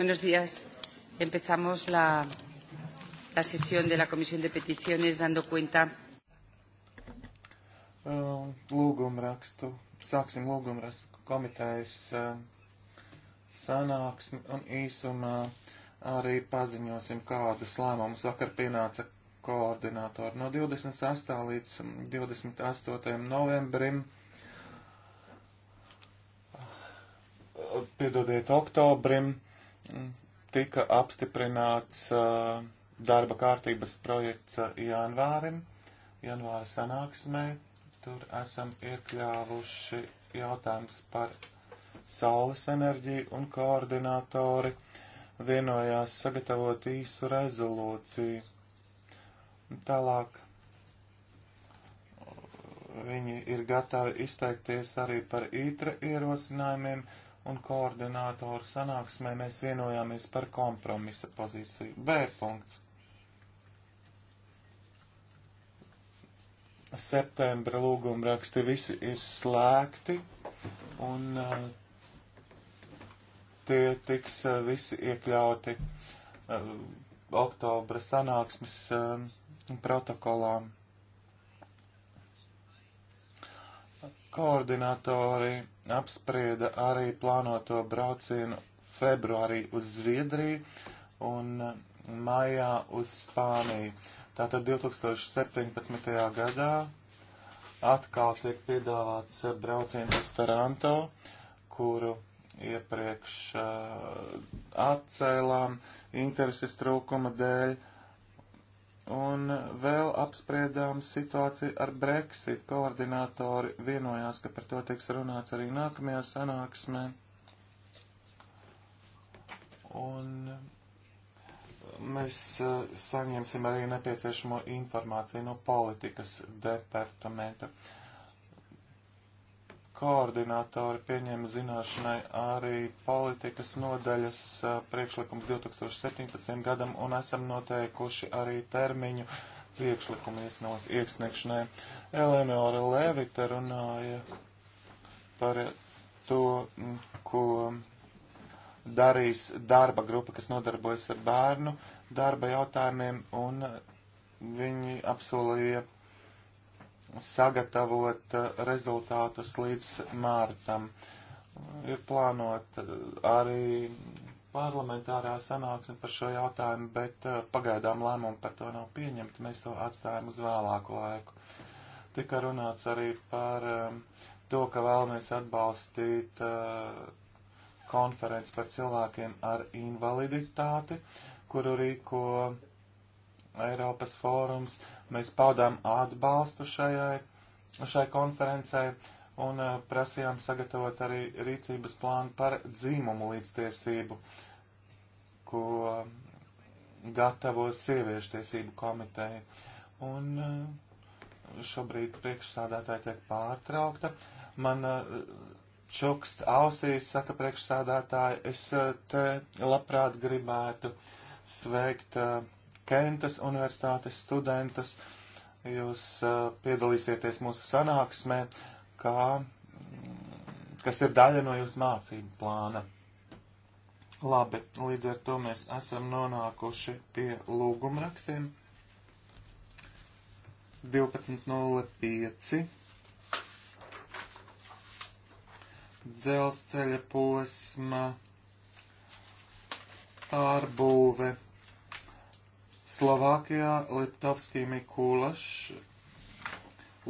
Buenos días. Empezamos la, la sesión de la Comisión de Peticiones dando cuenta. Uh, lūgumrakstu. Sāksim lūgumrakstu komitejas uh, sanāksmi un īsumā arī paziņosim, kādus lēmumus vakar pienāca koordinātori. No 26. līdz 28. Um, novembrim, uh, piedodiet, oktobrim tika apstiprināts uh, darba kārtības projekts janvārim, janvāra sanāksmē. Tur esam iekļāvuši jautājums par saules enerģiju un koordinātori vienojās sagatavot īsu rezolūciju. Tālāk viņi ir gatavi izteikties arī par ītra ierosinājumiem un koordinātoru sanāksmē mēs vienojāmies par kompromisa pozīciju. B punkts. Septembra lūgumraksti visi ir slēgti un uh, tie tiks uh, visi iekļauti uh, oktobra sanāksmes um, protokolām. Koordinatori apsprieda arī plānoto braucienu februārī uz Zviedriju un maijā uz Spāniju. Tātad 2017. gadā atkal tiek piedāvāts brauciens uz Taranto, kuru iepriekš uh, atcēlām intereses trūkuma dēļ. Un vēl apspriedām situāciju ar Brexit. Koordinātori vienojās, ka par to tiks runāts arī nākamajā sanāksmē. Un mēs eh, saņemsim arī nepieciešamo informāciju no politikas departamenta. Uh, koordinātori pieņēma zināšanai arī politikas nodaļas priekšlikums 2017. gadam un esam noteikuši arī termiņu priekšlikumu iesniegšanai. Eleonora Levita runāja par to, ko darīs darba grupa, kas nodarbojas ar bērnu darba jautājumiem, un viņi apsolīja sagatavot uh, rezultātus līdz mārtam. Ir plānot uh, arī parlamentārā sanāksme par šo jautājumu, bet uh, pagaidām lēmumu par to nav pieņemta. Mēs to atstājam uz vēlāku laiku. Tika runāts arī par um, to, ka vēlamies atbalstīt konferenci par cilvēkiem ar invaliditāti, kuru rīko Eiropas fórums. Mēs paudām atbalstu šajai, šai konferencē un uh, prasījām sagatavot arī rīcības plānu par dzīmumu līdztiesību, ko gatavo sieviešu tiesību komiteja. Un uh, šobrīd priekšsādātāja tiek pārtraukta. Man uh, čukst ausīs, saka priekšsādātāja, es te labprāt gribētu sveikt uh, Kentas universitātes studentus. Jūs uh, piedalīsieties mūsu sanāksmē, kā, kas ir daļa no jūsu mācību plāna. Labi, līdz ar to mēs esam nonākuši pie lūgumrakstiem. 12.05. Dzelzceļa posma pārbūve Slovākijā Liptovskī Mikulašs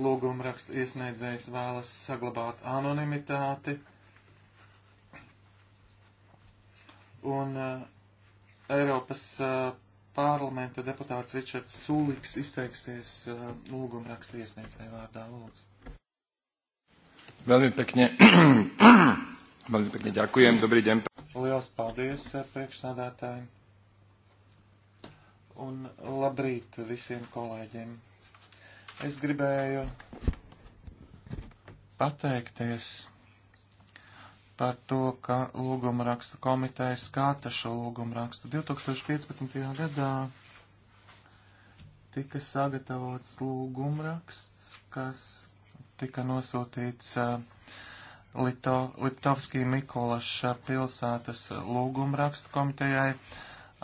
lūgumraksta iesniedzējs vēlas saglabāt anonimitāti un uh, Eiropas uh, parlamenta deputāts Ričards Suliks izteiksies uh, eh, lūgumraksta iesniedzēja vārdā lūdzu. Veľmi pekne, veľmi pekne ďakujem, dobrý deň. Lielas paldies priekšsādātājiem un labrīt visiem kolēģiem. Es gribēju pateikties par to, ka lūguma rakstu komiteja skata šo lūguma rakstu. 2015. gadā tika sagatavots lūguma raksts, kas tika nosūtīts uh, Lito, Liptovskī Mikulaša pilsētas lūguma rakstu komitejai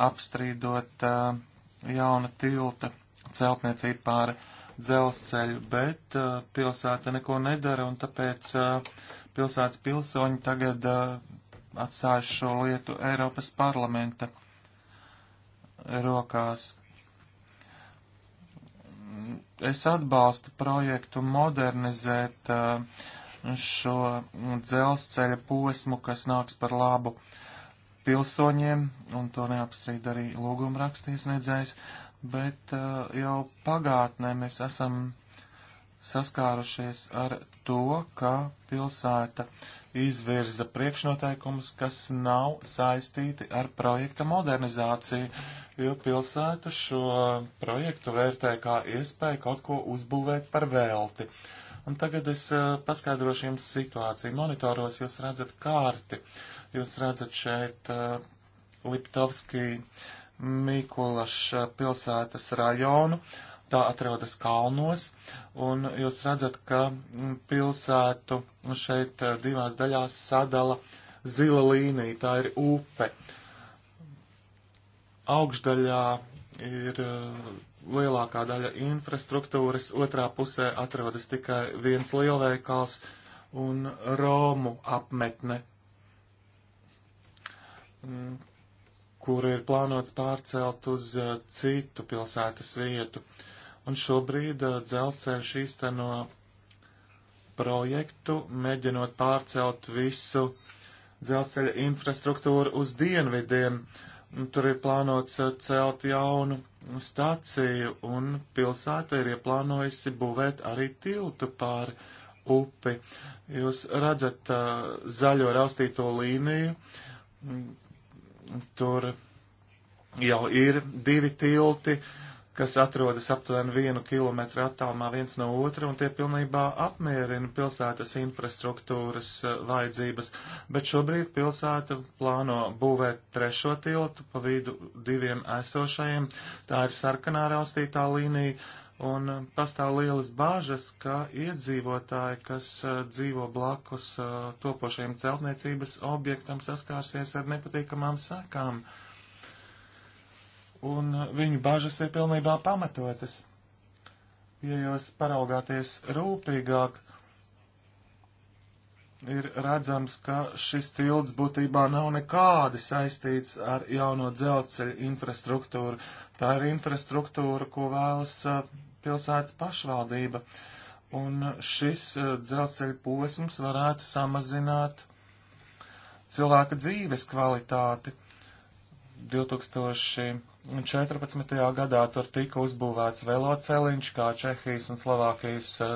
apstrīdot uh, jauna tilta celtniecība pāri dzelzceļu, bet uh, pilsēta neko nedara, un tāpēc uh, pilsētas pilsoņi tagad uh, atstājuši šo lietu Eiropas parlamenta rokās. Es atbalstu projektu modernizēt uh, šo dzelzceļa posmu, kas nāks par labu uh, pilsoņiem, un to neapstrīd arī lūguma rakstīsniedzējs, bet uh, jau pagātnē mēs esam saskārušies ar to, ka pilsēta izvirza priekšnoteikumus, kas nav saistīti ar projekta modernizāciju, jo pilsēta šo projektu vērtē kā iespēju kaut ko uzbūvēt par velti. Un tagad es uh, paskaidrošu jums situāciju. Monitoros jūs redzat kārti. Uh, Jūs redzat šeit uh, Liptovskī Mīkulaš uh, pilsētas rajonu. Tā atrodas kalnos, un jūs redzat, ka mm, pilsētu šeit uh, divās daļās sadala zila līnija, tā ir upe. Augšdaļā ir lielākā daļa infrastruktūras, otrā pusē atrodas tikai viens lielveikals un Romu apmetne kuru ir plānots pārcelt uz uh, citu pilsētas vietu. Un šobrīd uh, dzelzceļš īsteno projektu, mēģinot pārcelt visu dzelzceļa infrastruktūru uz dienvidiem. Tur ir plānots uh, celt jaunu stāciju, un pilsēta ir ieplānojusi būvēt arī tiltu pāri upi. Jūs redzat uh, zaļo raustīto līniju, Tur jau ir divi tilti, kas atrodas aptuveni vienu kilometru attālumā viens no otra, un tie pilnībā apmierina pilsētas infrastruktūras eh, vajadzības. Bet šobrīd pilsēta plāno būvēt trešo tiltu pa vidu diviem esošajiem. Tā ir sarkanā raustītā līnija un uh, pastāv lielas bāžas, ka iedzīvotāji, kas uh, dzīvo blakus uh, topošajiem celtniecības objektam, saskārsies ar nepatīkamām sakām, un viņu bāžas ir pilnībā pamatotas. Ja jūs paraugāties rūpīgāk, ir redzams, ka šis tilts būtībā nav nekādi saistīts ar jauno dzelzceļa infrastruktūru. Tā ir infrastruktūra, ko vēlas uh, pilsētas pašvaldība. Un šis e, dzelzceļa posms varētu samazināt cilvēka dzīves kvalitāti. 2014. gadā tur tika uzbūvēts veloceliņš, kā Čehijas un Slovākijas e,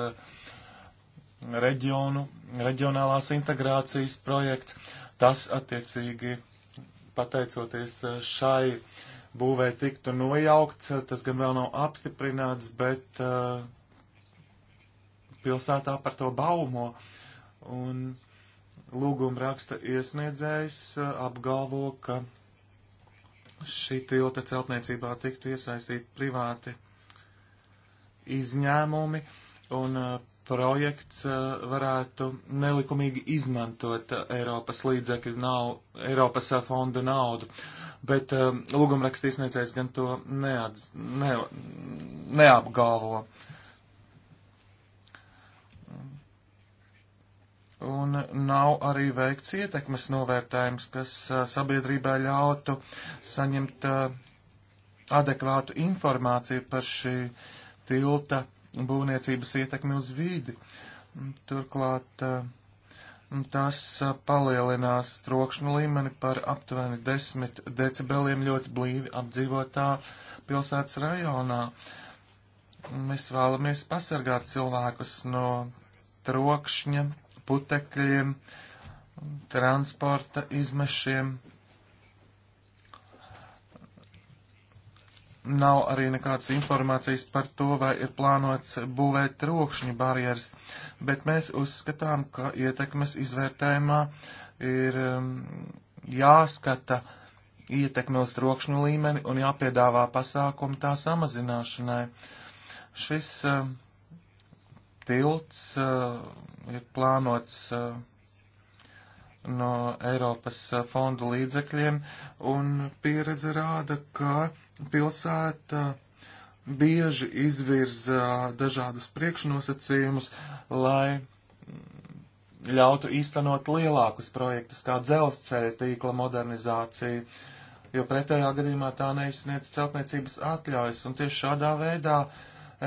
reģionu, reģionālās integrācijas projekts. Tas attiecīgi pateicoties e, šai uh, būvē tiktu nojaukts, tas gan vēl nav apstiprināts, bet uh, pilsētā par to baumo. Un lūguma raksta iesniedzējs uh, apgalvo, ka šī tilta celtniecībā tiktu iesaistīti privāti izņēmumi, un uh, projekts eh, varētu nelikumīgi izmantot eh, Eiropas līdzekļu, nav, Eiropas eh, fondu naudu, bet lūgumrakstīsniecējs gan to neatz, ne, neapgalvo. un nav arī veikts ietekmes novērtējums, kas sabiedrībai ļautu saņemt adekvātu informāciju par šī tilta būvniecības ietekmi uz vīdi. Turklāt eh, tas eh, palielinās trokšņu līmeni par aptuveni 10 decibeliem ļoti blīvi apdzīvotā pilsētas rajonā. Mēs vēlamies pasargāt cilvēkus no trokšņa, putekļiem, transporta izmešiem nav arī nekādas informācijas par to, vai ir plānots būvēt trokšņu barjeras, bet mēs uzskatām, ka ietekmes izvērtējumā ir um, jāskata ietekme uz trokšņu līmeni un jāpiedāvā pasākumi tā samazināšanai. Šis uh, tilts uh, ir plānots uh, no Eiropas uh, fondu līdzekļiem, un pieredze rāda, ka pilsēta bieži izvirza dažādus priekšnosacījumus, lai ļautu īstenot lielākus projektus, kā dzelzceļa tīkla modernizācija, jo pretējā gadījumā tā neizsniedz celtniecības atļaujas, un tieši šādā veidā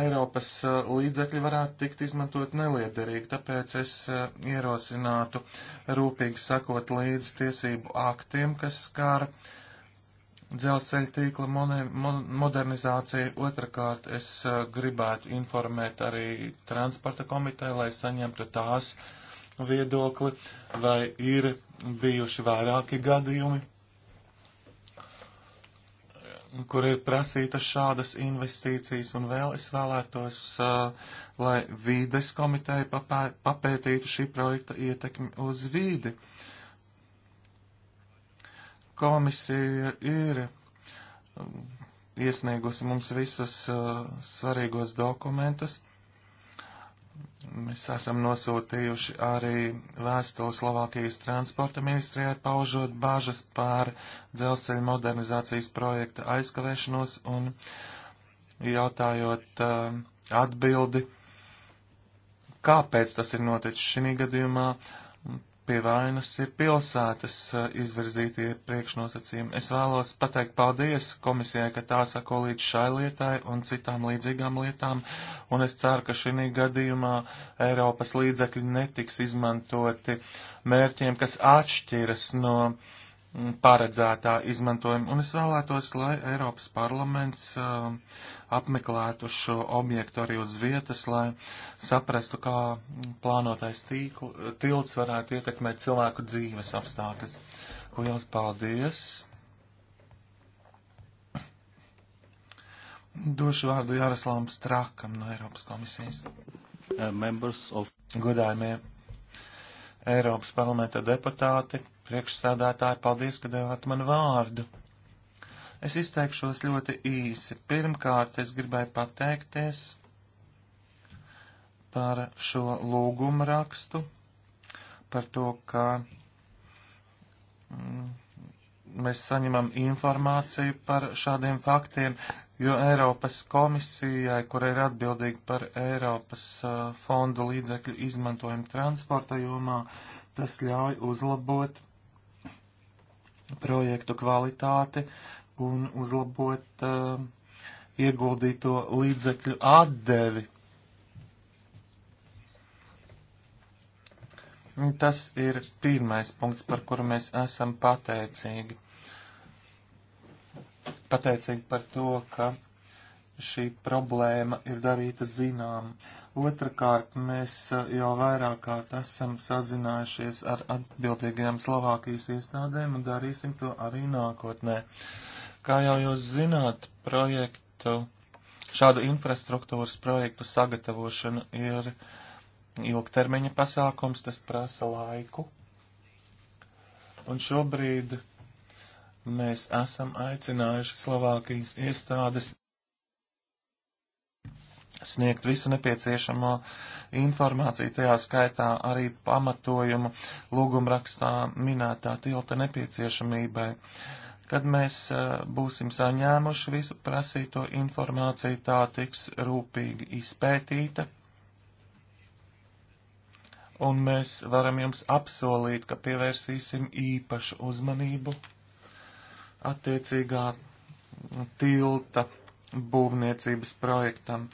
Eiropas e, līdzekļi varētu tikt izmantot neliederīgi, tāpēc es e, ierosinātu rūpīgi sakot līdz tiesību aktiem, kas skar uh, dzelzceļa tīkla modernizācija. Otrakārt, es gribētu informēt arī transporta komiteju, lai saņemtu tās viedokli, vai ir bijuši vairāki gadījumi, kur ir prasītas šādas investīcijas, un vēl es vēlētos, lai vīdes komiteja papētītu šī projekta ietekmi uz vīdi. Uh, Komisija ir um, iesniegusi mums visus uh, svarīgos dokumentus. Mēs esam nosūtījuši arī vēstuli Slovākijas transporta ministrijai, paužot bāžas pār dzelzceļa modernizācijas projekta aizkavēšanos un jautājot uh, atbildi, kāpēc tas ir noticis šī gadījumā. Uh, pie vainas ir pilsētas eh, izvirzītie priekšnosacījumi. Es vēlos pateikt paldies komisijai, ka tā sako līdz šai lietai un citām līdzīgām lietām, un es ceru, ka šī gadījumā Eiropas līdzekļi netiks izmantoti mērķiem, kas atšķiras no uh, Mm, paredzētā izmantojuma, un es vēlētos, lai Eiropas parlaments uh, apmeklētu šo objektu arī uz vietas, lai saprastu, kā plānotais tīkl, tilts varētu ietekmēt cilvēku dzīves apstākļus. Liels paldies! Došu vārdu Jaroslavam Strakam no Eiropas komisijas. Uh, of... Godājumie Eiropas parlamenta deputāti, Priekšsēdētāji, paldies, ka devāt man vārdu. Es izteikšos ļoti īsi. Pirmkārt, es gribēju pateikties par šo lūgumu rakstu, par to, ka mm, mēs saņemam informāciju par šādiem faktiem, jo Eiropas komisijai, kura ir atbildīga par Eiropas uh, fondu līdzekļu izmantojumu transporta jomā, tas ļauj uzlabot projektu kvalitāti un uzlabot uh, ieguldīto līdzekļu atdevi. Un tas ir pirmais punkts, par kuru mēs esam pateicīgi. Pateicīgi par to, ka šī problēma ir darīta zinām. Uh, Otrakārt, mēs uh, jau vairāk kārt esam sazinājušies ar atbildīgajām Slovākijas iestādēm un darīsim to arī nākotnē. Kā jau jūs zināt, projektu, šādu infrastruktūras projektu sagatavošana ir ilgtermiņa pasākums, tas prasa laiku. Un šobrīd mēs esam aicinājuši Slovākijas iestādes sniegt visu nepieciešamo informāciju, tajā skaitā arī pamatojumu lūgumrakstā minētā tilta nepieciešamībai. Kad mēs e, būsim saņēmuši visu prasīto informāciju, tā tiks rūpīgi izpētīta. Un mēs varam jums apsolīt, ka pievērsīsim īpašu uzmanību attiecīgā tilta būvniecības projektam.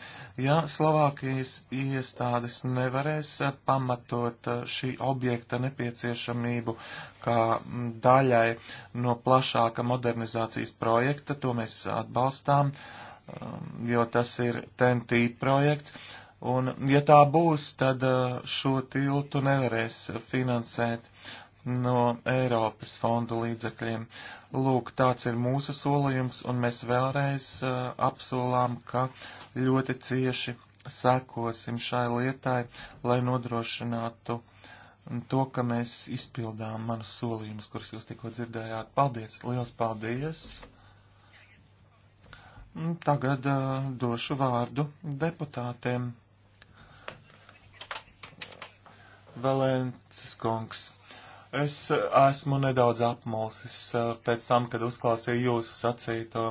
Ja Slovākijas iestādes nevarēs eh, pamatot eh, šī objekta nepieciešamību kā mm, daļai no plašāka modernizācijas projekta, to mēs atbalstām, um, jo tas ir TNT projekts. Un ja tā būs, tad eh, šo tiltu nevarēs finansēt. Uh, no Eiropas fondu līdzekļiem. Lūk, tāds ir mūsu solījums, un mēs vēlreiz uh, apsolām, ka ļoti cieši sekosim šai lietai, lai nodrošinātu to, ka mēs izpildām manus solījumus, kurus jūs tikko dzirdējāt. Paldies! Liels paldies! Tagad uh, došu vārdu deputātiem. Valences kungs. Es eh, esmu nedaudz apmulsis eh, pēc tam, kad uzklausīju jūsu sacīto.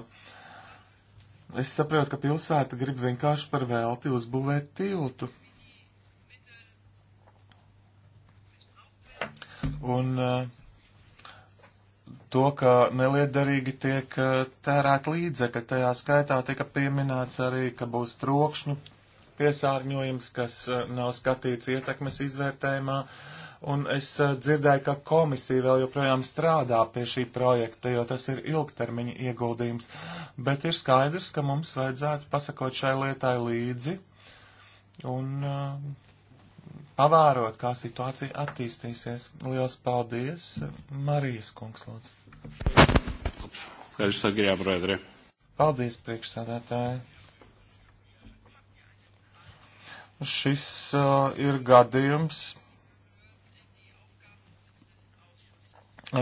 Es saprotu, ka pilsēta grib vienkārši par velti uzbūvēt tiltu. Un uh, to, ka neliederīgi tiek tērēt līdzekļi. Tajā skaitā tika pieminēts arī, ka būs trokšņu piesārņojums, kas nav skatīts ietekmes izvērtējumā, un es eh, dzirdēju, ka komisija vēl joprojām strādā pie šī projekta, jo tas ir ilgtermiņa ieguldījums, bet ir skaidrs, ka mums vajadzētu pasakot šai lietai līdzi un uh, pavērot, kā situācija attīstīsies. Lielas paldies, Marijas kungs, lūdzu. Paldies, priekšsādātāji. Šis uh, ir gadījums,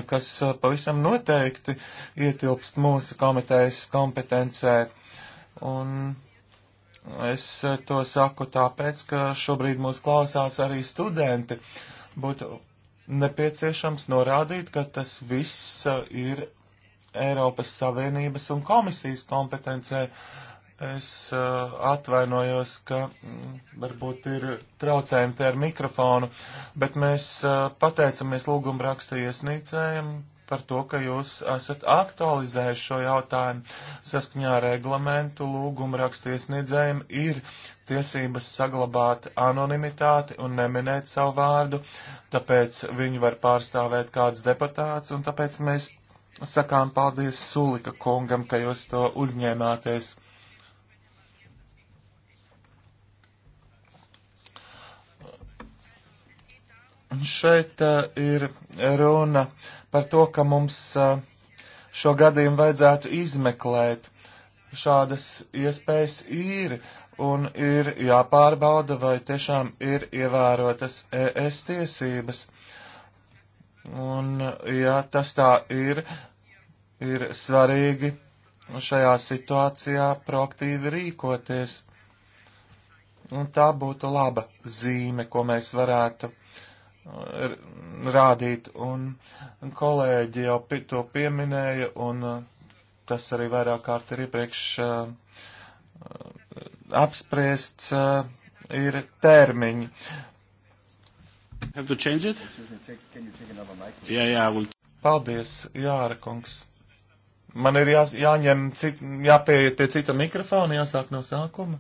kas eh, pavisam noteikti ietilpst mūsu komitejas kompetencē. Un es eh, to saku tāpēc, ka šobrīd mūs klausās arī studenti. Būtu nepieciešams norādīt, ka tas viss eh, ir Eiropas Savienības un komisijas kompetencē. Es uh, atvainojos, ka mm, varbūt ir traucējumi te ar mikrofonu, bet mēs uh, pateicamies lūgumu rakstu iesnīcējiem par to, ka jūs esat aktualizējuši šo jautājumu. Saskaņā ar reglamentu lūgumu rakstu iesniedzējiem ir tiesības saglabāt anonimitāti un neminēt savu vārdu, tāpēc viņi var pārstāvēt kāds deputāts, un tāpēc mēs sakām paldies Sulika kungam, ka jūs to uzņēmāties. šeit uh, ir runa par to, ka mums uh, šo gadījumu vajadzētu izmeklēt. Šādas iespējas ir un ir jāpārbauda, vai tiešām ir ievērotas ES tiesības. Un, ja tas tā ir, ir svarīgi šajā situācijā proaktīvi rīkoties. Un tā būtu laba zīme, ko mēs varētu uh, Nu, rādīt, un kolēģi jau to pieminēja, un uh, tas arī vairāk kārt ir iepriekš uh, uh, apspriests, ir termiņi. Have to change it? Jā, jā, un. Paldies, Jāra kungs. Man ir jā, jāņem, cit, jāpieiet pie cita mikrofona, jāsāk no sākuma.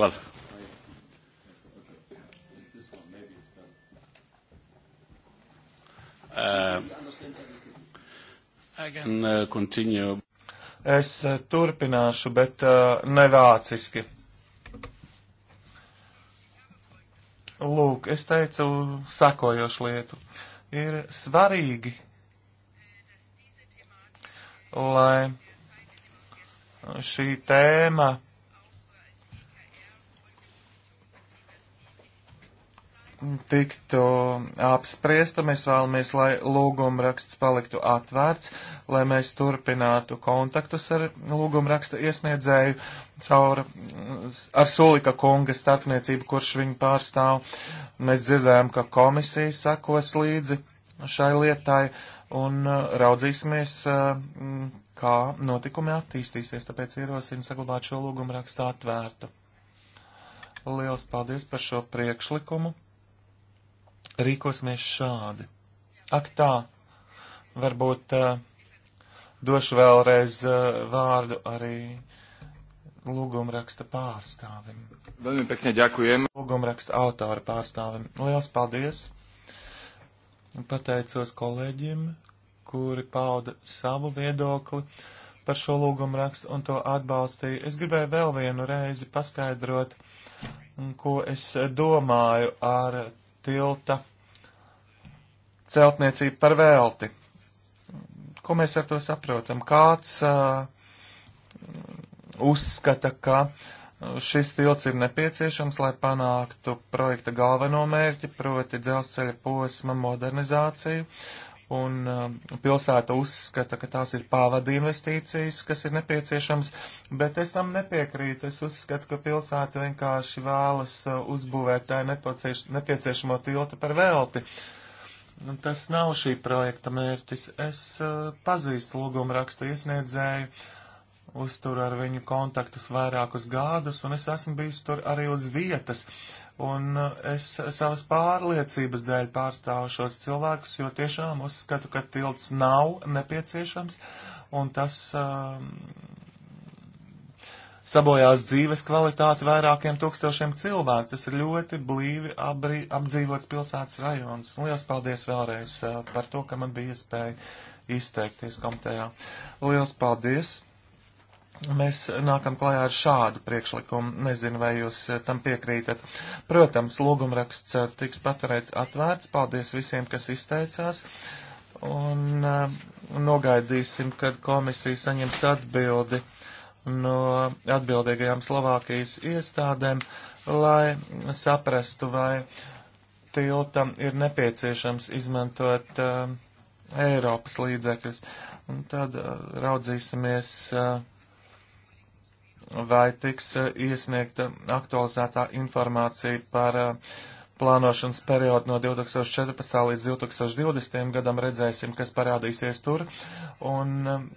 Well, uh, I can uh, continue. Es uh, turpināšu, bet uh, nevāciski. Lūk, es teicu sakojošu lietu. Ir svarīgi, lai šī tēma tiktu apspriesta. Mēs vēlamies, lai lūgumraksts paliktu atvērts, lai mēs turpinātu kontaktus ar lūgumraksta iesniedzēju caur, ar Sulika kunga starpniecību, kurš viņu pārstāv. Mēs dzirdējām, ka komisija sakos līdzi šai lietai un uh, raudzīsimies, uh, kā notikumi attīstīsies, tāpēc ierosinu saglabāt šo lūgumrakstu atvērtu. Liels paldies par šo priekšlikumu! rīkosimies šādi. Ak tā, varbūt uh, došu vēlreiz uh, vārdu arī lūgumraksta pārstāvim. Veľmi pekne ďakujem. Lūgumraksta autora pārstāvim. Liels paldies! Pateicos kolēģiem, kuri pauda savu viedokli par šo lūgumrakstu un to atbalstīja. Es gribēju vēl vienu reizi paskaidrot, ko es domāju ar tilta celtniecību par velti. Ko mēs ar to saprotam? Kāds uh, uzskata, ka šis tilts ir nepieciešams, lai panāktu projekta galveno mērķi, proti dzelzceļa posma modernizāciju un um, pilsēta uzskata, ka tās ir pāvada investīcijas, kas ir nepieciešams, bet es tam nepiekrītu. Es uzskatu, ka pilsēta vienkārši vēlas uh, uzbūvēt tā nepieciešamo tiltu par velti. Nu, tas nav šī projekta mērķis. Es uh, pazīstu lūgumu raksta iesniedzēju, uzturu ar viņu kontaktus vairākus gadus, un es esmu bijis tur arī uz vietas. Uh, un uh, es savas pārliecības dēļ pārstāvu šos cilvēkus, jo tiešām uzskatu, ka tilts nav nepieciešams, un tas um, sabojās dzīves kvalitāti vairākiem tūkstošiem cilvēku. Tas ir ļoti blīvi abrī, apdzīvots pilsētas rajons. Lielas paldies vēlreiz uh, par to, ka man bija iespēja izteikties komitejā. Lielas paldies! mēs nākam klajā ar šādu priekšlikumu. Nezinu, vai jūs eh, tam piekrītat. Protams, lūgumraksts eh, tiks paturēts atvērts. Paldies visiem, kas izteicās. Un eh, nogaidīsim, kad komisija saņems atbildi no atbildīgajām Slovākijas iestādēm, lai saprastu, vai tiltam ir nepieciešams izmantot uh, Eiropas līdzekļus. Un tad uh, raudzīsimies. Uh, vai tiks eh, iesniegta aktualizētā informācija par eh, plānošanas periodu no 2014. līdz 2020. gadam redzēsim, kas parādīsies tur, un eh,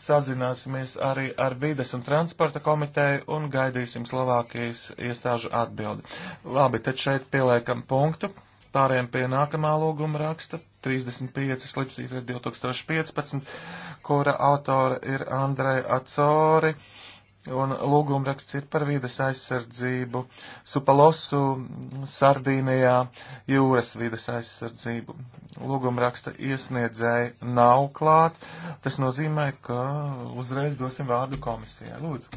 sazināsimies arī ar vides un transporta komiteju un gaidīsim Slovākijas iestāžu atbildi. Labi, tad šeit pieliekam punktu, pārējiem pie nākamā lūguma raksta 35 slipsīte 2015, kura autora ir Andrei Acori un lūgumraksts ir par vides aizsardzību, Supalosu Sardīnijā jūras vides aizsardzību. Lūgumraksta iesniedzēji nav klāt, tas nozīmē, ka uzreiz dosim vārdu komisijai. Lūdzu.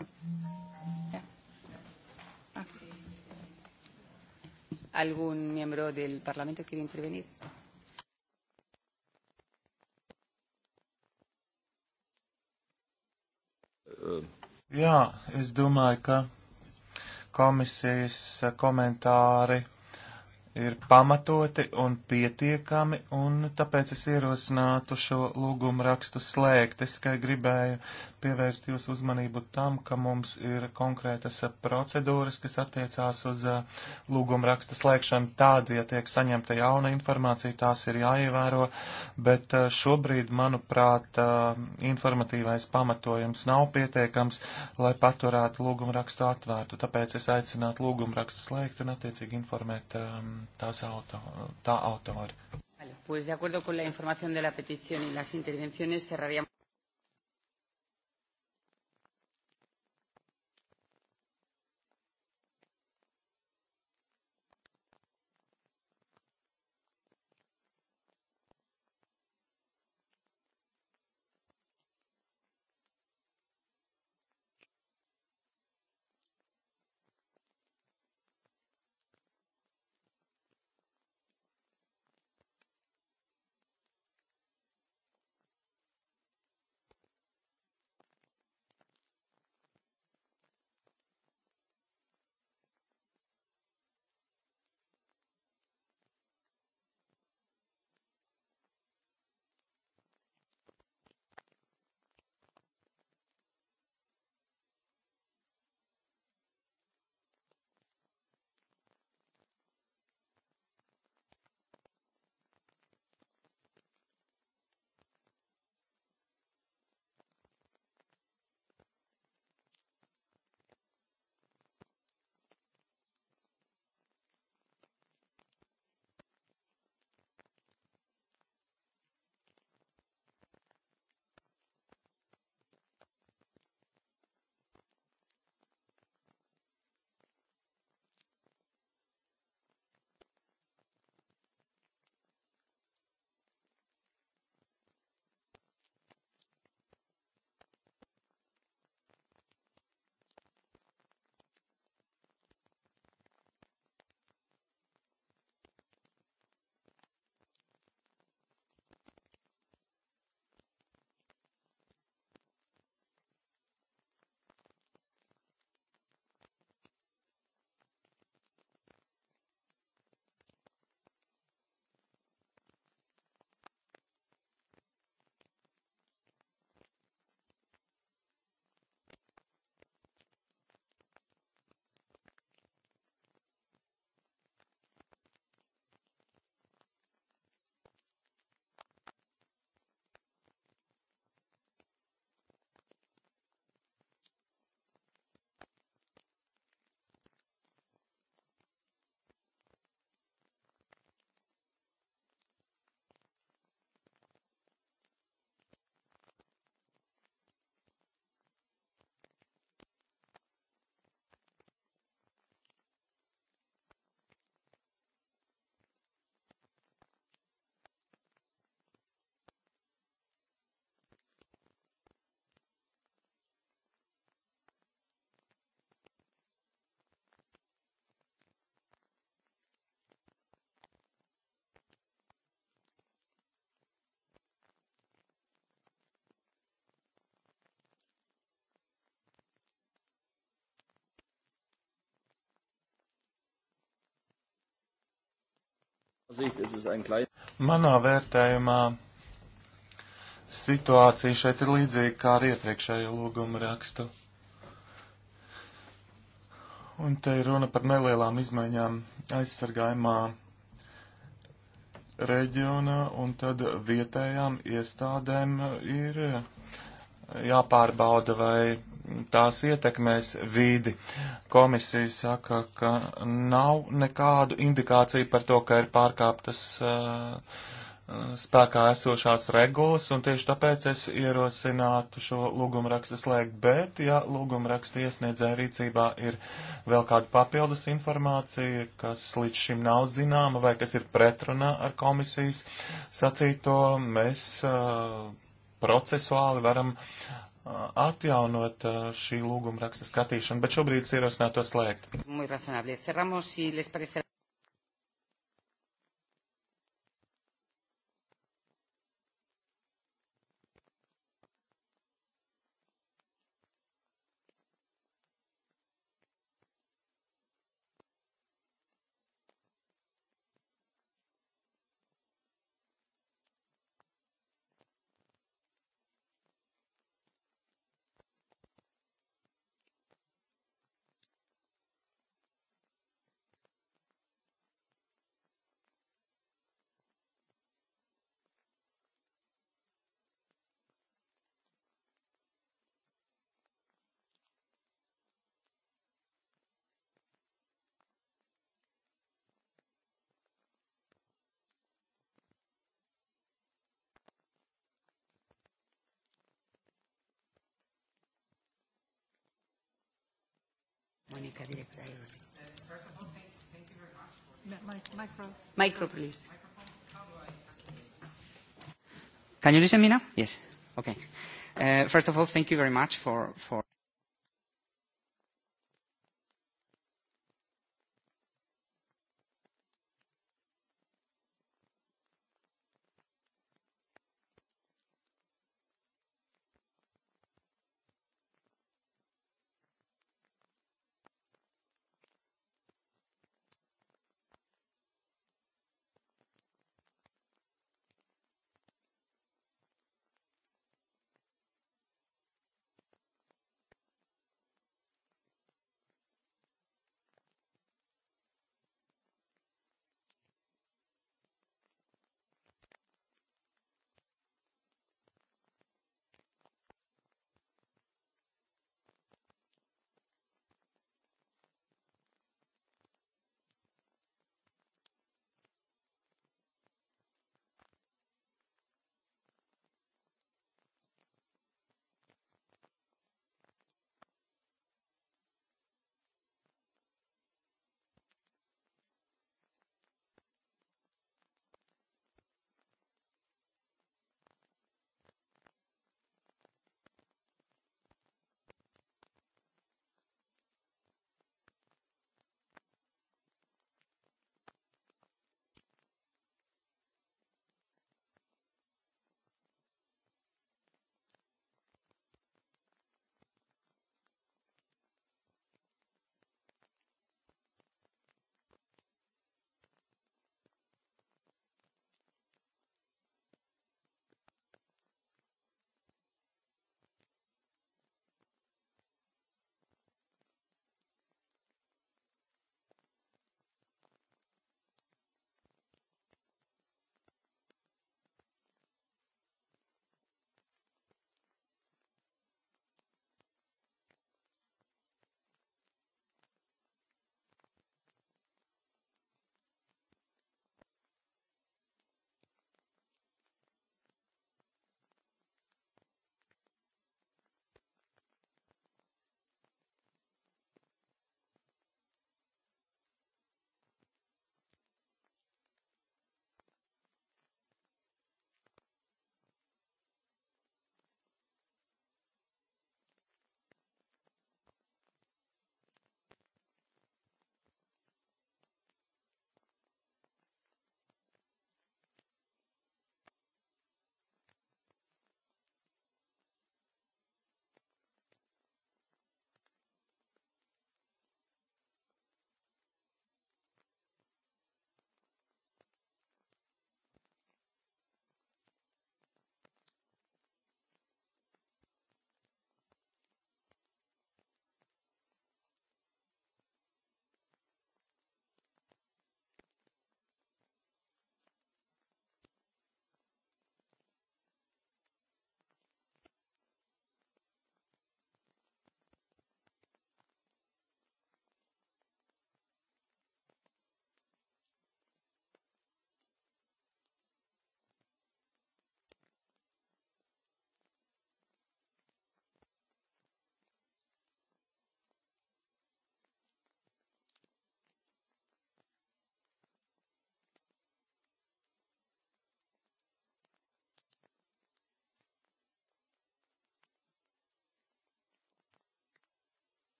Yeah. Ah. ¿Algún miembro del Parlamento quiere intervenir? Jā, es domāju, ka komisijas komentāri ir pamatoti un pietiekami, un tāpēc es ierosinātu šo lūgumu rakstu slēgt. Es tikai gribēju pievērst jūsu uzmanību tam, ka mums ir konkrētas procedūras, kas attiecās uz uh, lūguma raksta slēgšanu. Tādi, ja tiek saņemta jauna informācija, tās ir jāievēro, bet uh, šobrīd, manuprāt, uh, informatīvais pamatojums nav pietiekams, lai paturētu lūguma rakstu atvērtu. Tāpēc es aicinātu lūguma rakstu slēgt un attiecīgi informēt um, tās auto, tā autori. Pues de acuerdo con la información de la petición y las intervenciones cerraríamos. Manā vērtējumā situācija šeit ir līdzīga kā ar iepriekšējo lūgumu rakstu. Un te ir runa par nelielām izmaiņām aizsargājumā reģiona un tad vietējām iestādēm ir jāpārbauda, vai tās ietekmēs vīdi. Komisija saka, ka nav nekādu indikāciju par to, ka ir pārkāptas uh, spēkā esošās regulas, un tieši tāpēc es ierosinātu šo lūgumrakstu slēgt, bet, ja lūgumrakstu iesniedzēja rīcībā ir vēl kāda papildus informācija, kas līdz šim nav zināma vai kas ir pretrunā ar komisijas sacīto, mēs uh, procesuāli varam Uh, atjaunot uh, šī lūguma raksta skatīšanu, bet šobrīd ir ierosināto slēgt. Monica, direct dialogue. First of all, thank, thank you very much for... Micro. Micro, please. Can you listen me now? Yes. Okay. Uh, first of all, thank you very much for, for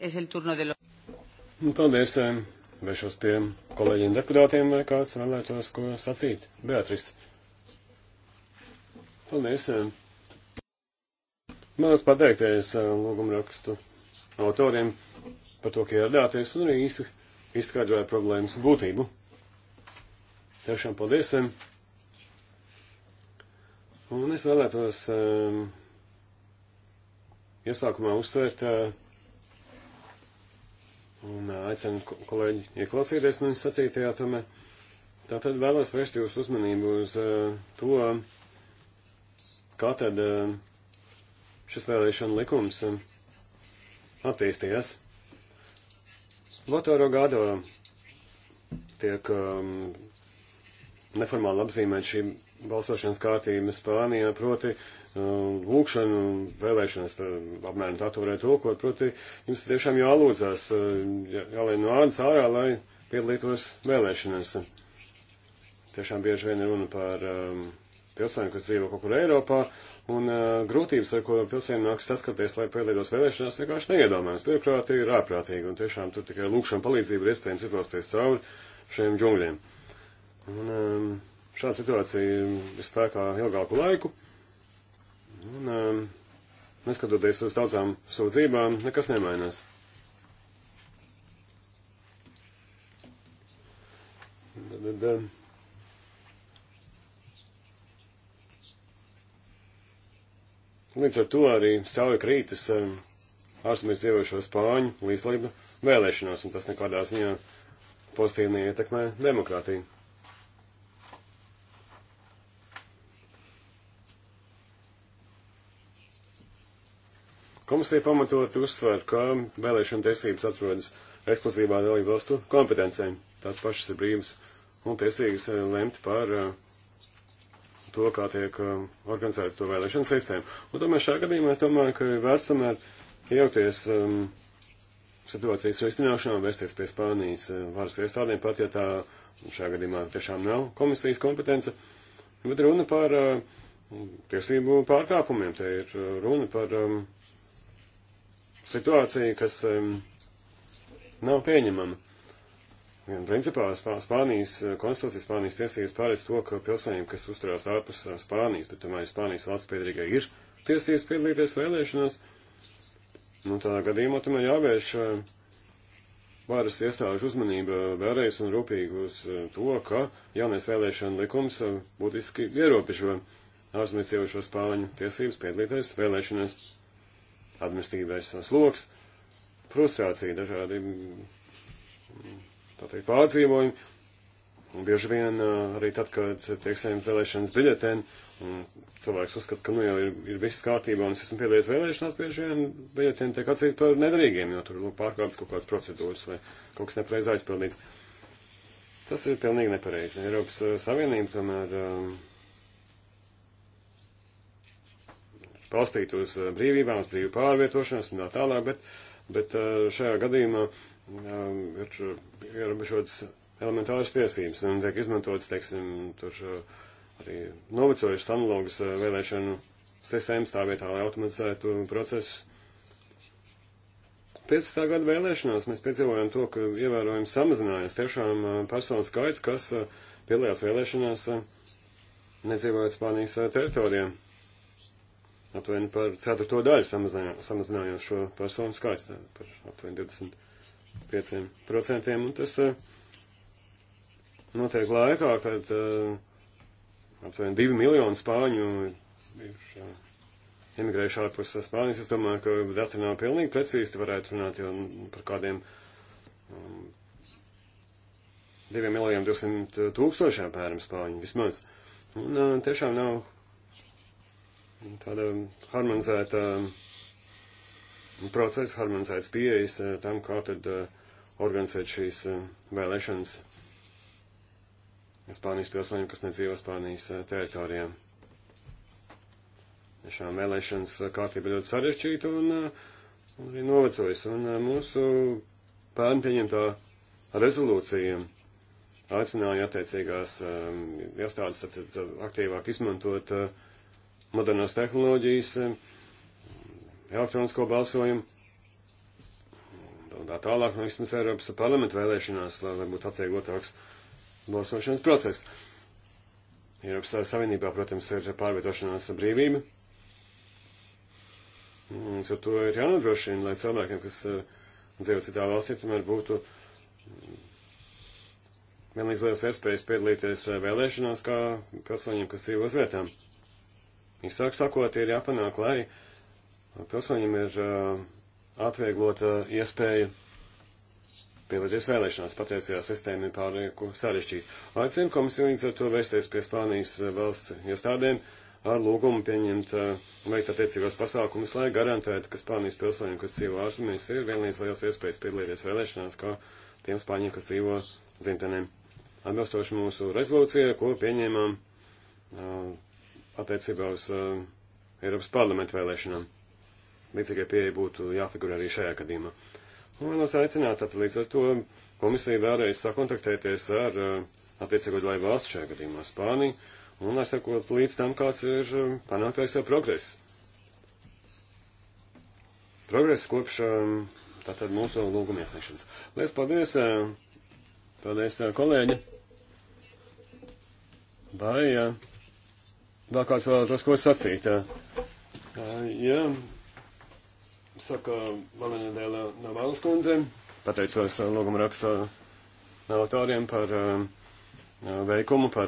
Es el turno de lo. Nu, paldies. Eh, Vēršos pie kolēģiem deputātiem, vai eh, kāds vēlētos ko sacīt. Beatris. Paldies. Mēs eh. pateikties logumrakstu autoriem par to, ka ieradāties un arī īsti izskaidroja problēmas būtību. Tiešām paldies. Un es vēlētos um, iesākumā uzsvērt uh, Un aicinu kolēģi ieklausīties manis sacītajā tomēr. Tātad vēlos vērst jūsu uzmanību uz uh, to, kā tad uh, šis vēlēšana likums uh, attīstījies. Lotoro gado tiek um, neformāli apzīmēt šī balsošanas kārtība Spānijā, proti uh, Um, lūkšanu un vēlēšanas um, apmēram tā to varētu tulkot. Proti, jums tiešām jālūdzās, um, jā, jālai no ādas ārā, lai piedalītos vēlēšanas. Tiešām bieži vien runa par um, pilsoņiem, kas dzīvo kaut kur Eiropā, un uh, grūtības, ar ko pilsoņiem nāks saskaties, lai piedalītos vēlēšanās, vienkārši neiedomājams. Birokrātija ir ārprātīga, un tiešām tur tikai lūkšana palīdzība ir iespējams izlausties cauri šiem džungļiem. Un, um, šāda situācija ir spēkā ilgāku laiku. Uh, Un, um, neskatoties uz daudzām sūdzībām, nekas nemainās. Da, da, da. Līdz ar to arī strauji krītas um, eh, ārzemēs ievērošo spāņu līdzlība vēlēšanos, un tas nekādā ziņā pozitīvi neietekmē demokrātiju. Komisija pamatot uzsver, ka vēlēšana tiesības atrodas ekskluzīvā dalību valstu kompetencēm. Tās pašas ir brīvas un tiesīgas eh, lemt par eh, to, kā tiek eh, organizēta to vēlēšanu sistēmu. Un tomēr šajā gadījumā es domāju, ka vērts tomēr iejaukties um, situācijas risināšanā un vērsties pie Spānijas varas iestādēm, pat ja tā šajā gadījumā tiešām nav komisijas kompetence. Bet runa par uh, tiesību pārkāpumiem, te ir runa par um, situācija, kas um, nav pieņemama. Un, principā Spānijas eh, konstitūcijas, Spānijas tiesības pārēc to, ka pilsoņiem, kas uzturās ārpus eh, Spānijas, bet tomēr Spānijas valsts piedarīgai ir tiesības piedalīties vēlēšanās, nu tādā gadījumā tomēr jāvērš eh, varas iestāžu uzmanība vēlreiz un rūpīgi uz to, ka jaunais vēlēšana likums būtiski ierobežo ārzemēs ieviešo spāņu tiesības piedalīties vēlēšanās administratīvais sloks, frustrācija, dažādi mm, teikt, pārdzīvojumi. Un bieži vien arī tad, kad tiek saņemta vēlēšanas biļetēna, cilvēks uzskata, ka nu jau ir, ir viss kārtībā un es esmu piedalījies vēlēšanās, bieži vien biļetēni tiek atzīti par nedarīgiem, jo tur lūk nu, pārkāptas kaut kādas procedūras vai kaut kas nepareizi aizpildīts. Tas ir pilnīgi nepareizi. Eiropas Savienība tomēr. Uh, balstīt uz uh, brīvībām, uz brīvu pārvietošanos un tā tālāk, bet, bet uh, šajā gadījumā uh, ir ierobežotas elementāras tiesības un tiek izmantotas, teiksim, tur arī novecojušas analogas vēlēšanu sistēmas tā vietā, lai automatizētu procesus. 15. gada vēlēšanās mēs piedzīvojām to, ka ievērojami samazinājās tiešām personu skaits, kas piedalījās vēlēšanās, nedzīvojot Spānijas teritorijā aptuveni par ceturto daļu samazinājām šo personu skaitu, par aptuveni 25%, un tas eh, notiek laikā, kad eh, aptuveni 2 miljonu spāņu ir eh, emigrējuši ārpus Spānijas. Es domāju, ka dati nav pilnīgi precīzi, varētu runāt jau par kādiem 2 um, miljoniem 200 tūkstošiem pēram spāņu vismaz. Un tiešām nav tāda harmonizēta um, procesa, harmonizētas pieejas uh, tam, kā tad uh, organizēt šīs um, vēlēšanas Spānijas pilsoņiem, kas nedzīvo Spānijas uh, teritorijā. Šām vēlēšanas kārtība ļoti sarežģīta un, un arī novecojas. Un mūsu pērn pieņemtā rezolūcija aicināja attiecīgās um, iestādes aktīvāk izmantot uh, modernās tehnoloģijas, eh, elektronisko balsojumu un tā tālāk, no nu, vismaz Eiropas parlamenta vēlēšanās, lai, lai būtu atvieglotāks balsošanas process. Eiropas Savienībā, protams, ir pārvietošanās brīvība. Un ar to ir jānodrošina, lai cilvēkiem, kas eh, dzīvo citā valstī, tomēr būtu mm, vienlīdz liels iespējas piedalīties eh, vēlēšanās kā pilsoņiem, kas dzīvo uz vietām. Īsāk sakot, ir jāpanāk, lai pilsoņiem ir uh, atvieglota iespēja piedalīties vēlēšanās. Patiesajā sistēma ir pārlieku sarežģīta. Aicinu komisiju līdz ar to vērsties pie Spānijas uh, valsts iestādēm ar lūgumu pieņemt uh, veikt attiecīgos pasākumus, lai garantētu, ka Spānijas pilsoņiem, kas dzīvo ārzemēs, ir vienlīdz liels iespējas piedalīties vēlēšanās, kā tiem Spāņiem, kas dzīvo dzimtenēm. Atbilstoši mūsu rezolūcijai, ko pieņēmām. Uh, attiecībā uz uh, Eiropas parlamentu vēlēšanām. Līdzīgai pieeja būtu jāfigurē arī šajā gadījumā. Un vēlos aicināt, tad līdz ar to komisija vēlreiz sakontaktēties ar uh, attiecīgo dalību valstu šajā gadījumā Spāniju, un lai sekot līdz tam, kāds ir uh, panāktais jau progress. Progress kopš uh, tātad mūsu lūguma iesniegšanas. Lies paldies, paldies kolēģi! Vai Vēl kāds vēlētos ko sacīt. Jā, saka Valenadēla Navāls kundze, pateicos loguma rakstā autoriem par veikumu, par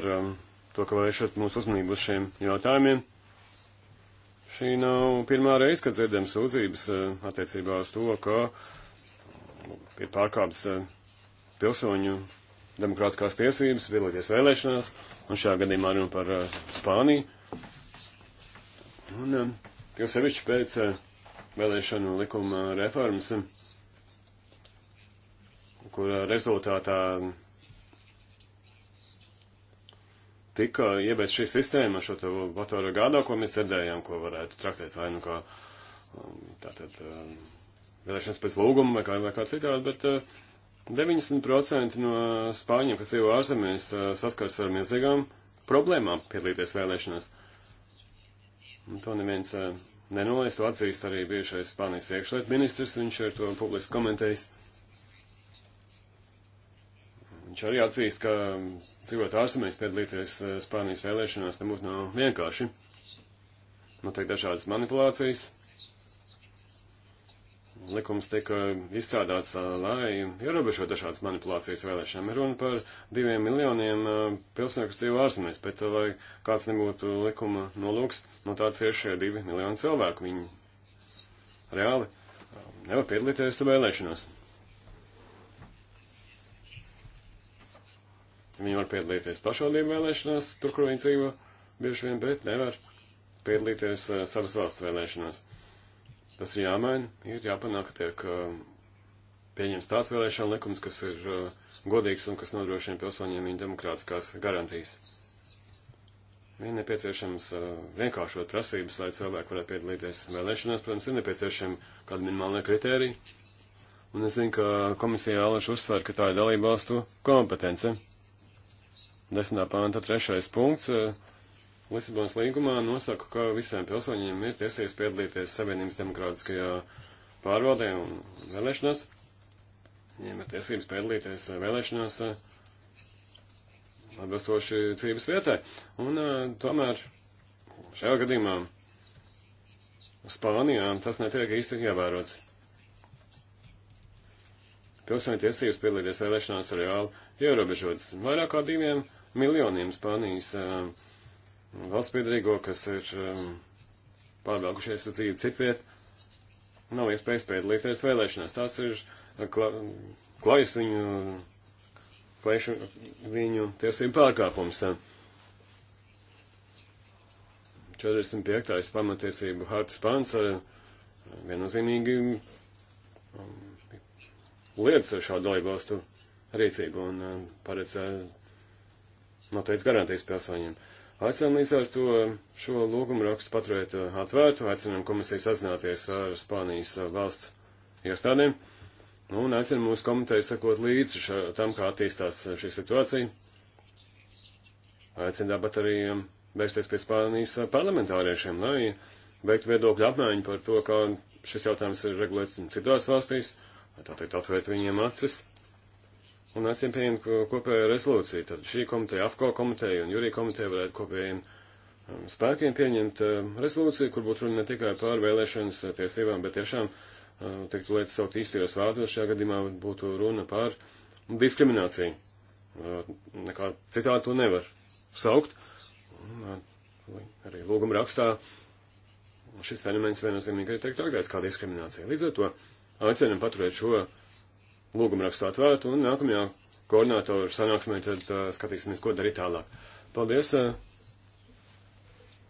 to, ka vēršat mūsu uzmanību uz šiem jautājumiem. Šī nav pirmā reize, kad dzirdam sūdzības attiecībā uz to, ka ir pārkāpts pilsoņu demokrātiskās tiesības, piedalīties vēlēšanās un šajā gadījumā runa par uh, Spāniju. Un, um, eh, jo sevišķi pēc uh, vēlēšanu likuma reformas, um, kur uh, rezultātā tika iebēst šī sistēma, šo te vatoru gādā, ko mēs dzirdējām, ko varētu traktēt vai nu kā um, tātad um, vēlēšanas pēc lūguma vai kā, vai kā citādi, bet 90% no spāņiem, kas dzīvo ārzemēs, saskars ar milzīgām problēmām piedalīties vēlēšanās. Un to neviens nenoliedz, to atzīst arī bijušais Spānijas iekšlietu ministrs, viņš ir to publiski komentējis. Viņš arī atzīst, ka dzīvot ārzemēs piedalīties Spānijas vēlēšanās nebūtu nav vienkārši. Notiek dažādas manipulācijas, likums tika izstrādāts, lai ierobežotu dažādas manipulācijas vēlēšanām. Ir runa par diviem miljoniem pilsoņu, kas dzīvo ārzemēs, bet lai kāds nebūtu likuma nolūks, no tā cieši šie divi miljoni cilvēku. Viņi reāli nevar piedalīties vēlēšanās. Viņi var piedalīties pašvaldību vēlēšanās, tur, kur viņi dzīvo, bieži vien, bet nevar piedalīties savas valsts vēlēšanās. Tas ir jāmaina, ir jāpanāk, ka tiek pieņems tāds vēlēšana likums, kas ir godīgs un kas nodrošina pilsoņiem viņa demokrātiskās garantijas. Ir nepieciešams vienkāršot prasības, lai cilvēki varētu piedalīties vēlēšanās. Protams, ir nepieciešami kādi minimālie kritēriji. Un es zinu, ka komisija Alaša uzsver, ka tā ir dalībvalstu kompetence. Desmitā pānta trešais punkts Lisabonas līgumā nosaka, ka visiem pilsoņiem ir tiesības piedalīties savienības demokrātiskajā pārvaldē un vēlēšanās. Viņiem ir tiesības piedalīties vēlēšanās atbilstoši dzīves vietai. Un tomēr šajā gadījumā Spānijā tas netiek īsti ievērots. Pilsoņu tiesības piedalīties vēlēšanās reāli ierobežotas. Vairāk kā diviem miljoniem Spānijas uh, valstspiedrīgo, kas ir um, pārvākušies uz dzīvi citviet, nav iespējas piedalīties vēlēšanās. Tās ir uh, kla, klajas viņu, klajuši viņu tiesību pārkāpums. 45. pamatiesību hartas pants uh, viennozīmīgi um, liedz šādu dalībvalstu rīcību un um, paredz noteikts garantijas pilsoņiem. Uh, Aicinām līdz ar to šo lūgumu rakstu paturēt eh, atvērtu, aicinām komisiju sazināties ar Spānijas eh, valsts iestādēm un aicinām mūsu komiteju sekot līdzi šo, tam, kā attīstās eh, šī situācija. Aicinām tāpat arī vērsties pie Spānijas parlamentāriešiem, lai veiktu viedokļu apmaiņu par to, kā šis jautājums ir regulēts citās valstīs, tātad atvērt viņiem acis un acīm pieņemt kopēju rezolūciju. Tad šī komiteja, AFCO komiteja un Jurija komiteja varētu kopējiem um, spēkiem pieņemt um, rezolūciju, kur būtu runa ne tikai par vēlēšanas uh, tiesībām, bet tiešām, uh, teiktu, lietas savu īstajos vārdos šajā gadījumā būtu runa par diskrimināciju. Uh, nekā citādi to nevar saukt. Arī lūguma rakstā šis fenomens viennozīmīgi ir teikt traktāts kā diskriminācija. Līdz ar to aicinam paturēt šo lūgumu rakstu atvērtu, un nākamajā koordinātoru sanāksmē tad uh, skatīsimies, ko darīt tālāk. Paldies, uh,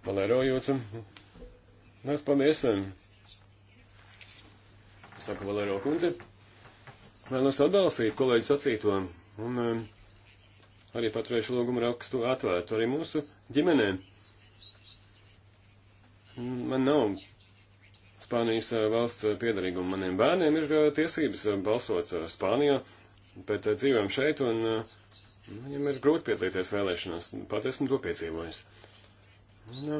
Valēro Jūcam. Mēs paldies, um, saka Valēro kundze. Vēlos atbalstīt kolēģi sacīto, un um, arī paturēšu lūgumu rakstu atvērtu arī mūsu ģimenēm. Man nav Spānijas eh, valsts eh, piedarīgumu. Maniem bērniem ir eh, tiesības balsot Spānijā, bet dzīvojam šeit un viņam ir grūti piedalīties vēlēšanās. Pat esmu to piedzīvojis. Un, nu,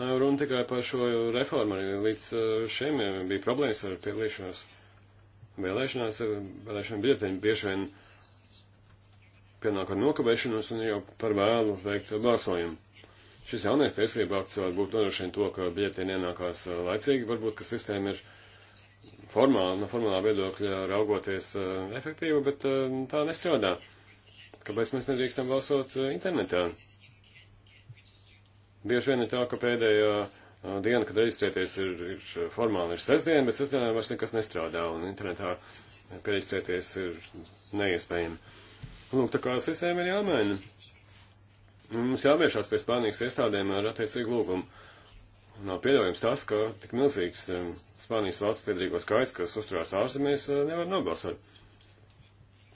nav runa tikai par šo reformu, arī līdz šim bija problēmas ar piedalīšanos vēlēšanās, vēlēšana biļetēm bieži vien pienāk ar nokavēšanos un jau par vēlu veikt balsojumu. Šis jaunais tiesība akts varbūt nodrošina to, ka biļetieni ienākās eh, laicīgi, varbūt, ka sistēma ir formāli, no formālā viedokļa raugoties eh, efektīva, bet eh, tā nestrādā. Kāpēc mēs nedrīkstam balsot internetā? Bieži vien ir tā, ka pēdējā diena, kad reģistrēties, ir, ir formāli ir sestdiena, bet sestdienā vairs nekas nestrādā, un internetā reģistrēties ir neiespējami. Lūk, tā kā sistēma ir jāmaina. Nu, mums jāvēršās pie Spānijas iestādēm ar attiecīgu lūgumu. Nav pieļaujams tas, ka tik milzīgs eh, Spānijas valsts piedrīgo skaits, kas uzturās ārzemēs, eh, nevar nobalsot.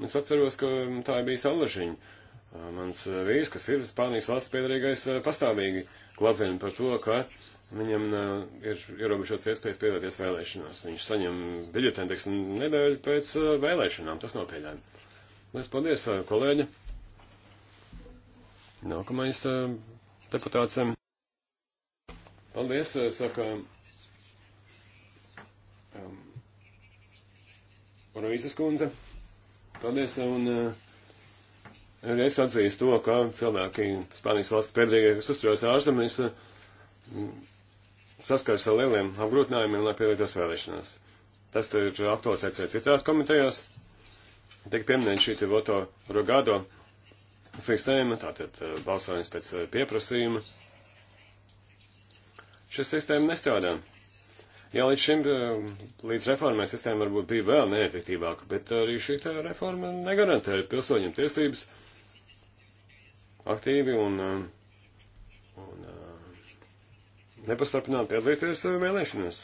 Es atceros, ka mm, tā bija salažiņa. Eh, mans vīrs, kas ir Spānijas valsts piedarīgais, pastāvīgi kladzina par to, ka viņam ir ierobežots iespējas piedalīties vēlēšanās. Viņš saņem biļetēnu, teiksim, nedēļu pēc vēlēšanām. Tas nav pieļaujami. Lies paldies, kolēģi! Nākamais deputāts. Paldies, saka. Um, Roīzes kundze. Paldies, un uh, es atzīstu to, ka cilvēki Spānijas valsts pēdējie, kas uzturās ārzemēs, uh, saskars ar lieliem apgrūtinājumiem, lai pielietos vēlēšanās. Tas ir aktualizēts arī citās komitejās. Tik pieminēt šī te voto Rogado sistēma, tātad eh, balsojums pēc eh, pieprasījuma. Šī sistēma nestrādā. Jā, līdz šim, eh, līdz reformai sistēma varbūt bija vēl neefektīvāka, bet arī šī reforma negarantē pilsoņiem tiesības aktīvi un, un nepastarpināt piedalīties vēlēšanās.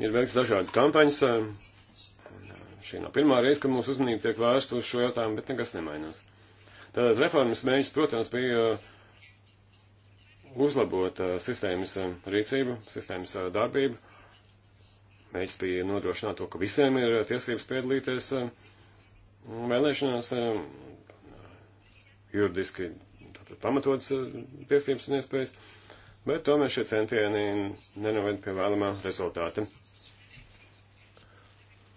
Ir veikts dažādas kampaņas, Šī nav pirmā reize, kad mūsu uzmanība tiek vērsta uz šo jautājumu, bet nekas nemainās. Tātad reformas mēģis, protams, bija uh, uzlabot uh, sistēmas um, rīcību, sistēmas uh, darbību. Mēģis bija nodrošināt to, ka visiem ir tiesības piedalīties um, vēlēšanās um, juridiski pamatotas tiesības un iespējas, bet tomēr šie centieni nenoved pie vēlamā rezultāta.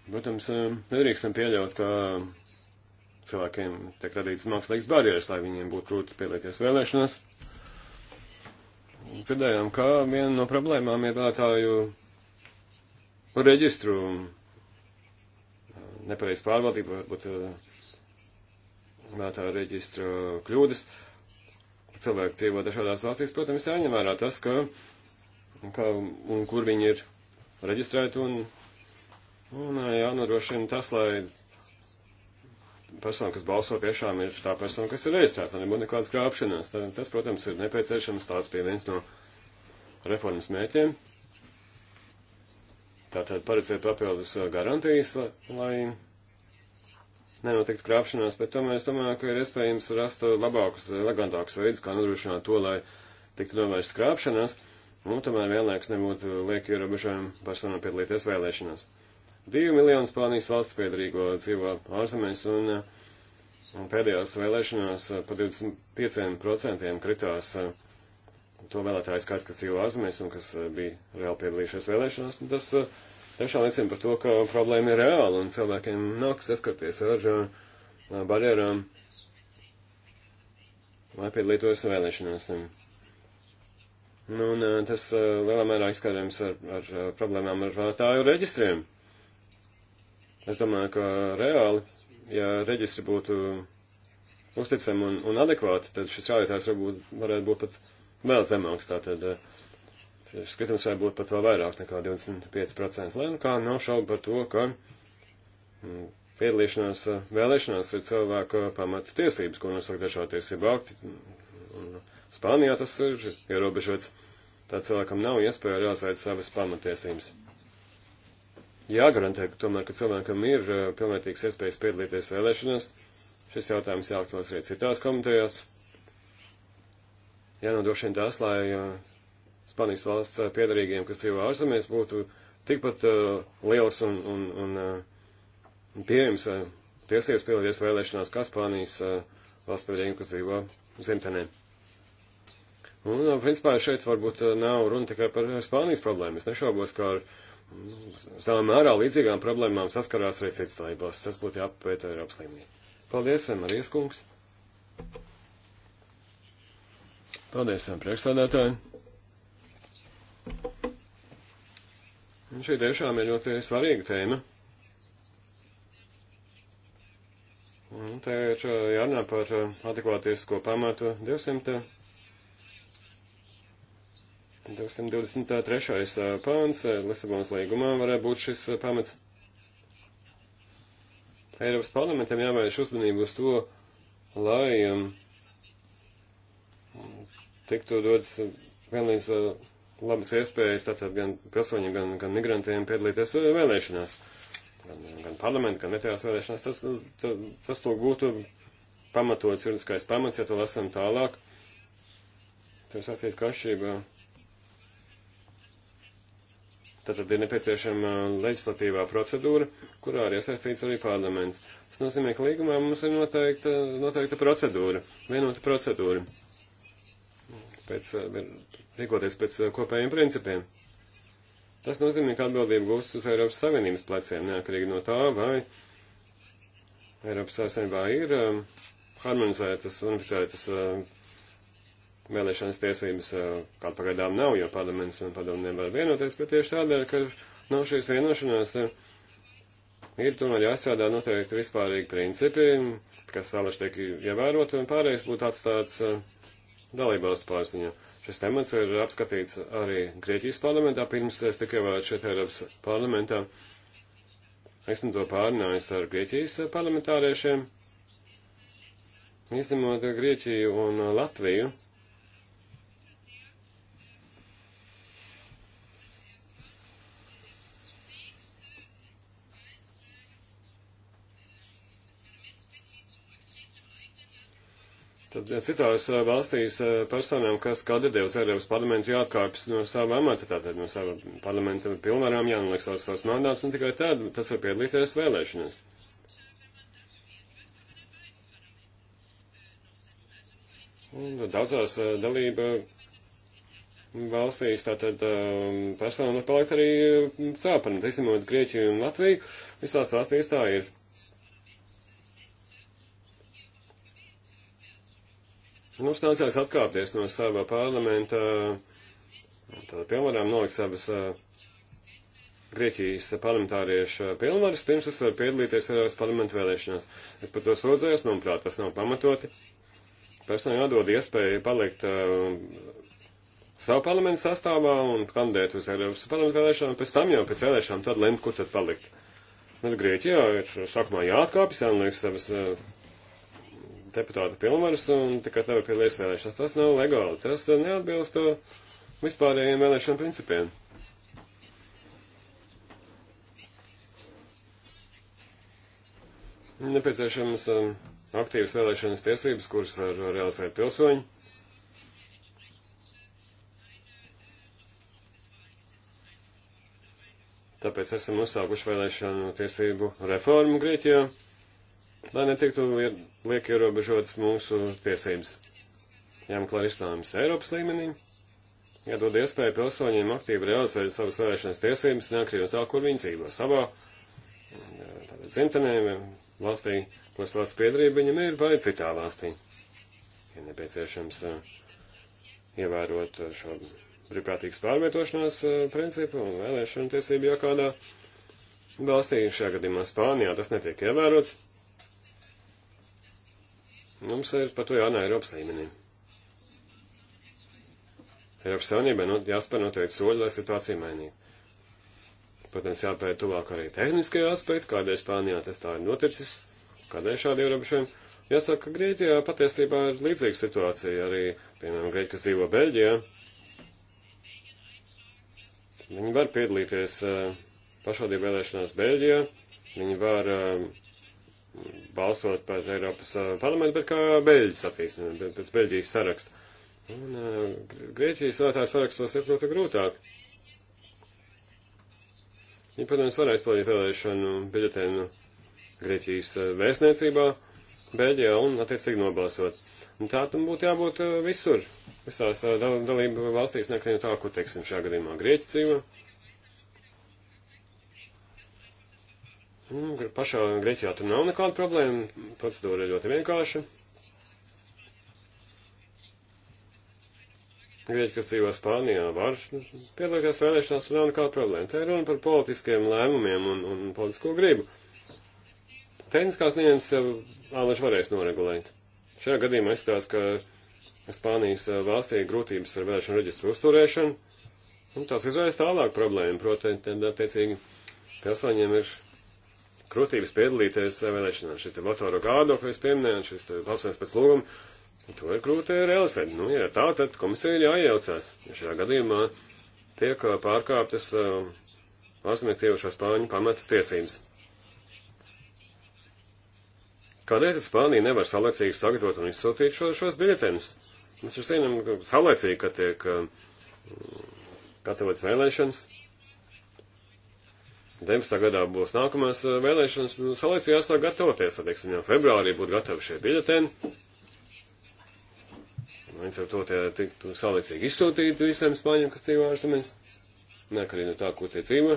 Protams, eh, nedrīkstam pieļaut, ka cilvēkiem tiek radīts mākslīgs barjeras, lai viņiem būtu grūti piedalīties vēlēšanās. Dzirdējām, ka viena no problēmām ir vēlētāju reģistru eh, nepareiz pārvaldība, varbūt eh, vēlētāju reģistra kļūdas. Cilvēki dzīvo dažādās valstīs, protams, jāņem vērā tas, ka, ka un kur viņi ir reģistrēti un Un nu, jānodrošina nu, tas, lai persona, kas balso, tiešām ir tā persona, kas ir reģistrēta, nebūtu nekādas krāpšanās. Tad, tas, protams, ir nepieciešams tāds pie viens no reformas mērķiem. Tātad paredzēt papildus uh, garantijas, lai nenotiktu krāpšanās, bet tomēr es domāju, ka ir iespējams rast uh, labākus, uh, elegantākus veidus, kā nodrošināt to, lai tiktu novērst krāpšanās, un nu, tomēr vienlaikus nebūtu lieki ierobežojumi personām piedalīties vēlēšanās. Divi miljoni Spānijas valsts piedarīgo dzīvo ārzemēs un, eh, un pēdējās vēlēšanās eh, pa 25% kritās eh, to vēlētāju skaits, kas dzīvo ārzemēs un kas bija reāli piedalījušies vēlēšanās. Tas tiešām liecina par to, ka problēma ir reāla un cilvēkiem nāks saskarties ar barjerām, lai piedalītos vēlēšanās. Nu, un tas lielā mērā izskatījums ar, ar problēmām ar vēlētāju reģistriem. Es domāju, ka reāli, ja reģistri būtu uzticami un, un adekvāti, tad šis rādītājs varbūt varētu būt pat vēl zemāks. Tātad šis eh, skritums varētu būt pat vēl vairāk nekā 25%. Lai nu kā nav šaubu par to, ka mm, piedalīšanās eh, vēlēšanās ir cilvēka pamata tiesības, ko nosaka dažādi tiesību akti. Un Spānijā tas ir ierobežots. Tā cilvēkam nav iespēja jāsaic savas pamatiesības jāgarantē, ka tomēr, ka cilvēkam ir uh, pilnvērtīgs iespējas piedalīties vēlēšanās, šis jautājums jāaktuās arī citās komitejās. Jānodrošina tas, lai uh, Spānijas valsts uh, piedarīgiem, kas dzīvo ārzemēs, būtu tikpat uh, liels un, un, un uh, pieejams uh, tiesības piedalīties vēlēšanās, kā Spānijas uh, valsts piedarīgiem, kas dzīvo dzimtenē. Un, uh, principā, šeit varbūt nav runa tikai par Spānijas problēmu. Es nešaubos, ka ar uh, Stāvam ārā līdzīgām problēmām saskarās arī citas dalībās. Tas būtu jāpapēta Eiropas līmenī. Paldies, Marijas kungs. Paldies, priekšstādātāji. Un šī tiešām ir ļoti svarīga tēma. Un te ir eh, jārunā par eh, adekvātisko pamatu 200. 223. pāns Lisabonas līgumā varētu būt šis pamats. Eiropas parlamentam jāvērš uzmanību uz to, lai um, tiktu dodas vienlīdz uh, labas iespējas tātad gan pilsoņiem, gan, gan migrantiem piedalīties vēlēšanās. Gan, gan parlamentu, gan vietējās vēlēšanās. Tas, tas, tas to būtu pamatots juridiskais pamats, ja to lasam tālāk. Tur sacīt, ka šī. Uh, Tātad ir nepieciešama leģislatīvā procedūra, kurā ir iesaistīts arī parlaments. Tas nozīmē, ka līgumā mums ir noteikta, noteikta procedūra, vienota procedūra, pēc, eh, rīkoties pēc eh, kopējiem principiem. Tas nozīmē, ka atbildība gūs uz Eiropas Savienības pleciem, neatkarīgi no tā, vai Eiropas Savienībā ir eh, harmonizētas, unificētas vēlēšanas tiesības, kāda pagaidām nav, jo parlaments un padomu nevar vienoties, bet tieši tādēļ, ka nav šīs vienošanās, ir tomēr jāstrādā noteikti vispārīgi principi, kas salaši tiek ievēroti, un pārējais būtu atstāts dalībvalstu pārziņā. Šis temats ir apskatīts arī Grieķijas parlamentā, pirms es tikai vēlētu šeit Eiropas parlamentā. Esmu nu to pārnājis ar Grieķijas parlamentāriešiem, izņemot Grieķiju un Latviju Tad citās eh, valstīs eh, personām, kas kandidē uz Eiropas parlamentu, jāatkāpjas no sava amata, tātad no sava parlamenta pilnvarām, jānoliek savas savas mandāts, un tikai tad tas var piedalīties vēlēšanās. Un daudzās eh, dalība valstīs, tātad personām var palikt arī sāpana, izņemot Grieķiju un Latviju, visās valstīs tā ir. Mums nācās atkāpties no sava parlamenta, tāda pilnvarām nolikt savas Grieķijas parlamentārieša pilnvaras, pirms es varu piedalīties Eiropas parlamentu vēlēšanās. Es par to sūdzējos, manuprāt, tas nav pamatoti. Personai jādod iespēju palikt uh, savu parlamentu sastāvā un kandidēt uz Eiropas parlamentu vēlēšanām, pēc tam jau pēc vēlēšanām tad lemt, kur tad palikt. Nu, Grieķijā ir sākumā jāatkāpjas, jānoliek savas uh, deputāta pilnvaras un tikai tev ir piedalīties vēlēšanās. Tas nav legāli, tas neatbilst vispārējiem vēlēšanu principiem. Nepieciešams um, aktīvas vēlēšanas tiesības, kuras var realizēt pilsoņi. Tāpēc esam uzsākuši vēlēšanu tiesību reformu Grieķijā lai netiktu liek ierobežotas mūsu tiesības. Jāmeklē risinājums Eiropas līmenī, jādod iespēju pilsoņiem aktīvi realizēt savas vēlēšanas tiesības, neatkarīgi no tā, kur viņi dzīvo savā dzimtenē, valstī, kuras valsts piedarība viņam ir, vai citā valstī. Ir ja nepieciešams eh, ievērot eh, šo brīvprātīgas pārvietošanās eh, principu un vēlēšanu tiesību, jo kādā valstī, šajā gadījumā Spānijā, tas netiek ievērots. Mums ir par to jārunā Eiropas līmenī. Eiropas Savienībai nu, jāspēr noteikti soļi, lai situāciju mainītu. Protams, jāpēta tuvāk arī tehniskie aspekti, kādēļ Spānijā tas tā ir noticis, kādēļ šādi ierobežojumi. Jāsaka, ka Grieķijā patiesībā ir līdzīga situācija arī, piemēram, Grieķi, kas dzīvo Beļģijā. Viņi var piedalīties eh, pašvaldību vēlēšanās Beļģijā, viņi var uh, balsot par Eiropas uh, parlamentu, bet kā Beļģis acīs, pēc Beļģijas saraksta. Un uh, Grieķijas vēlētāju sarakstos ir, protams, grūtāk. Viņi, protams, var aizpildīt vēlēšanu biļetēnu Grieķijas uh, vēstniecībā, Beļģijā un, attiecīgi, nobalsot. Un tā tam būtu jābūt visur, visās dalību valstīs, nekļiņu tā, kur, teiksim, šā gadījumā Grieķija dzīvo. Nu, pašā Grieķijā tur nav nekāda problēma, procedūra ir ļoti vienkārša. Grieķi, kas dzīvo Spānijā, var piedalīties vēlēšanās, tur nav nekāda problēma. Te ir runa par politiskiem lēmumiem un, un politisko gribu. Tehniskās nianses Āleši varēs noregulēt. Šajā gadījumā izskatās, ka Spānijas valstī ir grūtības ar vēlēšanu reģistru uzturēšanu, un tās izvēlas tālāk problēmu, proti, tad attiecīgi pilsoņiem ir krūtības piedalīties vēlēšanās. Šis Vatoro Gādo, ko es pieminēju, šis balsojums pēc lūguma, to ir grūti realizēt. Nu, ja tā, tad komisija ir jājaucās. Ja šajā gadījumā tiek uh, pārkāptas uh, um, ārzemēs cievušo spāņu pamata tiesības. Kādēļ Spānija nevar saulēcīgi sagatavot un izsūtīt šo, šos biļetenus? Mēs jau zinām saulēcīgi, ka tiek uh, um, gatavotas vēlēšanas. 19. gadā būs nākamās eh, vēlēšanas, nu, salīdz jāsāk gatavoties, tad, teiksim, jau februārī būtu gatavi šie biļetēni. Līdz ar to tie tiktu salīdzīgi izsūtīti visiem spāņiem, kas dzīvo ārzemēs, nekarīgi no tā, kur tie dzīvo.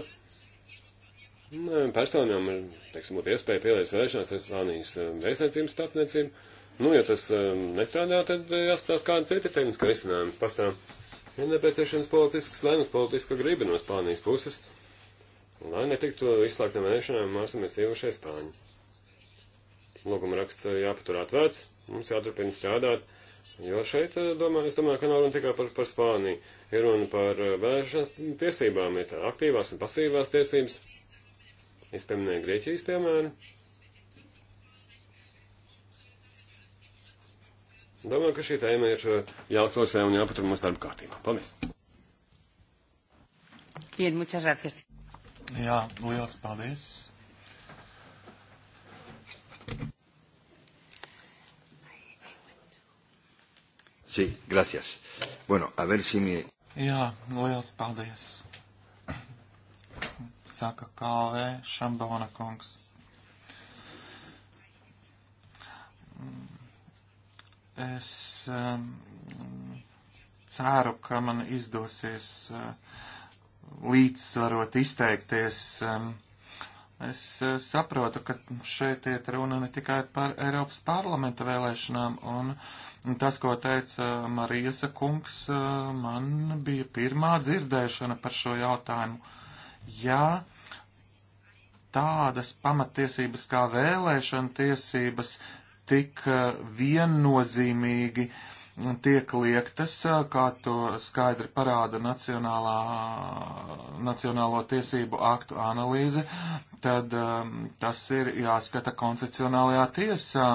Nē, nu, personām ir, teiksim, būtu iespēja pielēst vēlēšanās ar Spānijas eh, vēstniecības starpniecību. Nu, ja tas um, nestrādā, tad jāskatās, kāda cita tehniska risinājuma pastāv. Ir nepieciešams politisks lēmums, politiska griba no Spānijas puses. Lai netiktu izslēgta mēnešana, mācāmies ievušie spāņi. Lūguma raksts eh, jāpatur atvērts, mums jāturpina strādāt, jo šeit, eh, domāju, es domāju, ka nav runa tikai par, par Spāniju. Ir runa par eh, vēlēšanas tiesībām, ir tā aktīvās un pasīvās tiesības. Es pieminēju Grieķijas piemēru. Domāju, ka šī tēma ir jāklausē un jāpatur mūsu darba kārtībā. Paldies! Bien, muchas gracias. Jā, liels paldies. Sí, gracias. Bueno, a ver si mi... Jā, liels paldies. Saka Kalvē Šambona kungs. Es um, ceru, ka man izdosies uh, līdzsvarot izteikties. Um, es uh, saprotu, ka šeit iet runa ne tikai par Eiropas parlamenta vēlēšanām, un tas, ko teica Marijas kungs, uh, man bija pirmā dzirdēšana par šo jautājumu. Ja tādas pamatiesības kā vēlēšana tiesības tik uh, viennozīmīgi uh, tiek liektas, kā to skaidri parāda nacionālā, nacionālo tiesību aktu analīze, tad um, tas ir jāskata koncepcionālajā tiesā.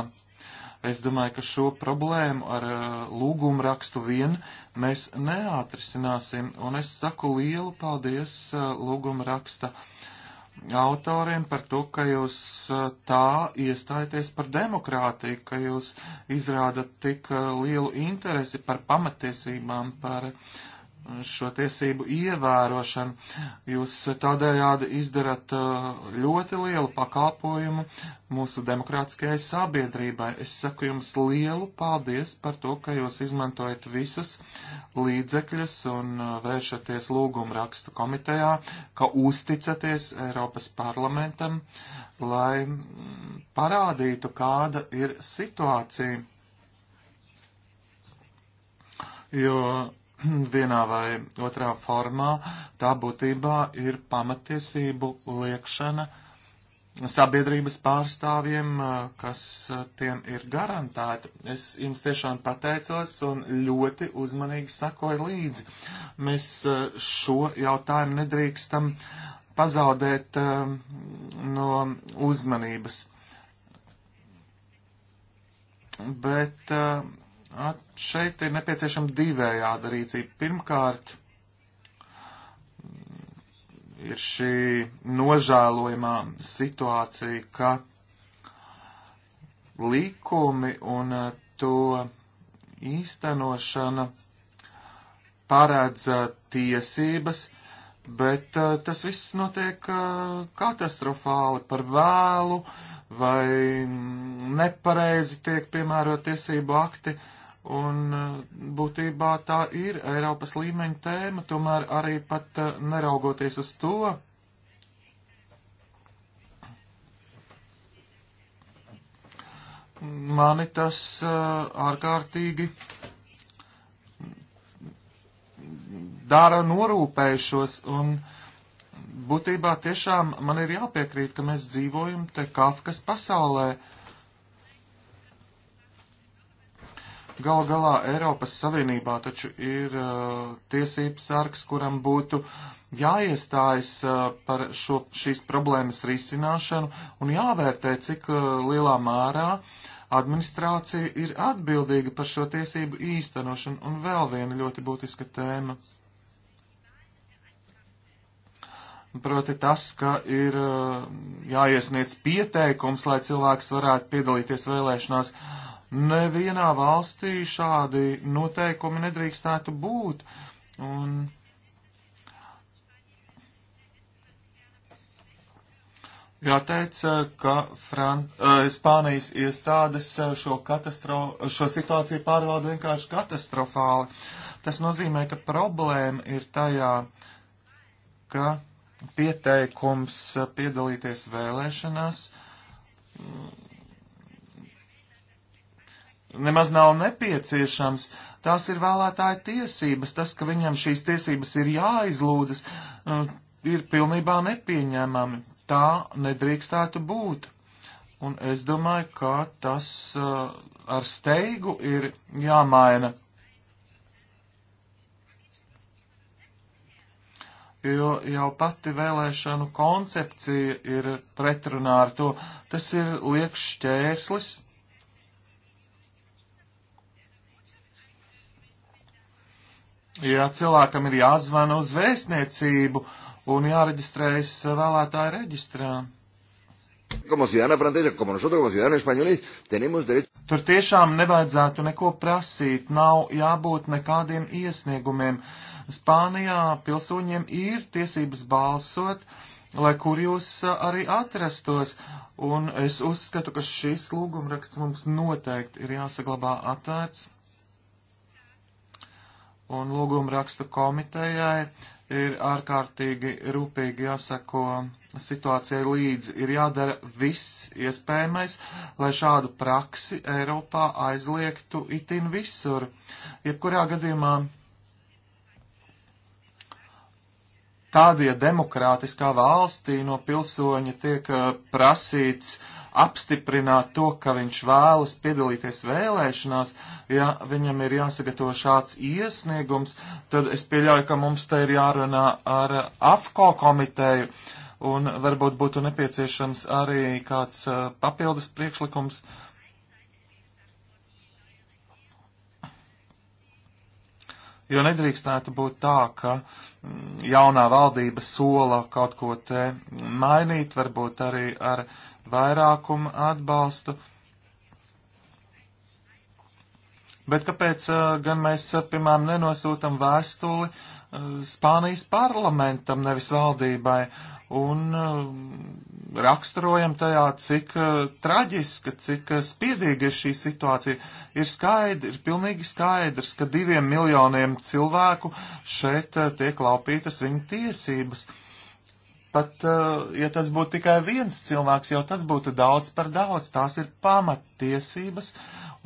Es domāju, ka šo problēmu ar uh, lūgumu rakstu vien mēs neatrisināsim, un es saku lielu paldies uh, lūgumu raksta uh, autoriem par to, ka jūs tā iestājaties par demokrātiju, ka jūs izrādat tik lielu interesi par pamatiesībām, par uh, šo tiesību ievērošanu. Jūs tādējādi izdarat uh, ļoti lielu pakāpojumu mūsu demokrātiskajai sabiedrībai. Es saku jums lielu paldies par to, ka jūs izmantojat visus līdzekļus un uh, vēršaties lūgumu rakstu komitejā, ka uzticaties Eiropas parlamentam, lai mm, parādītu, kāda ir situācija. Jo vienā vai otrā formā, tā būtībā ir pamatiesību liekšana sabiedrības pārstāvjiem, kas tiem ir garantēta. Es jums tiešām pateicos un ļoti uzmanīgi sakoju līdzi. Mēs šo jautājumu nedrīkstam pazaudēt no uzmanības. Bet At, šeit ir nepieciešama divējāda rīcība. Pirmkārt, ir šī nožēlojamā situācija, ka likumi un eh, to īstenošana paredz eh, tiesības, bet eh, tas viss notiek katastrofāli par vēlu vai nepareizi tiek piemērot tiesību akti. Uh, Un eh, būtībā tā ir Eiropas līmeņa tēma, tomēr arī pat eh, neraugoties uz to, mani tas eh, ārkārtīgi dara norūpējušos un būtībā tiešām man ir jāpiekrīt, ka mēs dzīvojam te Kafkas pasaulē. Uh, Gal galā Eiropas Savienībā taču ir uh, tiesības sargs, kuram būtu jāiestājas uh, par šo, šīs problēmas risināšanu un jāvērtē, cik uh, lielā mērā administrācija ir atbildīga par šo tiesību īstenošanu. Un vēl viena ļoti būtiska tēma. Proti tas, ka ir uh, jāiesniedz pieteikums, lai cilvēks varētu piedalīties vēlēšanās. Uh, Nevienā valstī šādi noteikumi nedrīkstētu būt. Un Jāteic, ka Fran eh, Spānijas iestādes šo, šo situāciju pārvalda vienkārši katastrofāli. Tas nozīmē, ka problēma ir tajā, ka pieteikums piedalīties vēlēšanās nemaz nav nepieciešams. Tās ir vēlētāja tiesības. Tas, ka viņam šīs tiesības ir jāizlūdzas, uh, ir pilnībā nepieņēmami. Tā nedrīkstētu būt. Un es domāju, ka tas uh, ar steigu ir jāmaina. jo jau pati vēlēšanu koncepcija ir pretrunā ar to. Tas ir liekšķēslis, ja cilvēkam ir jāzvana uz vēstniecību un jāreģistrējas vēlētāju reģistrā. Tur tiešām nevajadzētu neko prasīt, nav jābūt nekādiem iesniegumiem. Spānijā pilsoņiem ir tiesības balsot, lai kur jūs arī atrastos. Un es uzskatu, ka šis lūgumraksts mums noteikti ir jāsaglabā atvērts un lūguma rakstu komitejai ir ārkārtīgi rūpīgi jāsako situācijai līdzi. Ir jādara viss iespējamais, lai šādu praksi Eiropā aizliegtu itin visur. Jebkurā gadījumā tādie demokrātiskā valstī no pilsoņa tiek eh, prasīts uh, apstiprināt to, ka viņš vēlas piedalīties vēlēšanās, ja viņam ir jāsagatavo šāds iesniegums, tad es pieļauju, ka mums te ir jārunā ar AFCO komiteju, un varbūt būtu nepieciešams arī kāds uh, papildus priekšlikums. Jo nedrīkstētu būt tā, ka mm, jaunā valdība sola kaut ko te mainīt, varbūt arī ar uh, vairākuma atbalstu. Bet kāpēc uh, gan mēs, uh, piemēram, nenosūtam vēstuli uh, Spānijas parlamentam, nevis valdībai, un raksturojam tajā, cik traģiska, cik spiedīga ir šī situācija? Ir skaidrs, ir pilnīgi skaidrs, ka diviem miljoniem cilvēku šeit tiek laupītas viņa tiesības. Uh, Pat, eh, ja tas būtu tikai viens cilvēks, jau tas būtu daudz par daudz. Tās ir pamattiesības,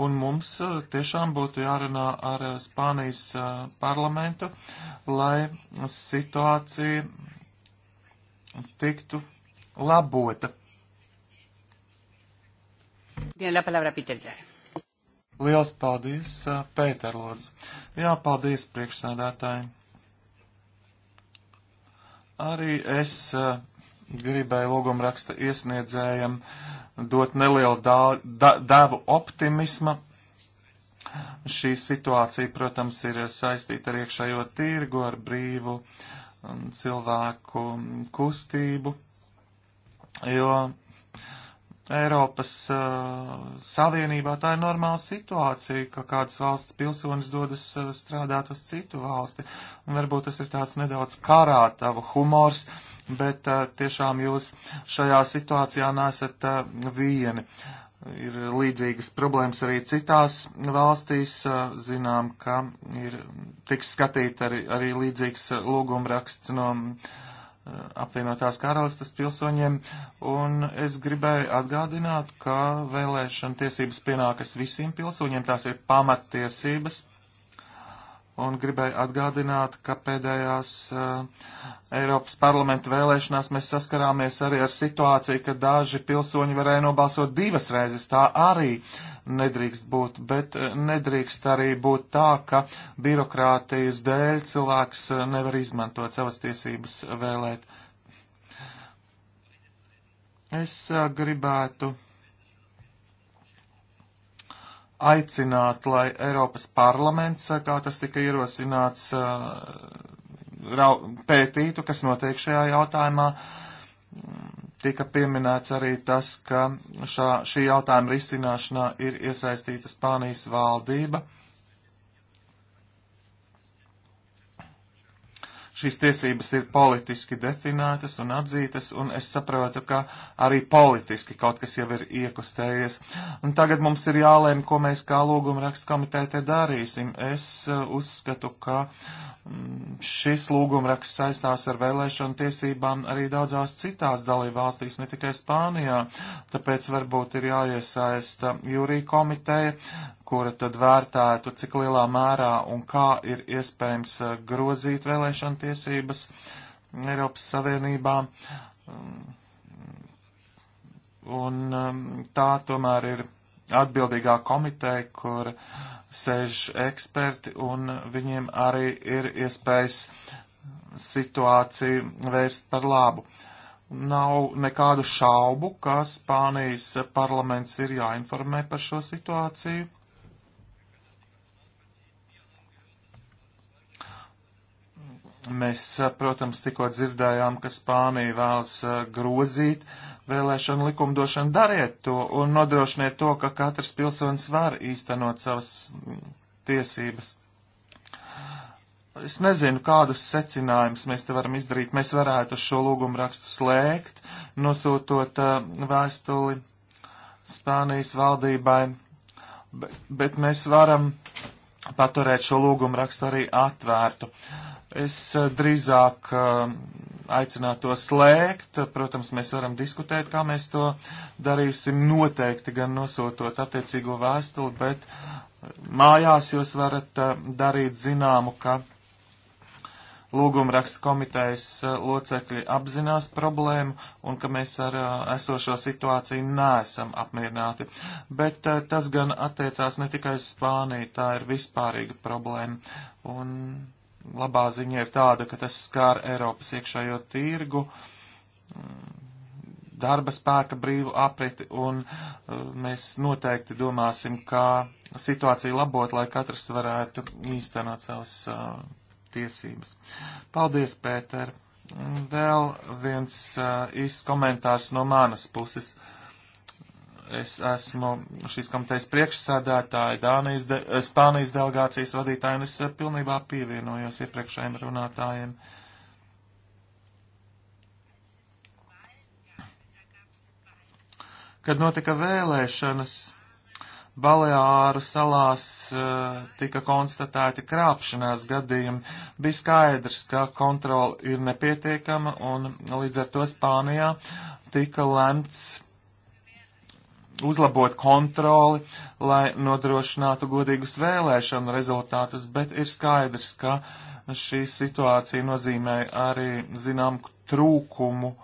un mums eh, tiešām būtu jārunā ar eh, Spānijas parlamentu, lai situācija tiktu labota. Liels paldies, Pēterlods. Jā, paldies priekšsēdētāji. Arī es uh, gribēju lūguma raksta iesniedzējiem dot nelielu dā, da, devu optimisma. Šī situācija, protams, ir saistīta ar iekšējo tirgu, ar brīvu um, cilvēku kustību, jo Eiropas uh, Savienībā tā ir normāla situācija, ka kādas valsts pilsonis dodas uh, strādāt uz citu valsti. Un varbūt tas ir tāds nedaudz karātavu humors, bet uh, tiešām jūs šajā situācijā nesat uh, vieni. Ir līdzīgas problēmas arī citās valstīs. Uh, zinām, ka ir tiks skatīt arī, arī līdzīgs uh, lūgumraksts no. Uh, Eh, apvienotās karalistas pilsoņiem, un es gribēju atgādināt, ka vēlēšana tiesības pienākas visiem pilsoņiem, tās ir pamattiesības un gribēju atgādināt, ka pēdējās uh, Eiropas parlamenta vēlēšanās mēs saskarāmies arī ar situāciju, ka daži pilsoņi varēja nobalsot divas reizes. Tā arī nedrīkst būt, bet eh, nedrīkst arī būt tā, ka birokrātijas dēļ cilvēks eh, nevar izmantot savas tiesības vēlēt. Es uh, gribētu aicināt, lai Eiropas parlaments, kā tas tika ierosināts, pētītu, kas notiek šajā jautājumā. Tika pieminēts arī tas, ka šā, šī jautājuma risināšanā ir iesaistīta Spānijas valdība. Uh, šīs tiesības ir politiski definētas un atzītas, un es saprotu, ka arī politiski kaut kas jau ir iekustējies. Un tagad mums ir jālēma, ko mēs kā lūguma rakstu komiteja te darīsim. Es uh, uzskatu, ka mm, šis lūguma raksts saistās ar vēlēšanu tiesībām arī daudzās citās dalībvalstīs, ne tikai Spānijā, tāpēc varbūt ir jāiesaista jūrī komiteja, kura tad vērtētu, cik lielā mērā un kā ir iespējams eh, grozīt vēlēšana tiesības Eiropas Savienībā. Mm. Un mm, tā tomēr ir atbildīgā komiteja, kur sēž eksperti, un viņiem arī ir iespējas situāciju vērst par labu. Nav nekādu šaubu, ka Spānijas parlaments ir jāinformē par šo situāciju, Mēs, eh, protams, tikko dzirdējām, ka Spānija vēlas eh, grozīt vēlēšanu likumdošanu. Dariet to un nodrošiniet to, ka katrs pilsonis var īstenot savas mm, tiesības. Es nezinu, kādus secinājumus mēs te varam izdarīt. Mēs varētu šo lūgumu rakstu slēgt, nosūtot eh, vēstuli Spānijas valdībai, bet, bet mēs varam paturēt šo lūgumu rakstu arī atvērtu. Uh, Es eh, drīzāk eh, aicinātu to slēgt. Protams, mēs varam diskutēt, kā mēs to darīsim. Noteikti gan nosūtot attiecīgo vēstuli, bet eh, mājās jūs varat darīt zināmu, ka lūgumraksta komitejas locekļi apzinās problēmu un ka mēs ar esošo situāciju neesam apmierināti. Bet tas gan attiecās ne tikai uz Spāniju, tā ir vispārīga problēma. Un labā ziņa ir tāda, ka tas skār Eiropas iekšējo tirgu, darba spēka brīvu apriti, un uh, mēs noteikti domāsim, kā situāciju labot, lai katrs varētu īstenot savas uh, tiesības. Paldies, Pēter! Vēl viens uh, īsts komentārs no manas puses. Uh, Es esmu šīs komitejas priekšsādātāja, Dānijas de, eh, Spānijas delegācijas vadītāja, un es eh, pilnībā pievienojos iepriekšējiem runātājiem. Kad notika vēlēšanas, Baleāru salās uh, tika konstatēti krāpšanās gadījumi, bija skaidrs, ka kontrola ir nepietiekama un līdz ar to Spānijā tika lemts uzlabot kontroli, lai nodrošinātu godīgus vēlēšanu rezultātus, bet ir skaidrs, ka šī situācija nozīmē arī zinām trūkumu uh,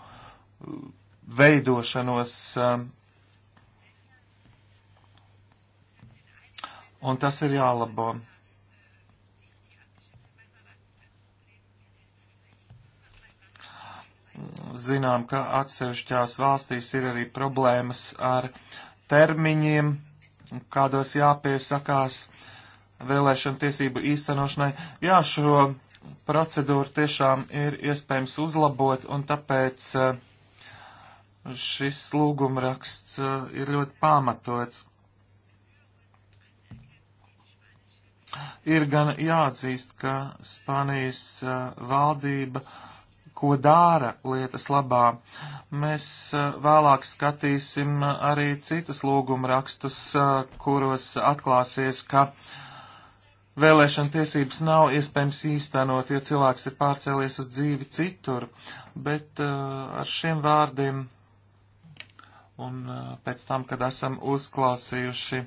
veidošanos. Uh, un tas ir jālabo. zinām, ka atsevišķās valstīs ir arī problēmas ar termiņiem, kādos jāpiesakās vēlēšanu tiesību īstenošanai. Jā, šo procedūru tiešām ir iespējams uzlabot, un tāpēc eh, šis lūgumraksts eh, ir ļoti pamatots. Ir gan jāatzīst, ka Spānijas eh, valdība uh, ko dara lietas labā. Mēs vēlāk skatīsim arī citus lūgumrakstus, kuros atklāsies, ka vēlēšana tiesības nav iespējams īstenot, ja cilvēks ir pārcēlies uz dzīvi citur, bet ar šiem vārdiem un pēc tam, kad esam uzklausījuši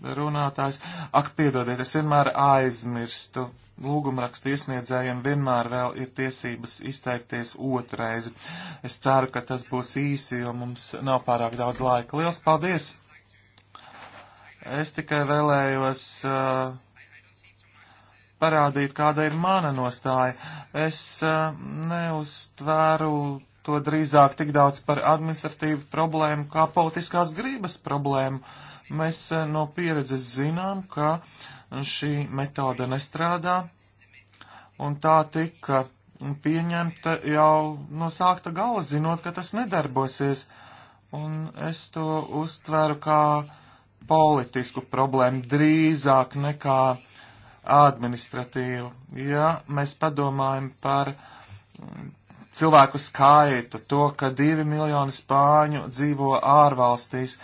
runātājs. Ak, piedodiet, es vienmēr aizmirstu. Lūgumrakstu iesniedzējiem vienmēr vēl ir tiesības izteikties otrais. Es ceru, ka tas būs īsi, jo mums nav pārāk daudz laika. Liels paldies! Es tikai vēlējos uh, parādīt, kāda ir mana nostāja. Es uh, neuztvēru to drīzāk tik daudz par administratīvu problēmu kā politiskās grības problēmu. Uh, Mēs eh, no pieredzes zinām, ka šī metode nestrādā, un tā tika pieņemta jau no sākta gala, zinot, ka tas nedarbosies. Un es to uztveru kā politisku problēmu drīzāk nekā administratīvu. Ja mēs padomājam par mm, cilvēku skaitu, to, ka divi miljoni spāņu dzīvo ārvalstīs,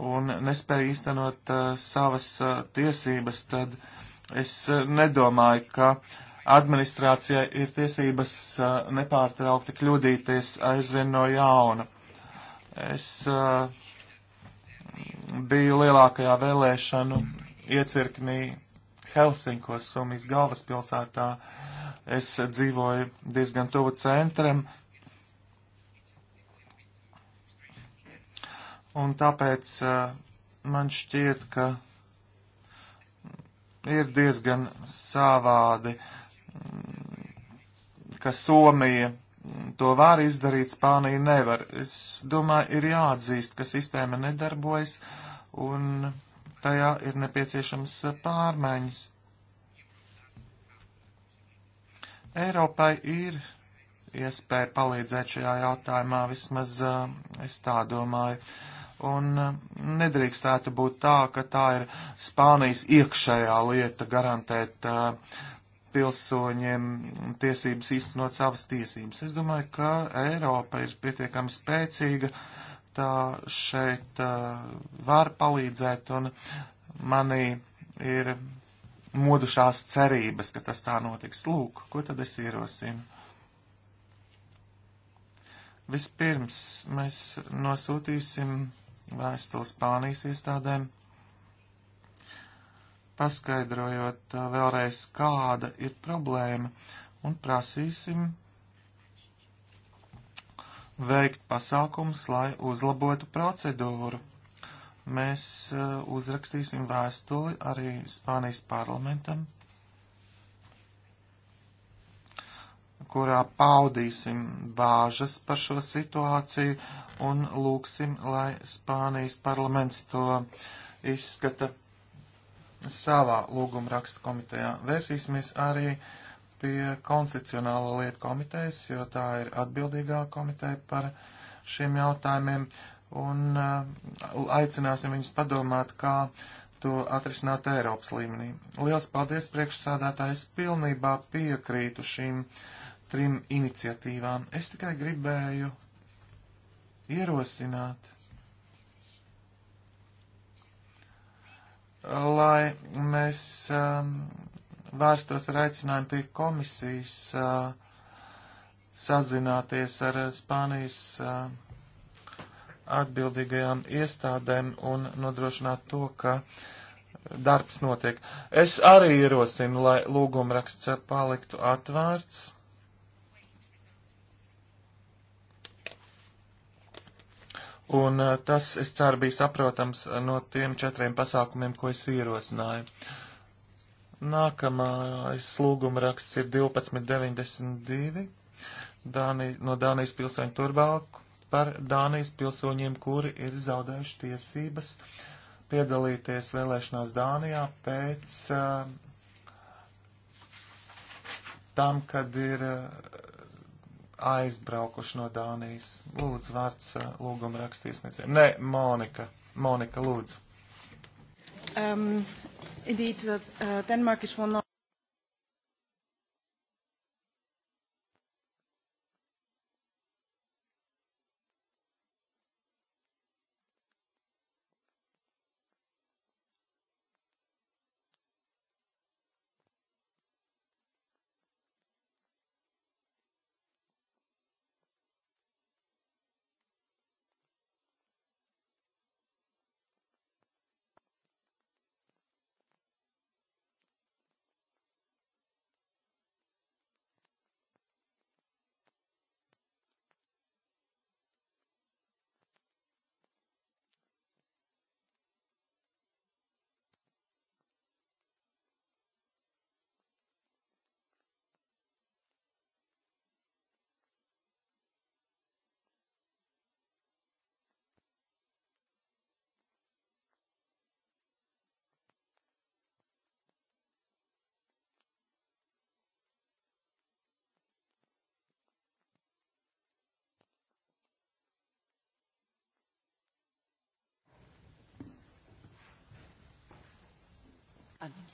un nespēja īstenot uh, savas uh, tiesības, tad es uh, nedomāju, ka administrācijai ir tiesības uh, nepārtraukti kļūdīties aizvien no jauna. Es uh, biju lielākajā vēlēšanu iecirknī Helsinkos, Somijas galvaspilsētā. Es dzīvoju diezgan tuvu centram, un tāpēc eh, man šķiet, ka ir diezgan savādi, mm, ka Somija to var izdarīt, Spānija nevar. Es domāju, ir jāatzīst, ka sistēma nedarbojas un tajā ir nepieciešams pārmaiņas. Eiropai ir iespēja palīdzēt šajā jautājumā, vismaz eh, es tā domāju. Uh, Un eh, nedrīkstētu būt tā, ka tā ir Spānijas iekšējā lieta garantēt uh, pilsoņiem tiesības īstenot savas tiesības. Es domāju, ka Eiropa ir pietiekami spēcīga, tā šeit uh, var palīdzēt, un manī ir modušās cerības, ka tas tā notiks. Lūk, ko tad es ierosinu? Vispirms mēs nosūtīsim vēstuli Spānijas iestādēm, paskaidrojot uh, vēlreiz, kāda ir problēma, un prasīsim veikt pasākums, lai uzlabotu procedūru. Mēs uh, uzrakstīsim vēstuli arī Spānijas parlamentam kurā paudīsim bāžas par šo situāciju un lūksim, lai Spānijas parlaments to izskata savā lūguma raksta komitejā. Vērsīsimies arī pie konstitucionāla lieta komitejas, jo tā ir atbildīgā komiteja par šiem jautājumiem, un uh, aicināsim viņus padomāt, kā to atrisināt Eiropas līmenī. Liels paldies priekšsādātājs, pilnībā piekrītu šīm uh, trim iniciatīvām. Es tikai gribēju ierosināt, lai mēs um, vērstos ar aicinājumu pie komisijas uh, sazināties ar uh, Spānijas uh, atbildīgajām iestādēm un nodrošināt to, ka darbs notiek. Es arī ierosinu, lai lūgumraksts paliktu atvērts Un eh, tas, es ceru, bija saprotams eh, no tiem četriem pasākumiem, ko es ierosināju. Nākamais lūguma raksts ir 1292 Dāni, no Dānijas pilsoņu turbalku par Dānijas pilsoņiem, kuri ir zaudējuši tiesības piedalīties vēlēšanās Dānijā pēc uh, tam, kad ir uh, aizbraukuši no Dānijas. Lūdzu, vārds eh, lūguma rakstīsniecēm. Nē, Monika. Monika, lūdzu. Um, indeed, uh, Denmark is one of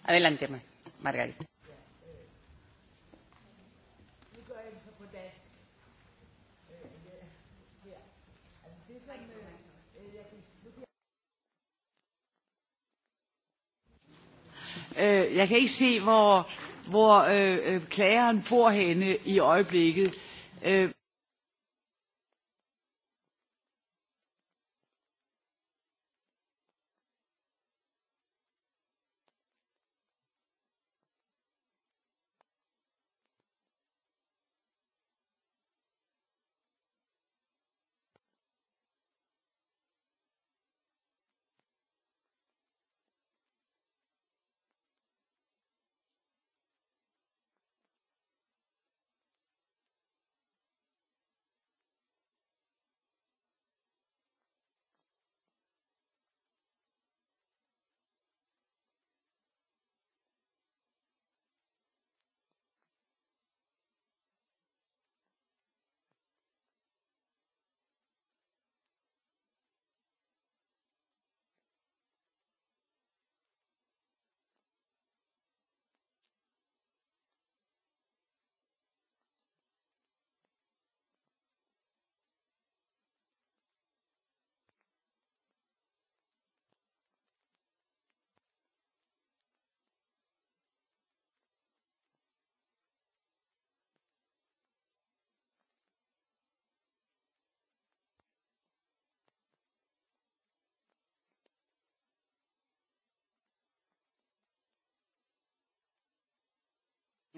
Adelante, Margarita. Øh, jeg kan ikke se, hvor, hvor øh, øh klageren bor henne i øjeblikket. Øh.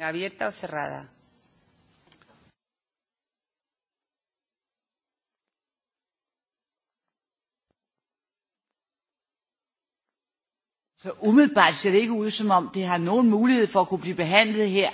Abierta o cerrada. Så umiddelbart ser det ikke ud, som om det har nogen mulighed for at kunne blive behandlet her.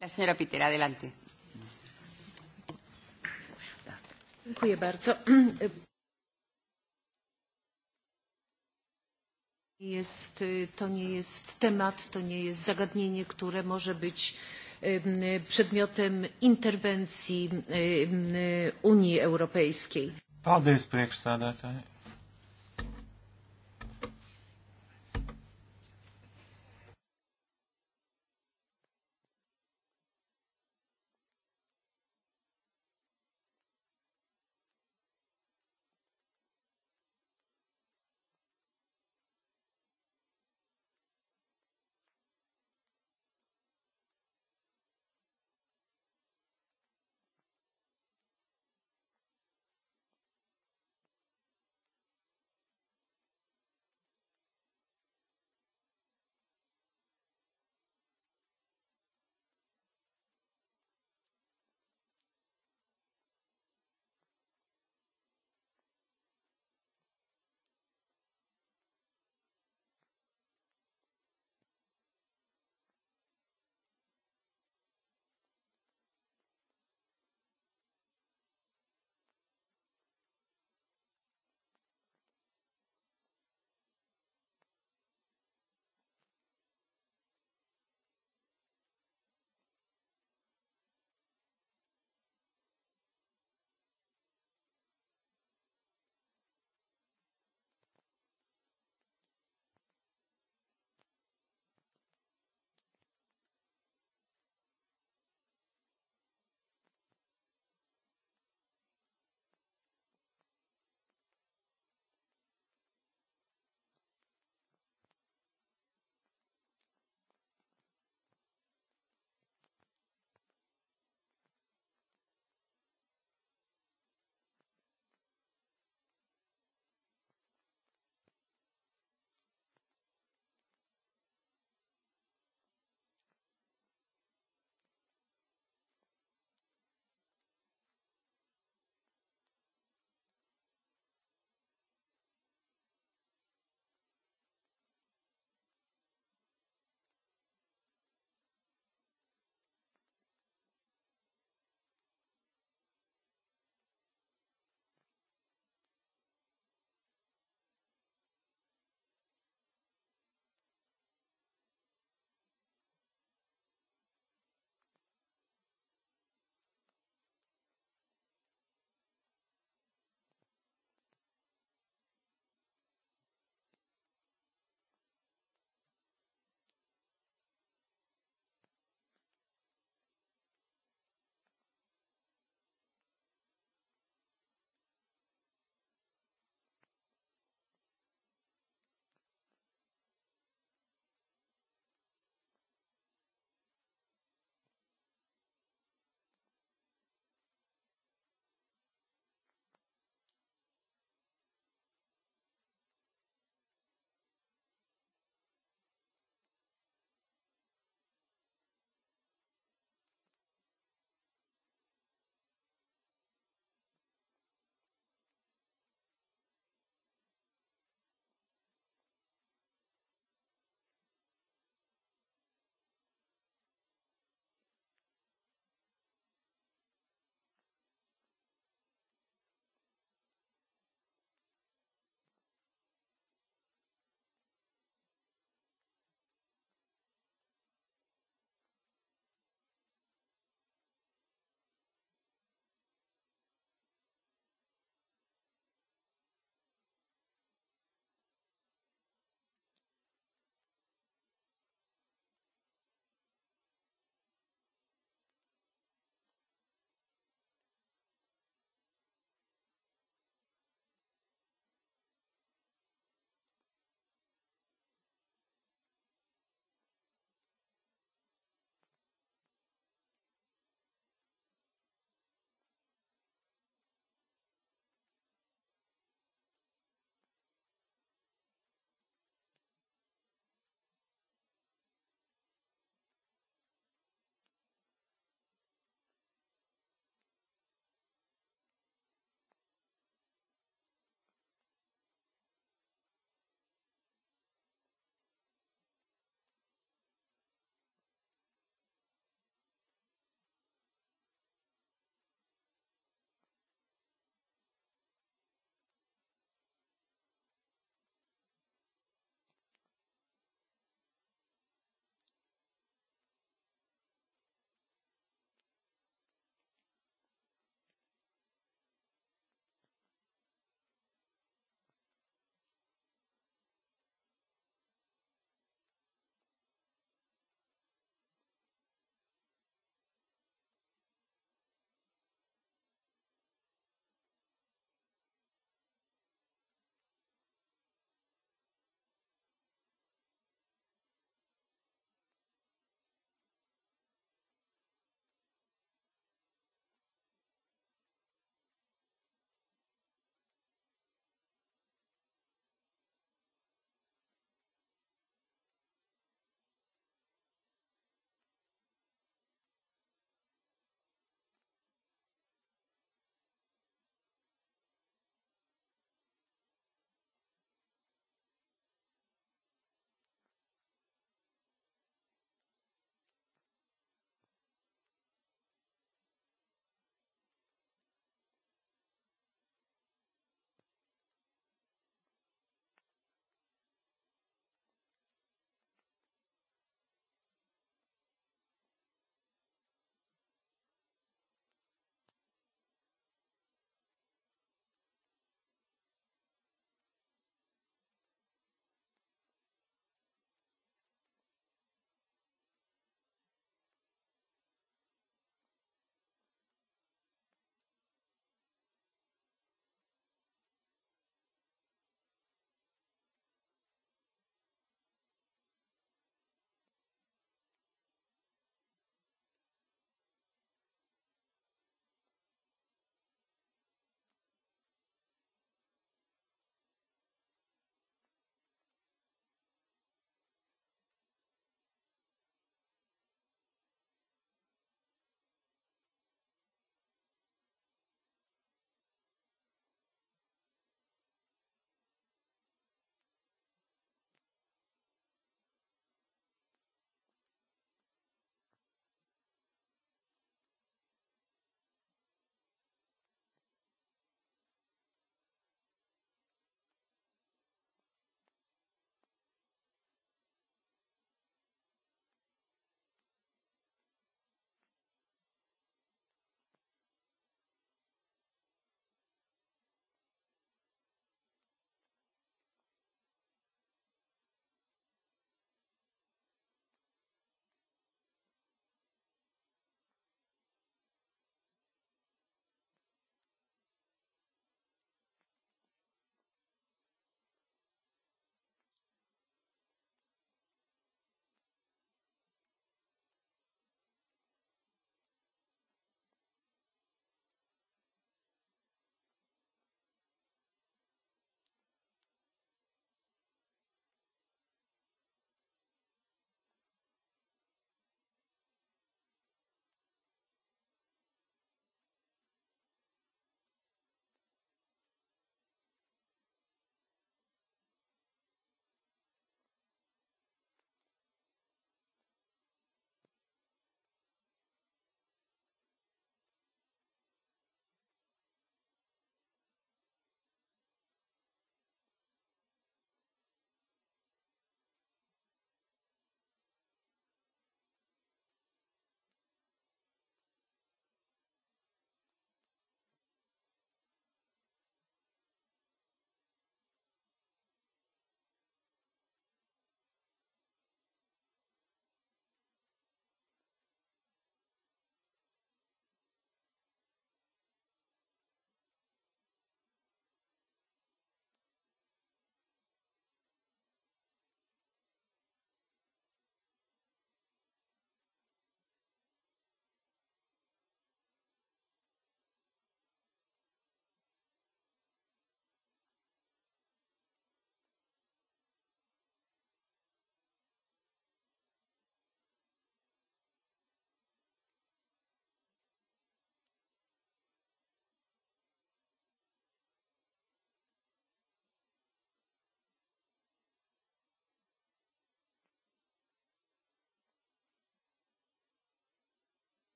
La señora Pitera, adelante. Dziękuję bardzo. Jest, to nie jest temat, to nie jest zagadnienie, które może być przedmiotem interwencji Unii Europejskiej. Paldies, priekšsēdētāji.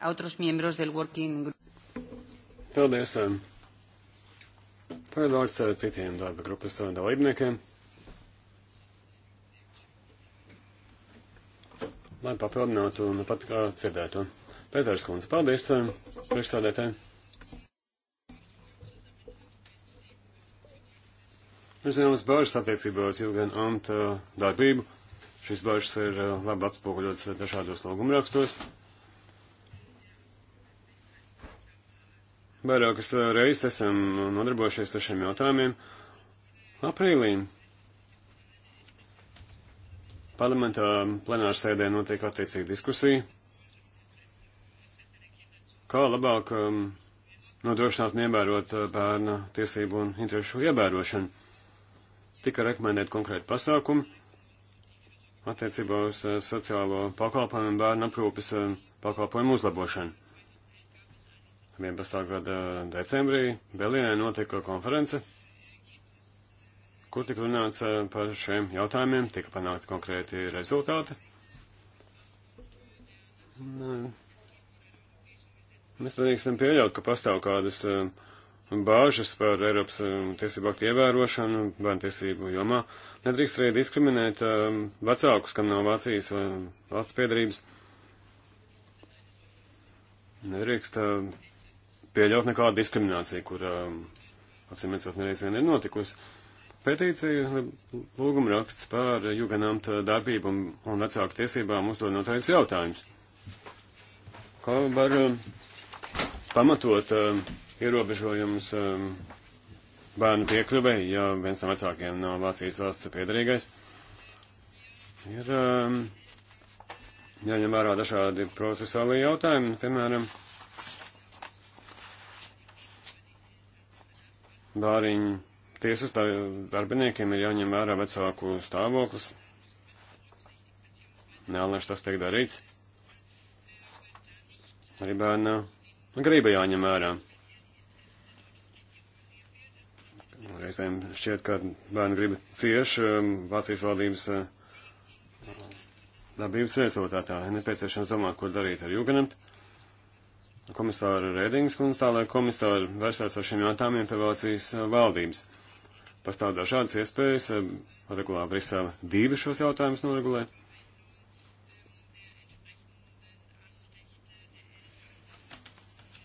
a otros miembros del working group. Paldies. Tagad eh, vārds citiem darba grupas dalībniekiem. Lai papildinātu un pat kā dzirdētu. Pēters Kunds, paldies eh, priekšstādētājiem. Es zinu, mums bažas attiecībās jau gan amta eh, darbību. Šīs bažas ir labi atspoguļotas dažādos lūgumrakstos. rakstos. Vairākas eh, reizes esam nodarbojušies ar šiem jautājumiem. Aprīlī parlamentā plenāra sēdē notiek attiecīga diskusija, kā labāk um, nodrošināt un ievērot eh, bērna tiesību un interesu ievērošanu. Tika rekomendēt konkrēti pasākumi attiecībā uz eh, sociālo pakalpojumu un bērnu aprūpes pakalpojumu uzlabošanu. 11. gada decembrī Berlīnē notika konference, kur tika runāts eh, par šiem jautājumiem, tika panākti konkrēti rezultāti. Eh, mēs nedrīkstam pieļaut, ka pastāv kādas eh, bāžas par Eiropas tiesību aktu ievērošanu bērnu tiesību jomā. Nedrīkst arī diskriminēt vecākus, kam nav Vācijas vai valsts piedarības. Nedrīkst pieļaut nekādu diskrimināciju, kur, um, acīm redzot, nereiz vien ir notikusi. Petīcija lūguma raksts par juganamta darbību un, un vecāku tiesībām uzdod noteikts jautājums. Kā var um, pamatot um, ierobežojumus bērnu piekļuvei, ja viens no vecākiem nav no Vācijas valsts piedarīgais? Ir jāņem vērā dažādi procesālie jautājumi, piemēram, bāriņu tiesas darbiniekiem ir jāņem vērā vecāku stāvoklis. Nealnaši tas tiek darīts. Arī bērna griba jāņem vērā. Reizēm šķiet, ka bērni grib cieši um, Vācijas valdības labības uh, rezultātā. Nepieciešams domāt, ko darīt ar Jūganemt komisāra Rēdingas kundze, tā lai komisāri vērsās ar šiem jautājumiem pie Vācijas eh, valdības. Pastāv dažādas iespējas, eh, regulā Brisele divi šos jautājumus noregulē.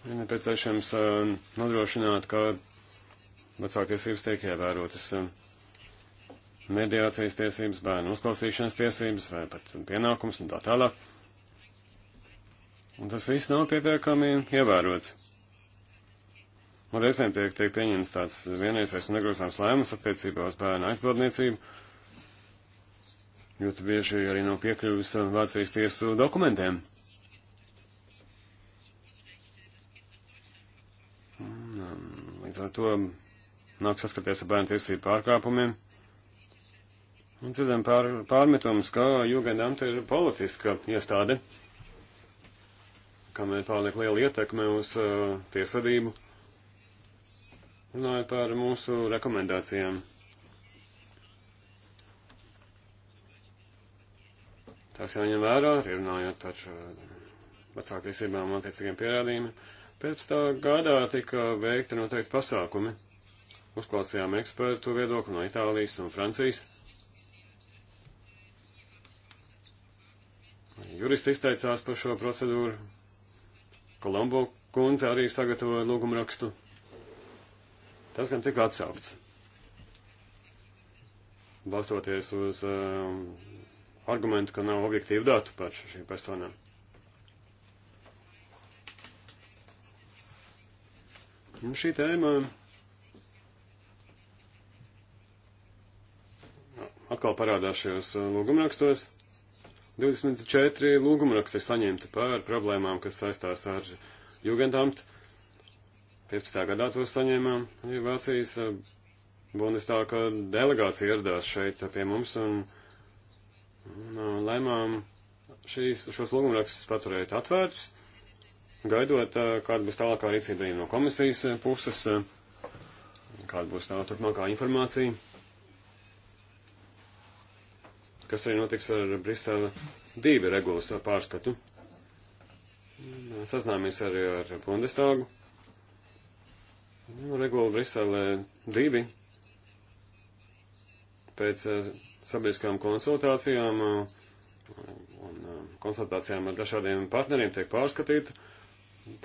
Ir nepieciešams eh, nodrošināt, ka vecāktiesības tiek ievērotas mediācijas tiesības, bērnu uzklausīšanas tiesības vai pat pienākums un tā tālāk. Un tas viss nav pietiekami ievērots. Un reizēm tiek, tiek pieņemts tāds vienreizais un negrozāms lēmums attiecībā uz bērnu aizbildniecību, jo tu bieži arī nav piekļuvis Vācijas tiesu dokumentiem. Um, līdz ar to nāk saskaties ar bērnu tiesību pārkāpumiem. Un dzirdam pār, pārmetumus, ka Jugendamta ir politiska iestāde. Ja kam ir pārliek liela ietekme uz uh, tiesvedību. Runājot par mūsu rekomendācijām. Tas jāņem vērā, arī runājot par uh, vecāku tiesībām attiecīgiem pierādījumiem. Pēc tā gadā tika veikti noteikti pasākumi. Uzklausījām ekspertu viedokli no Itālijas un Francijas. Juristi izteicās par šo procedūru, Kolombo kundze arī sagatavoja lūgumu rakstu. Tas gan tika atsaukts. Balstoties uz um, argumentu, ka nav objektīvu datu par šīm personām. Un šī tēma atkal parādās šajos uh, lūgumrakstos. 24 lūgumraksti ir saņemti par problēmām, kas saistās ar Jugendamt. 15. gadā to saņēmām. Ja Vācijas eh, Bundestāka delegācija ieradās šeit eh, pie mums un, un eh, lēmām šīs, šos lūgumrakstus paturēt atvērtus, gaidot, kāda būs tālākā rīcība no komisijas puses, kāda būs tā turpmākā informācija kas arī notiks ar Bristela divi regulas pārskatu. Sazināmies arī ar Bundestāgu. Nu, regula Briselē divi pēc eh, sabiedriskām konsultācijām eh, un eh, konsultācijām ar dažādiem partneriem tiek pārskatīta,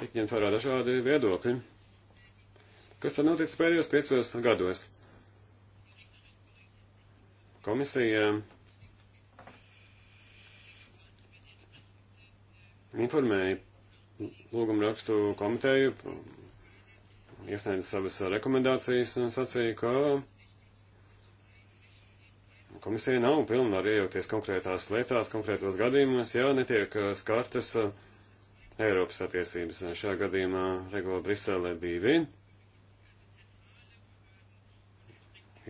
tiek ņemt vērā dažādi viedokļi. Kas tad noticis pēdējos piecos gados? Komisija informēja lūgumu rakstu komiteju, iesniedza savas rekomendācijas un sacīja, ka komisija nav pilnvar iejaukties konkrētās lietās, konkrētos gadījumos, ja netiek uh, skartas uh, Eiropas attiecības. Šajā gadījumā regula Brisele 2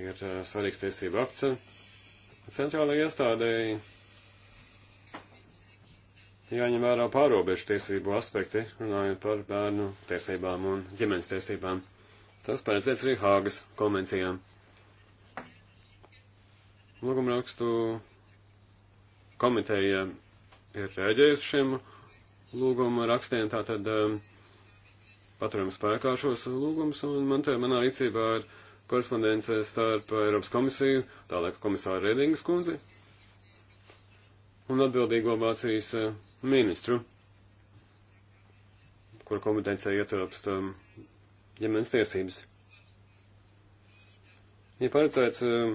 ir uh, svarīgs tiesību akts centrālajai iestādēji jāņem vērā pārobežu tiesību aspekti, runājot par bērnu tiesībām un ģimenes tiesībām. Tas paredzēts arī Hāgas konvencijām. Lūgumrakstu komiteja ir rēģējusi šiem lūguma rakstiem, tātad um, paturam spēkā šos lūgumus, un man te manā rīcībā ir korespondence starp Eiropas komisiju, tālāk komisāru Redingas kundzi, un atbildīgo Vācijas eh, ministru, kur kompetencija ietilpst eh, ģimenes tiesības. Ir ja paredzēts eh,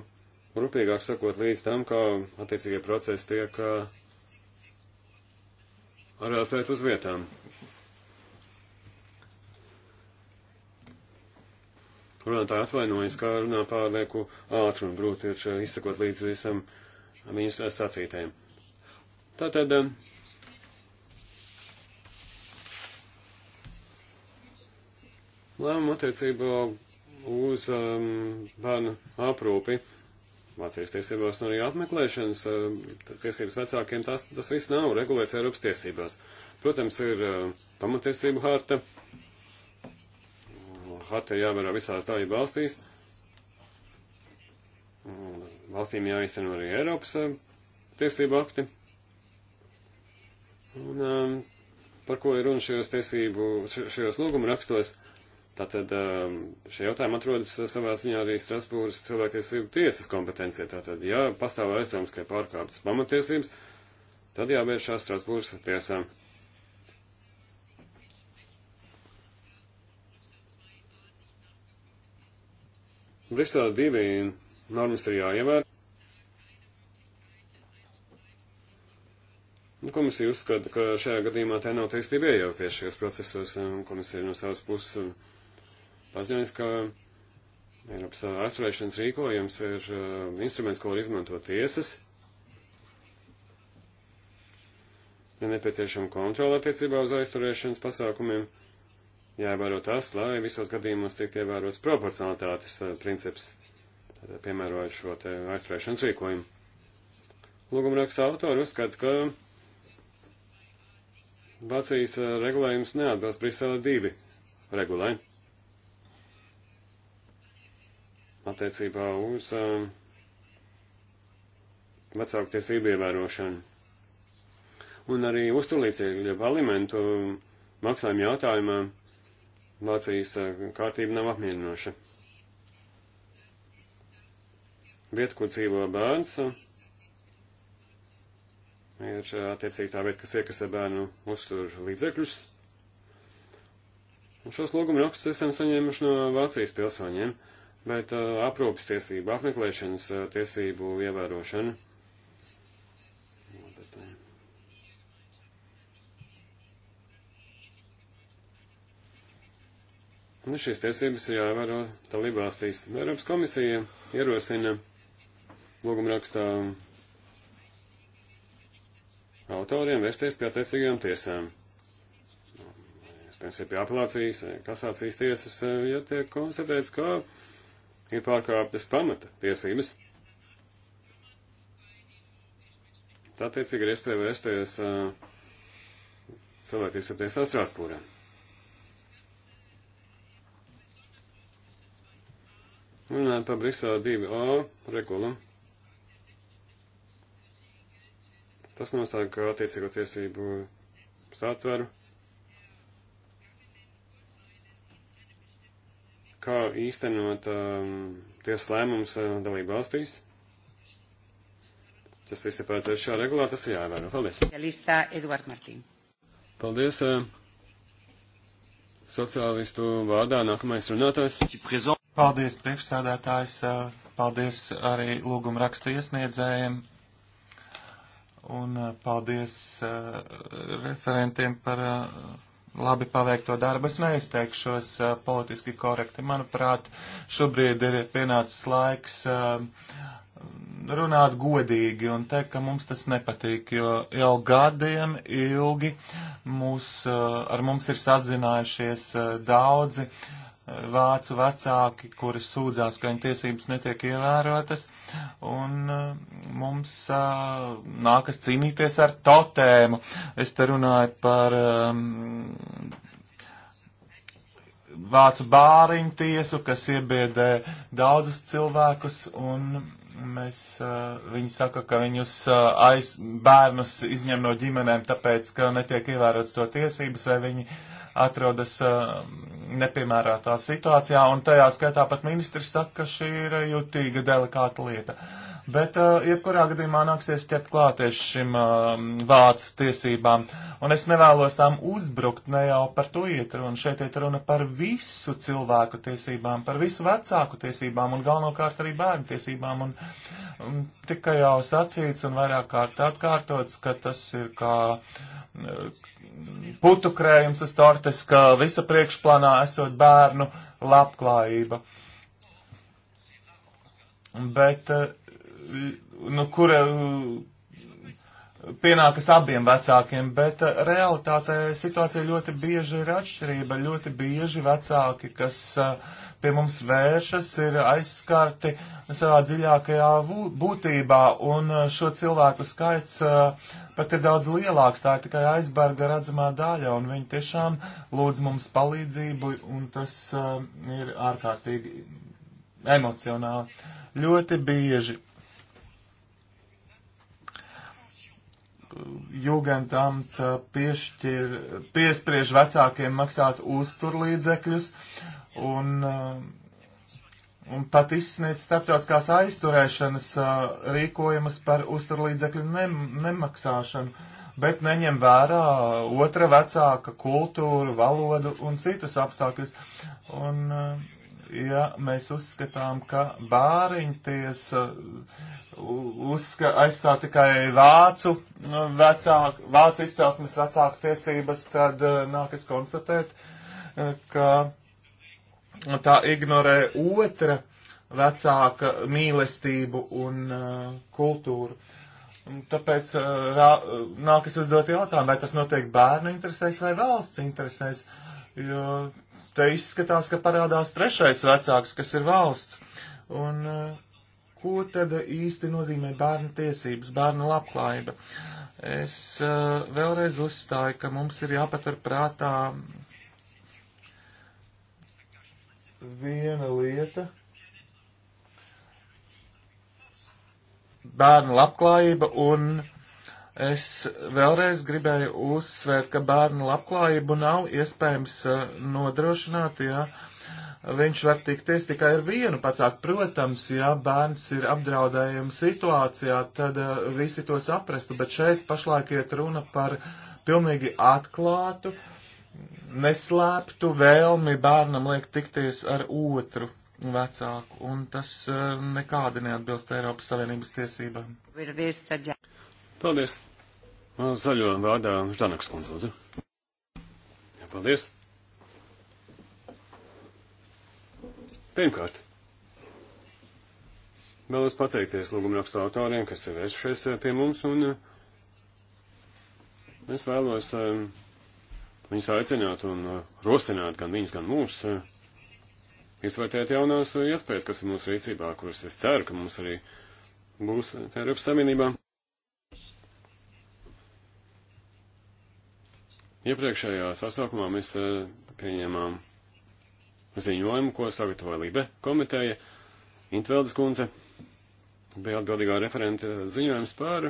rūpīgāk sakot līdz tam, kā attiecīgie procesi tiek realizēt uz vietām. Runātāji atvainojas, kā runā pārlieku ātri un grūti ir izsakot līdz visam viņas sacītēm. Tātad. Um, lēmumu attiecībā uz um, bērnu aprūpi. Vācijas tiesībās un arī apmeklēšanas um, tiesības vecākiem tas, tas viss nav regulēts Eiropas tiesībās. Protams, ir uh, pamatiesību harta. Harta ir jāvērā visās dalību valstīs. Valstīm jāizteno arī Eiropas uh, tiesību akti. Un um, par ko ir runa šajos tiesību, šajos lūguma rakstos? Tātad um, šie jautājumi atrodas uh, savā ziņā arī Strasbūras cilvēktiesību tiesas kompetencija. Tātad, ja pastāv aizdoms, ka ir pārkāptas pamatiesības, tad jāvēršās Strasbūras tiesām. Brisele divi normas ir jāievēr. Nu, komisija uzskata, ka šajā gadījumā tā nav taisnība iejauties šajos procesos. Komisija no savas puses paziņojas, ka Eiropas aizturēšanas rīkojums ir uh, instruments, ko var izmantot tiesas. Ir nepieciešama kontrola attiecībā uz aizturēšanas pasākumiem. Jāievēro tas, lai visos gadījumos tiek ievērots proporcionalitātes uh, princips, Tad, uh, piemērojot šo te aizturēšanas rīkojumu. Lūguma raksta autori uzskata, ka Vācijas regulējums neatbilst Brisele 2 regulē. Attiecībā uz uh, vecāku tiesību ievērošanu. Un arī uzturlīdzekļu alimentu maksājumu jautājumā Vācijas kārtība nav apmierinoša. Vieta, kur dzīvo bērns, uh, ir attiecīgi tā vieta, kas iekasē bērnu uzturu līdzekļus. Un šos lūgumu rakstus esam saņēmuši no Vācijas pilsoņiem, bet uh, aprūpas tiesību, apmeklēšanas uh, tiesību ievērošana. Bet, nu, uh, šīs tiesības ir jāievēro dalībvalstīs. Eiropas komisija ierosina lūgumrakstā autoriem vērsties pie attiecīgajām tiesām. Iespējams, ir pie apelācijas vai kasācijas tiesas, eh, ja tiek konstatēts, ka ir pārkāptas pamata tiesības. Tā attiecīgi ir iespēja vērsties eh, cilvēktiesa tiesā Strāspūrē. Runājot par Briselu 2A regulu. Tas nostāda, ka attiecīgo tiesību satveru, kā īstenot um, tiesas lēmumus uh, dalību valstīs. Tas viss ir paredzēts šā regulā, tas ir jāievēro. Paldies. Paldies. Uh, sociālistu vārdā nākamais runātājs. Paldies, priekšsēdētājs. Uh, paldies arī lūguma rakstu iesniedzējiem un eh, paldies uh, referentiem par uh, labi paveikto darbu. Es neizteikšos uh, politiski korekti. Manuprāt, šobrīd ir pienācis laiks runāt godīgi un teikt, ka mums tas nepatīk, jo jau gadiem ilgi mūs, ar mums ir sazinājušies daudzi uh, vācu vecāki, kuri sūdzās, ka viņu tiesības netiek ievērotas, un uh, mums uh, nākas cīnīties ar totēmu. Es te runāju par um, vācu bāriņu tiesu, kas iebiedē daudzus cilvēkus, un mēs, uh, viņi saka, ka viņus uh, aiz, bērnus izņem no ģimenēm, tāpēc, ka netiek ievērots to tiesības, vai viņi uh, atrodas uh, eh, nepiemērātā situācijā, un tajā skaitā pat ministrs saka, ka šī ir jutīga, delikāta lieta. Uh, Bet, uh, jebkurā gadījumā, nāksies ķert klāties šim uh, vācu tiesībām, un es nevēlos tām uzbrukt, ne jau par to iet runa. Šeit iet runa par visu cilvēku tiesībām, par visu vecāku tiesībām, un galvenokārt arī bērnu tiesībām. Un, un tika jau sacīts un vairāk kārt atkārtots, ka tas ir kā uh, putu krējums uz tortes, ka visa priekšplānā esot bērnu labklājība. Bet uh, nu, kura pienākas abiem vecākiem, bet eh, realitātē situācija ļoti bieži ir atšķirība. Ļoti bieži vecāki, kas eh, pie mums vēršas, ir aizskarti savā dziļākajā būtībā, un eh, šo cilvēku skaits pat ir daudz lielāks. Tā ir tikai aizberga redzamā daļa, un viņi tiešām lūdz mums palīdzību, un tas ir ārkārtīgi emocionāli. Ļoti bieži Jugendamt eh, piešķir, piespriež vecākiem maksāt uzturlīdzekļus un, eh, un pat izsniedz starptautiskās aizturēšanas eh, rīkojumus par uzturlīdzekļu nem, nemaksāšanu, bet neņem vērā otra vecāka kultūru, valodu un citus apstākļus. Un, uh, ja mēs uzskatām, ka bāriņtiesa uzska, aizstāv tikai vācu, nu, vecāk, vācu izcelsmes vecāku tiesības, tad eh, nākas konstatēt, eh, ka tā ignorē otra vecāka mīlestību un eh, kultūru. Tāpēc rā, nākas uzdot jautājumu, vai tas notiek bērnu interesēs vai valsts interesēs, jo te izskatās, ka parādās trešais vecāks, kas ir valsts. Un eh, ko tad īsti nozīmē bērnu tiesības, bērnu labklājība? Es eh, vēlreiz uzstāju, ka mums ir jāpatur prātā viena lieta. Bērnu labklājība un Es vēlreiz gribēju uzsvērt, ka bērnu labklājību nav iespējams eh, nodrošināt, ja viņš var tikties tikai ar vienu pacāku. Protams, ja bērns ir apdraudējuma situācijā, tad eh, visi to saprastu, bet šeit pašlaik iet runa par pilnīgi atklātu, neslēptu vēlmi bērnam liek tikties ar otru vecāku, un tas eh, nekādi neatbilst Eiropas Savienības tiesībām. Paldies! Zaļo vārdā Ždanaks kundze. Paldies. Pirmkārt, vēlos pateikties lūguma rakstu autoriem, kas ir vērsušies eh, pie mums, un eh, es vēlos eh, viņus aicināt un rosināt gan viņus, gan mūs, izvērtēt jaunās iespējas, kas ir mūsu rīcībā, kuras es ceru, ka mums arī būs Eiropas Savienībā. Iepriekšējā sasaukumā mēs eh, pieņēmām ziņojumu, ko sagatavoja Libe komiteja. Intveldes kundze bija atbildīgā referenta ziņojums par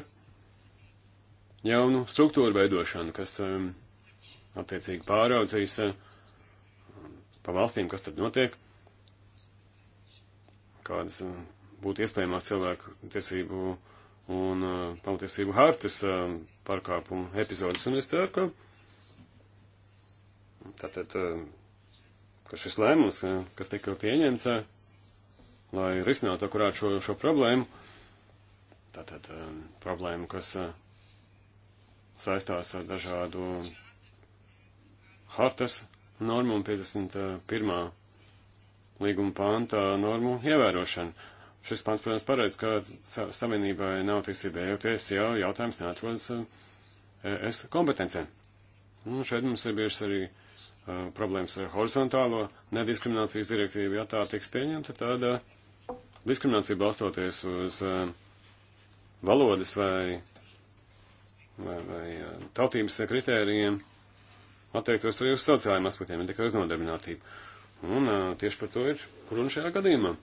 jaunu struktūru veidošanu, kas ehm, attiecīgi pāraudzīs eh, pa valstīm, kas tad notiek, kādas ehm, būtu iespējamās cilvēku tiesību un eh, pamatiesību hartas ehm, pārkāpumu epizodes. Un es ceru, ka Tātad, um, ka šis lēmums, kas tika pieņemts, uh, lai risinātu akurāt šo, šo problēmu, tātad um, problēmu, kas uh, saistās ar dažādu hartas normu un 51. līguma pānta normu ievērošanu. Šis pants, protams, paredz, ka savienībai nav tiesība iejaukties, ja jautājums neatrodas uh, es kompetencē. Un šeit mums ir bieži arī Eh, problēmas ar horizontālo nediskriminācijas direktīvu, ja tā tiks pieņemta, tad eh, diskriminācija balstoties uz eh, valodas vai, vai, vai tautības kritērijiem attiektos arī uz sociālajiem aspektiem, ne tikai uz nodarbinātību. Un tieši par to ir runa šajā gadījumā.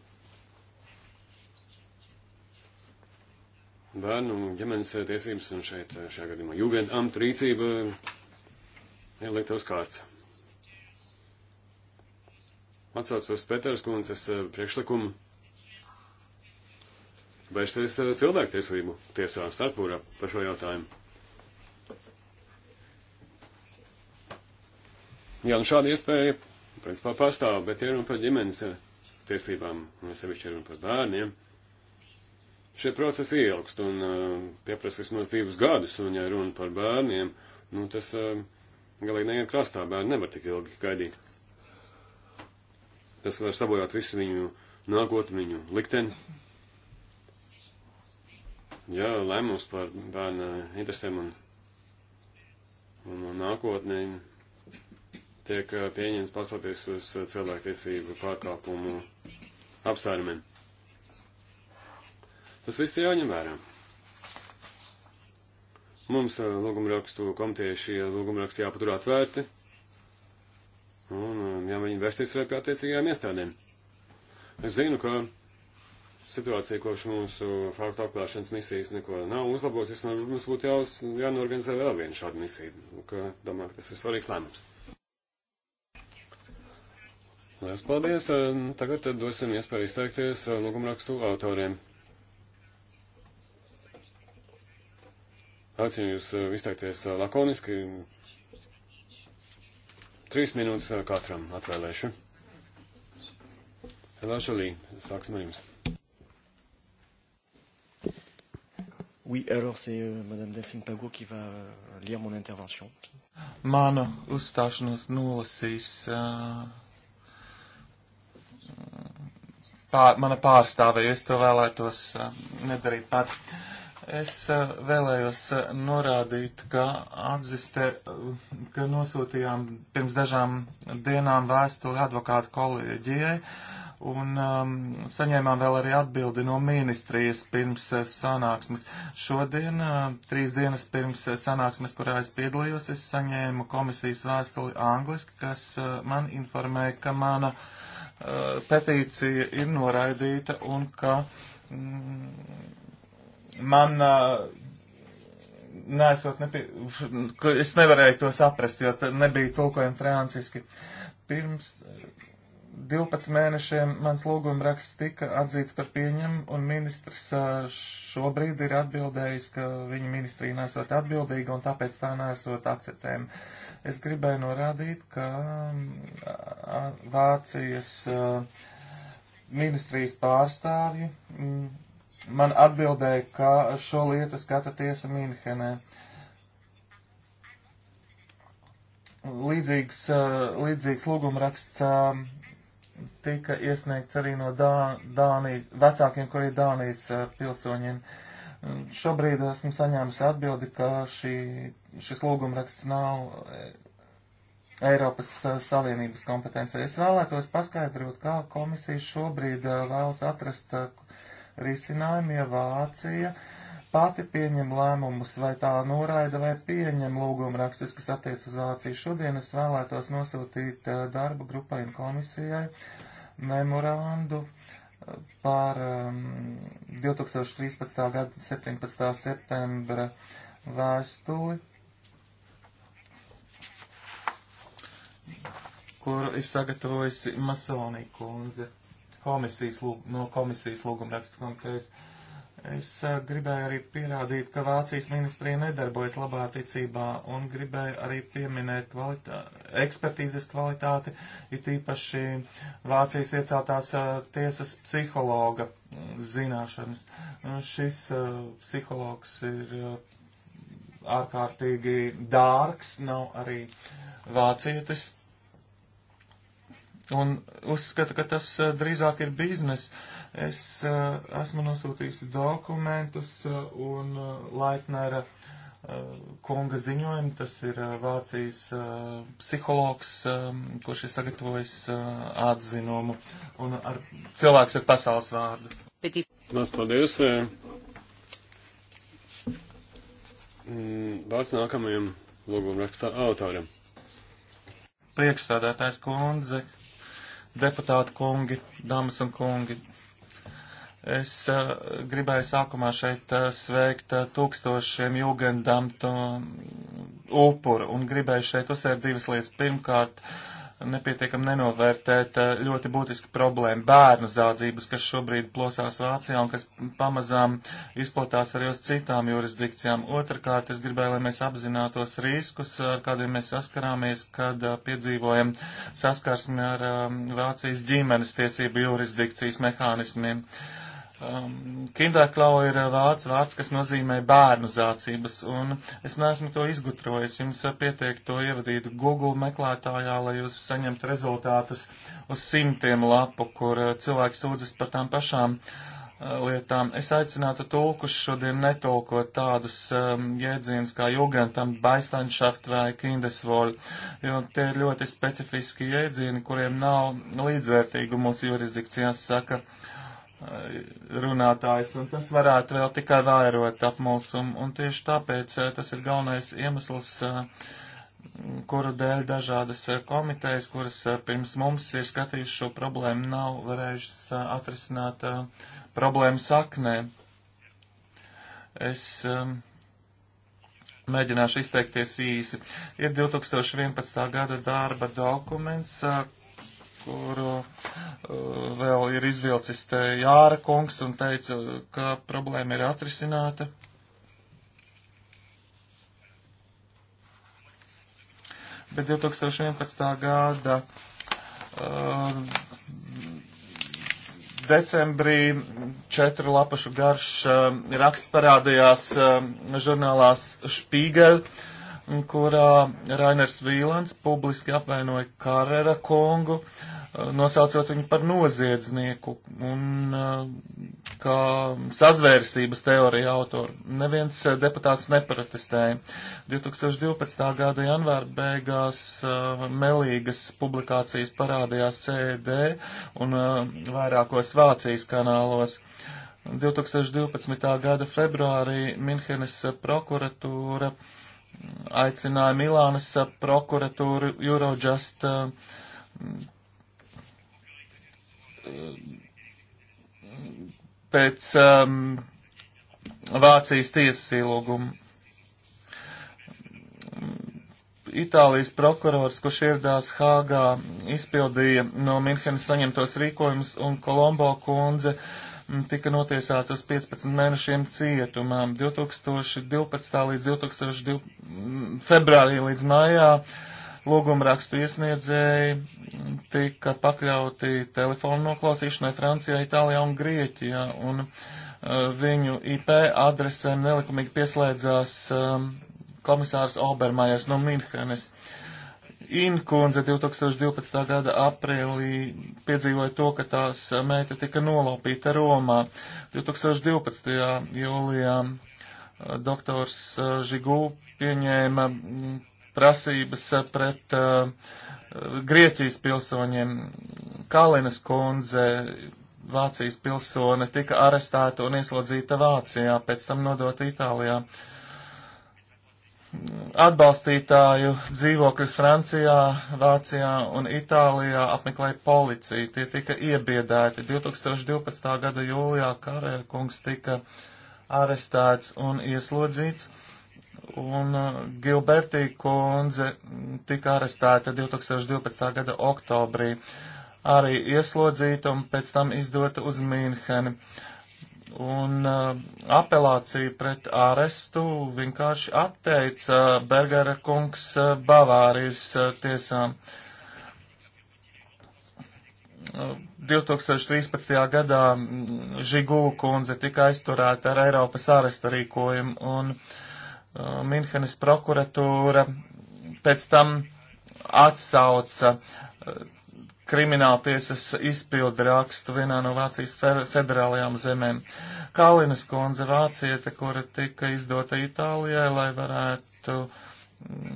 Bērnu ģimenes tiesības un šeit šajā gadījumā jūgendamt rīcība ir liekta uz kārts atsaucos uz Pēteras kundzes eh, priekšlikumu vērsties eh, cilvēktiesību tiesā Strasbūrā par šo jautājumu. Jā, nu šāda iespēja, principā, pastāv, bet ir runa par ģimenes eh, tiesībām, un sevišķi ir runa par bērniem. Šie procesi ielgst un uh, pieprasa vismaz divus gadus, un, ja runa par bērniem, nu tas uh, galīgi neiet krastā, bērni nevar tik ilgi gaidīt tas var sabojāt visu viņu nākotni, viņu likteni. Jā, lēmums par bērnu interesēm un, un, un nākotni tiek pieņemts pastoties uz cilvēktiesību pārkāpumu apsvērumiem. Tas viss jāņem vērā. Mums lūgumrakstu komitē šie lūgumraksti jāpatur atvērti un um, jāmēģina vērsties arī pie attiecīgajām iestādēm. Es zinu, ka situācija kopš mūsu faktu atklāšanas misijas neko nav uzlabojusies, un mums būtu jāuz, jānorganizē vēl viena šāda misija, ka domāju, ka tas ir svarīgs lēmums. Lielas paldies! Um, tagad tad dosim iespēju izteikties uh, lūgumrakstu autoriem. Aicinu jūs uh, izteikties uh, lakoniski, Trīs minūtes katram atvēlēšu. Elā Žalī, sāksim ar jums. Oui, alors c'est euh, Madame Delphine Pagot qui va euh, lire mon intervention. Mana uzstāšanos nolasīs uh, pār, mana pārstāve, jo es to vēlētos uh, nedarīt pats. Es eh, vēlējos eh, norādīt, ka atziste, eh, ka nosūtījām pirms dažām dienām vēstuli advokātu kolēģijai un um, saņēmām vēl arī atbildi no ministrijas pirms sanāksmes. Šodien, uh, trīs dienas pirms sanāksmes, kurā es piedalījos, es saņēmu komisijas vēstuli angliski, kas uh, man informēja, ka mana uh, petīcija ir noraidīta un ka. Mm, man nesot, nepie... es nevarēju to saprast, jo nebija tulkojumi franciski. Pirms 12 mēnešiem mans lūgumraksts tika atzīts par pieņemu, un ministrs šobrīd ir atbildējis, ka viņa ministrija nesot atbildīga, un tāpēc tā nesot akceptējama. Es gribēju norādīt, ka Vācijas ministrijas pārstāvji Man atbildēja, ka šo lietu skata tiesa Mīnhenē. Līdzīgs, līdzīgs lūgumraksts tika iesniegts arī no Dā, Dānijas, vecākiem, kuri ir Dānijas pilsoņiem. Šobrīd esmu saņēmusi atbildi, ka šī, šis lūgumraksts nav Eiropas Savienības kompetencija. Es vēlētos paskaidrot, kā komisija šobrīd vēlas atrast risinājumi, ja Vācija pati pieņem lēmumus, vai tā noraida vai pieņem lūgumu rakstus, kas attiec uz Vāciju. Šodien es vēlētos nosūtīt uh, eh, darba grupai un komisijai memorandu eh, par um, ehm, 2013. gada 17. septembra vēstuli, kuru ir sagatavojusi Masonī kundze komisijas, lūg, no komisijas lūgumrakstu komitejas. Es uh, gribēju arī pierādīt, ka Vācijas ministrija nedarbojas labā ticībā un gribēju arī pieminēt kvalitā, ekspertīzes kvalitāti, it īpaši Vācijas ieceltās uh, tiesas psihologa mm, zināšanas. Un šis uh, psihologs ir ārkārtīgi dārgs, nav arī vācietis. Un uzskatu, ka tas eh, drīzāk ir biznes. Es eh, esmu nosūtījis dokumentus eh, un Laitnera kunga ziņojumu. Tas ir Vācijas psihologs, kurš ir sagatavojis atzinumu un ar cilvēks ar pasaules vārdu. Mēs paldies. Mm, vārds nākamajam lūgumrakstā autoram. Priekšsādātājs kundze, deputāti kungi, dāmas un kungi. Es uh, gribēju sākumā šeit uh, sveikt uh, tūkstošiem jūgendamtu upuru un gribēju šeit uzsvērt divas lietas. Pirmkārt, uh, nepietiekam nenovērtēt eh, ļoti būtisku problēmu bērnu zādzības, kas šobrīd plosās Vācijā un kas pamazām izplatās arī uz citām jurisdikcijām. Otrakārt, es gribēju, lai mēs apzinātos riskus, ar kādiem mēs saskarāmies, kad eh, piedzīvojam saskarsmi ar eh, Vācijas ģimenes tiesību jurisdikcijas mehānismiem. Uh, Um, Kinderklau ir uh, vārds, vārds, kas nozīmē bērnu zācības, un es neesmu to izgudrojis. Jums uh, pietiek to ievadīt Google meklētājā, lai jūs saņemtu rezultātus uz simtiem lapu, kur uh, cilvēks sūdzas par tām pašām lietām. Es aicinātu tulkus šodien netolkot tādus um, jēdzienus kā jugantam, baistanšaft vai kindesvoļ, jo tie ir ļoti specifiski jēdzieni, kuriem nav līdzvērtīgu mūsu jurisdikcijās, saka uh, runātājs, un tas varētu vēl tikai vairot apmulsumu, un tieši tāpēc tas ir galvenais iemesls, kuru dēļ dažādas komitejas, kuras pirms mums ir skatījušas šo problēmu, nav varējušas atrisināt problēmu saknē. Es mēģināšu izteikties īsi. Ir 2011. gada darba dokuments, kuru eh, vēl ir izvilcis te Jāra kungs un teica, ka problēma ir atrisināta. Bet 2011. gada eh, decembrī četru lapašu garš uh, eh, raksts parādījās uh, žurnālās Špīgel, kurā Rainers Vīlants publiski apvainoja Karera kungu nosaucot viņu par noziedznieku un kā sazvērstības teorija autoru. Neviens deputāts neprotestēja. 2012. gada janvāra beigās melīgas publikācijas parādījās CED un vairākos Vācijas kanālos. 2012. gada februārī Minhenes prokuratūra aicināja Milānas prokuratūru Eurojust pēc um, Vācijas tiesas ielūguma. Itālijas prokurors, kurš ieradās Hāgā, izpildīja no Minhenes saņemtos rīkojumus, un Kolombo kundze mm, tika notiesāta uz 15 mēnešiem cietumā. 2012. līdz 2002. Mm, februārī līdz maijā uh, lūgumrakstu iesniedzēji tika pakļauti telefonu noklausīšanai Francijā, Itālijā un Grieķijā, un uh, viņu IP adresēm nelikumīgi pieslēdzās um, komisārs Obermajers no Minhenes. Inkundze 2012. gada aprīlī piedzīvoja to, ka tās meita tika nolaupīta Romā. 2012. jūlijā eh, doktors Žigū pieņēma mm, prasības eh, pret uh, Grieķijas pilsoņiem. Kalinas kundze, Vācijas pilsone, tika arestēta un ieslodzīta Vācijā, pēc tam nodota Itālijā. Atbalstītāju dzīvokļus Francijā, Vācijā un Itālijā apmeklēja policija. Tie tika iebiedēti. 2012. gada jūlijā Karēra kungs tika arestēts un ieslodzīts un uh, Gilbertī kundze tika arestēta 2012. gada oktobrī, arī ieslodzīta un pēc tam izdota uz Mīnheni. Un uh, apelāciju pret arestu vienkārši atteica Bergera kungs uh, Bavārijas uh, tiesām. Uh, 2013. gadā mm, Žigū kundze tika aizturēta ar Eiropas aresta rīkojumu un uh, Minhenes prokuratūra pēc tam atsauca e, krimināltiesas izpildu rakstu vienā no Vācijas federālajām zemēm. Kalinas kundze vāciete, kura tika izdota Itālijai, lai varētu uh, Mm,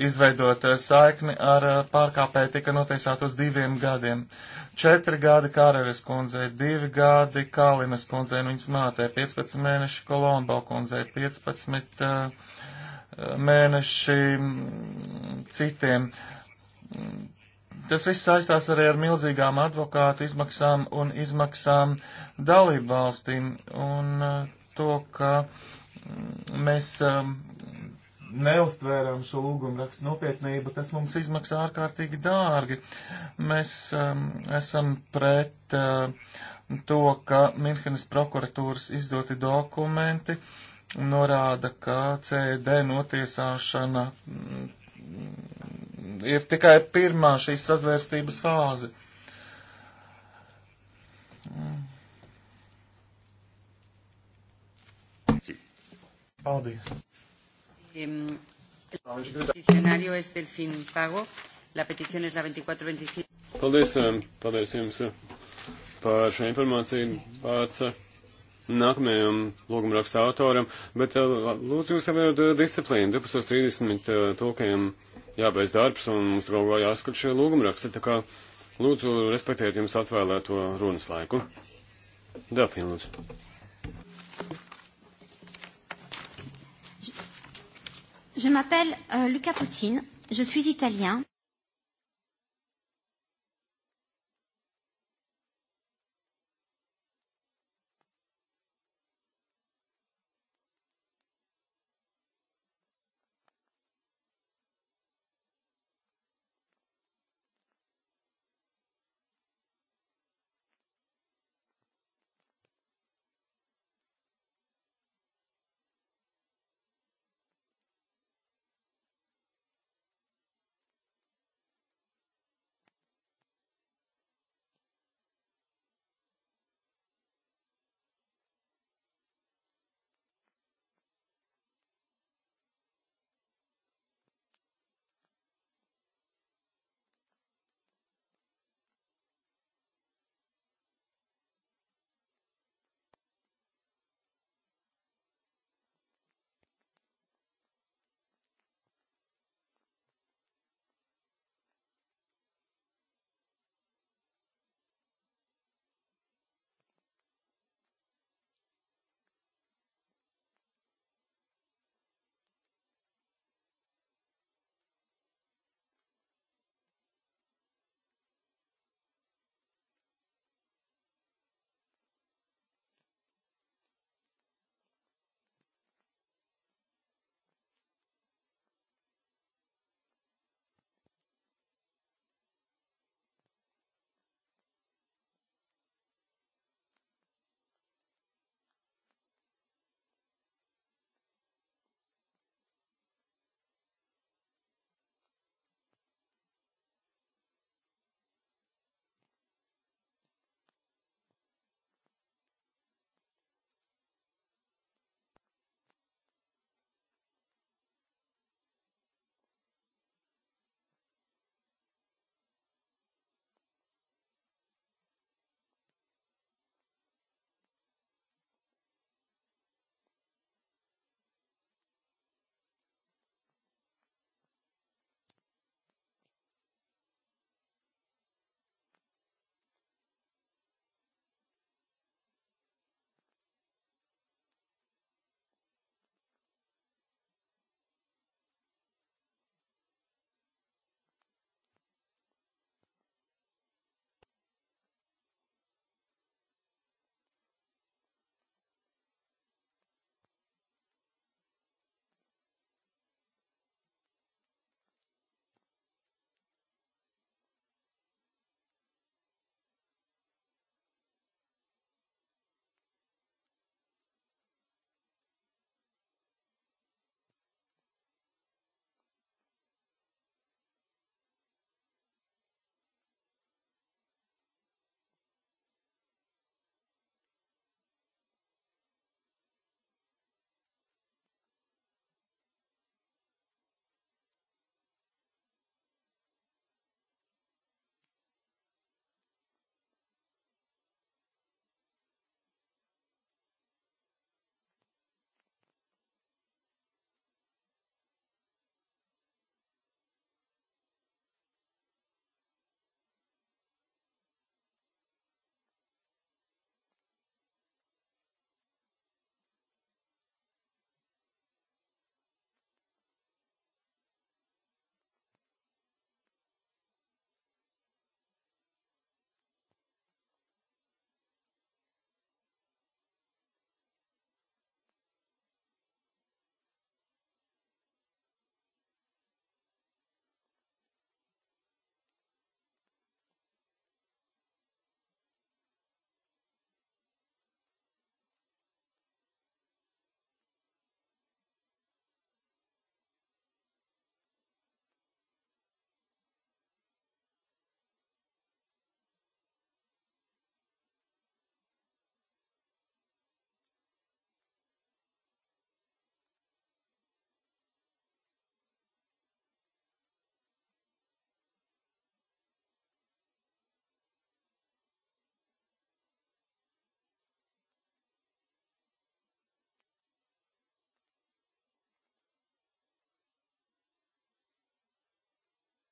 izveidot eh, saikni ar eh, pārkāpēju tika notiesāt uz diviem gadiem. Četri gadi Kārevis kundzei, divi gadi Kālinas kundzei un viņas mātē, 15 mēneši Kolombo kundzei, 15 uh, eh, mēneši mm, citiem. Tas viss saistās arī ar milzīgām advokātu izmaksām un izmaksām dalību valstīm un to, ka mm, mēs um, neuztvērām šo lūgumu rakstu nopietnību, tas mums izmaksā ārkārtīgi dārgi. Mēs um, esam pret uh, to, ka Minhenes prokuratūras izdoti dokumenti norāda, ka CD notiesāšana mm, ir tikai pirmā šīs sazvērstības fāze. Mm. Paldies! El peticionario es del fin pago. La petición es la 2427. Paldies, paldies jums eh, par šo informāciju. Pārts eh, nākamajam lūguma raksta autoram, bet eh, lūdzu jūs savējot disciplīnu. 12.30 tūkajam jābeidz darbs un mums galvā jāskat šie lūguma raksti, tā kā lūdzu respektēt jums atvēlēto runas laiku. Dafīn, lūdzu. Je m'appelle euh, Luca Poutine, je suis italien.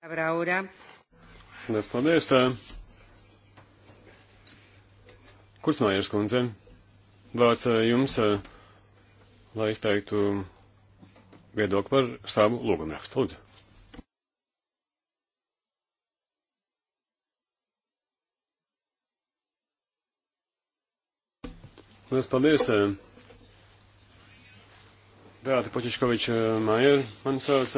Abraura. Liels paldies. Tā. Kurs mājas kundze? Vārds jums, lai izteiktu viedokli par savu lūgumrakstu. Lūdzu. Liels paldies. Beata Počiškoviča Maier man sauc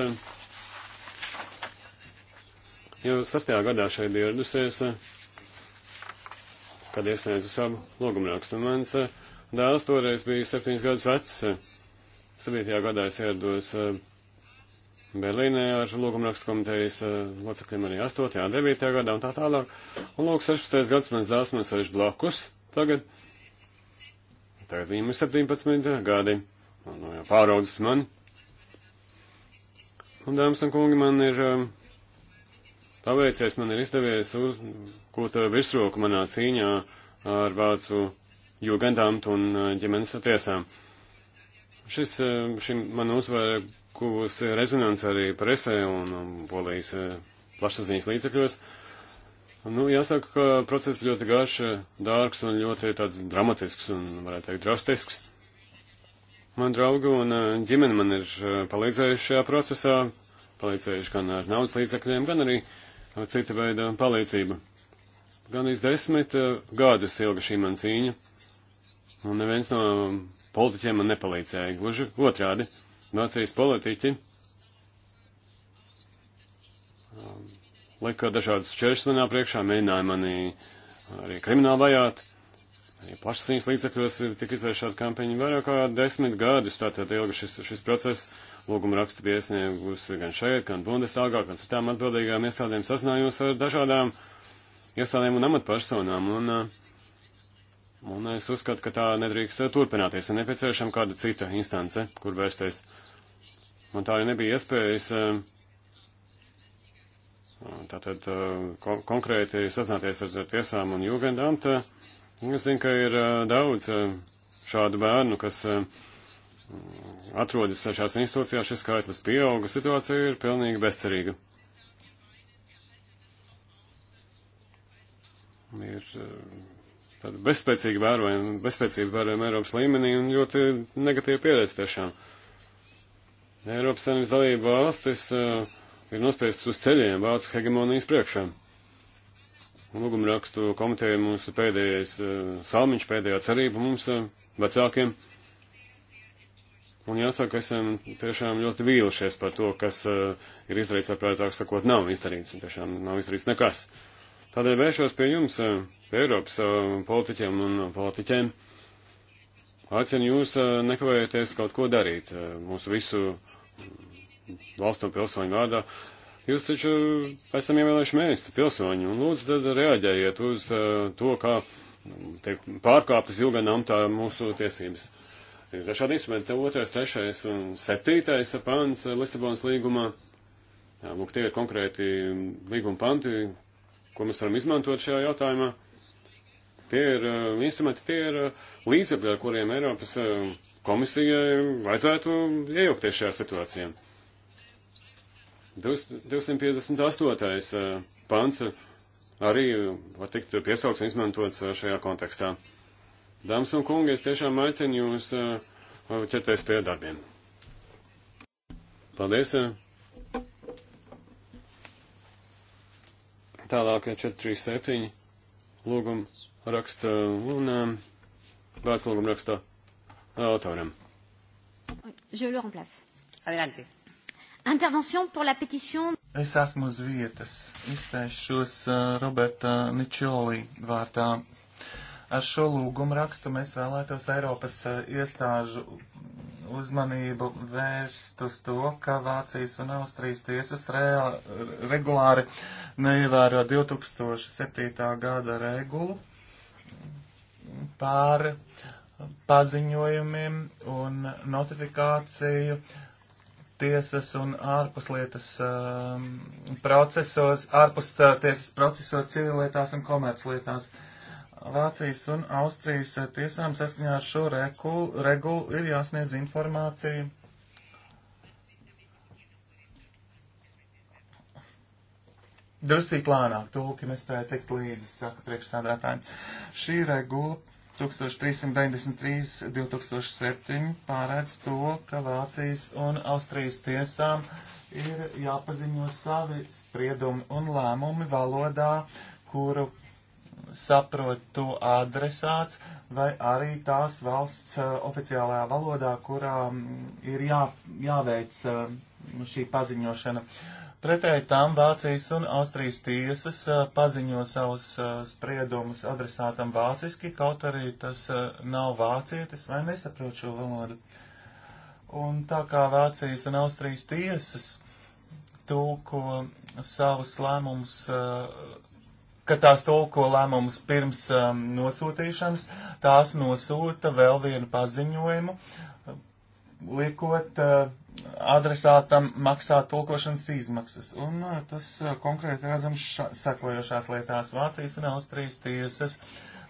jau sastajā gadā šeit bija ieradusies, kad iesniedzu savu logumrakstu. Mans eh, dēls toreiz bija septiņas gadus vecs. Sabietajā gadā es ierados eh, Berlīnē ar logumrakstu komitejas eh, locekļiem arī 8. un 9. gadā un tā tālāk. Un lūk, 16. gads mans dēls man sēž blakus tagad. Tagad viņam ir 17 gadi. Nu, no, jau pāraudzis mani. Un, dāmas un kungi, man ir um, paveicies, man ir izdevies uzgūt eh, virsroku manā cīņā ar vācu jūgandāmtu un eh, ģimenes tiesām. Šis, eh, šim man uzvara guvusi rezonans arī presē un um, polijas plašsaziņas līdzekļos. Nu, jāsaka, ka process ļoti garš, dārgs un ļoti tāds dramatisks un, varētu teikt, drastisks. Man draugi un ģimene man ir palīdzējuši šajā procesā, palīdzējuši gan ar naudas līdzekļiem, gan arī uh, cita veida palīdzība. Gan izdesmit eh, gadus ilga šī man cīņa, un neviens no politiķiem man nepalīdzēja. Gluži otrādi, Vācijas politiķi um, lika dažādas čēršas manā priekšā, mēģināja mani uh, arī krimināli vajāt. Ja plašsaziņas līdzekļos tika izvēršāta kampaņa vairāk kā desmit gadus, tātad ilga šis, šis process, lūgumu rakstu piesniegus gan šeit, gan Bundestāgā, gan citām atbildīgām iestādēm, sazinājos ar dažādām iestādēm un amatpersonām. Un, eh, un es uzskatu, ka tā nedrīkst turpināties. Ir nepieciešama kāda cita instance, kur vērsties. Man tā arī nebija iespējas. Eh, tātad eh, ko, konkrēti sazināties ar, ar tiesām un jūgendamta. Es zinu, ka ir daudz šādu bērnu, kas atrodas šās institūcijās, šis skaitlis pieauga, situācija ir pilnīgi bezcerīga. Ir eh, tāda bezspēcīga vērojuma, bezspēcīga vērojuma Eiropas līmenī un ļoti negatīva pieredze tiešām. Eiropas Savienības dalība valstis uh, ir nospiestas uz ceļiem vācu hegemonijas priekšā. Lūguma rakstu komiteja mūsu pēdējais uh, salmiņš, pēdējā cerība mums uh, vecākiem. Un jāsaka, esam tiešām ļoti vīlušies par to, kas uh, ir izdarīts, vai precīzāk sakot, nav izdarīts, un tiešām nav izdarīts nekas. Tādēļ vēršos pie jums, uh, pie Eiropas uh, politiķiem un politiķiem. Aicinu jūs uh, nekavējoties kaut ko darīt uh, mūsu visu mm, valstu un pilsoņu vārdā. Jūs taču esam ievēlējuši mēs, pilsoņi, un lūdzu tad reaģējiet uz uh, to, kā mm, tiek pārkāptas ilga namtā mūsu tiesības ir dažādi instrumenti, otrais, trešais un septītais pants Lisabonas līgumā. Jā, lūk, tie ir konkrēti līguma panti, ko mēs varam izmantot šajā jautājumā. Tie ir uh, instrumenti, tie ir uh, līdzekļi, ar kuriem Eiropas uh, komisijai vajadzētu iejaukties šajā situācijā. 258. pants arī var tikt piesaugs un izmantots šajā kontekstā. Dāmas un kungi, es tiešām aicinu jūs eh, ķerties pie darbiem. Paldies. Eh. Tālāk 437 eh, lūguma raksts un vārds lūguma rakstā autoram. Je le remplace. Adelante. Intervention pour la pétition. Es esmu uz vietas. Izteikšos uh, Roberta Ničolī vārtā. Ar šo lūgumu rakstu mēs vēlētos Eiropas eh, iestāžu uzmanību vērst uz to, ka Vācijas un Austrijas tiesas reāli, regulāri neievēro 2007. gada regulu pār paziņojumiem un notifikāciju tiesas un ārpuslietas um, procesos, ārpus eh, tiesas procesos, civillietās un komerclietās. Uh, Vācijas un Austrijas tiesām saskaņā ar šo regulu, regulu ir jāsniedz informācija. Drusīt lēnāk, tulki nespēja tikt līdzi, saka priekšsādātājiem. Šī regula 1393-2007 pārēdz to, ka Vācijas un Austrijas tiesām ir jāpaziņo savi spriedumi un lēmumi valodā, kuru saprot to adresāts, vai arī tās valsts uh, oficiālajā valodā, kurām mm, ir jā, jāveic uh, šī paziņošana. Pretēji tam Vācijas un Austrijas tiesas uh, paziņo savus spriedumus adresātam vāciski, kaut arī tas nav vācietis vai nesaprot šo valodu. Un tā kā Vācijas un Austrijas tiesas tulko savus lēmumus uh, ka tās tulko lēmumus pirms um, nosūtīšanas, tās nosūta vēl vienu paziņojumu, liekot uh, adresātam maksāt tulkošanas izmaksas. Un uh, tas uh, konkrēti redzams sekojošās lietās Vācijas un Austrijas tiesas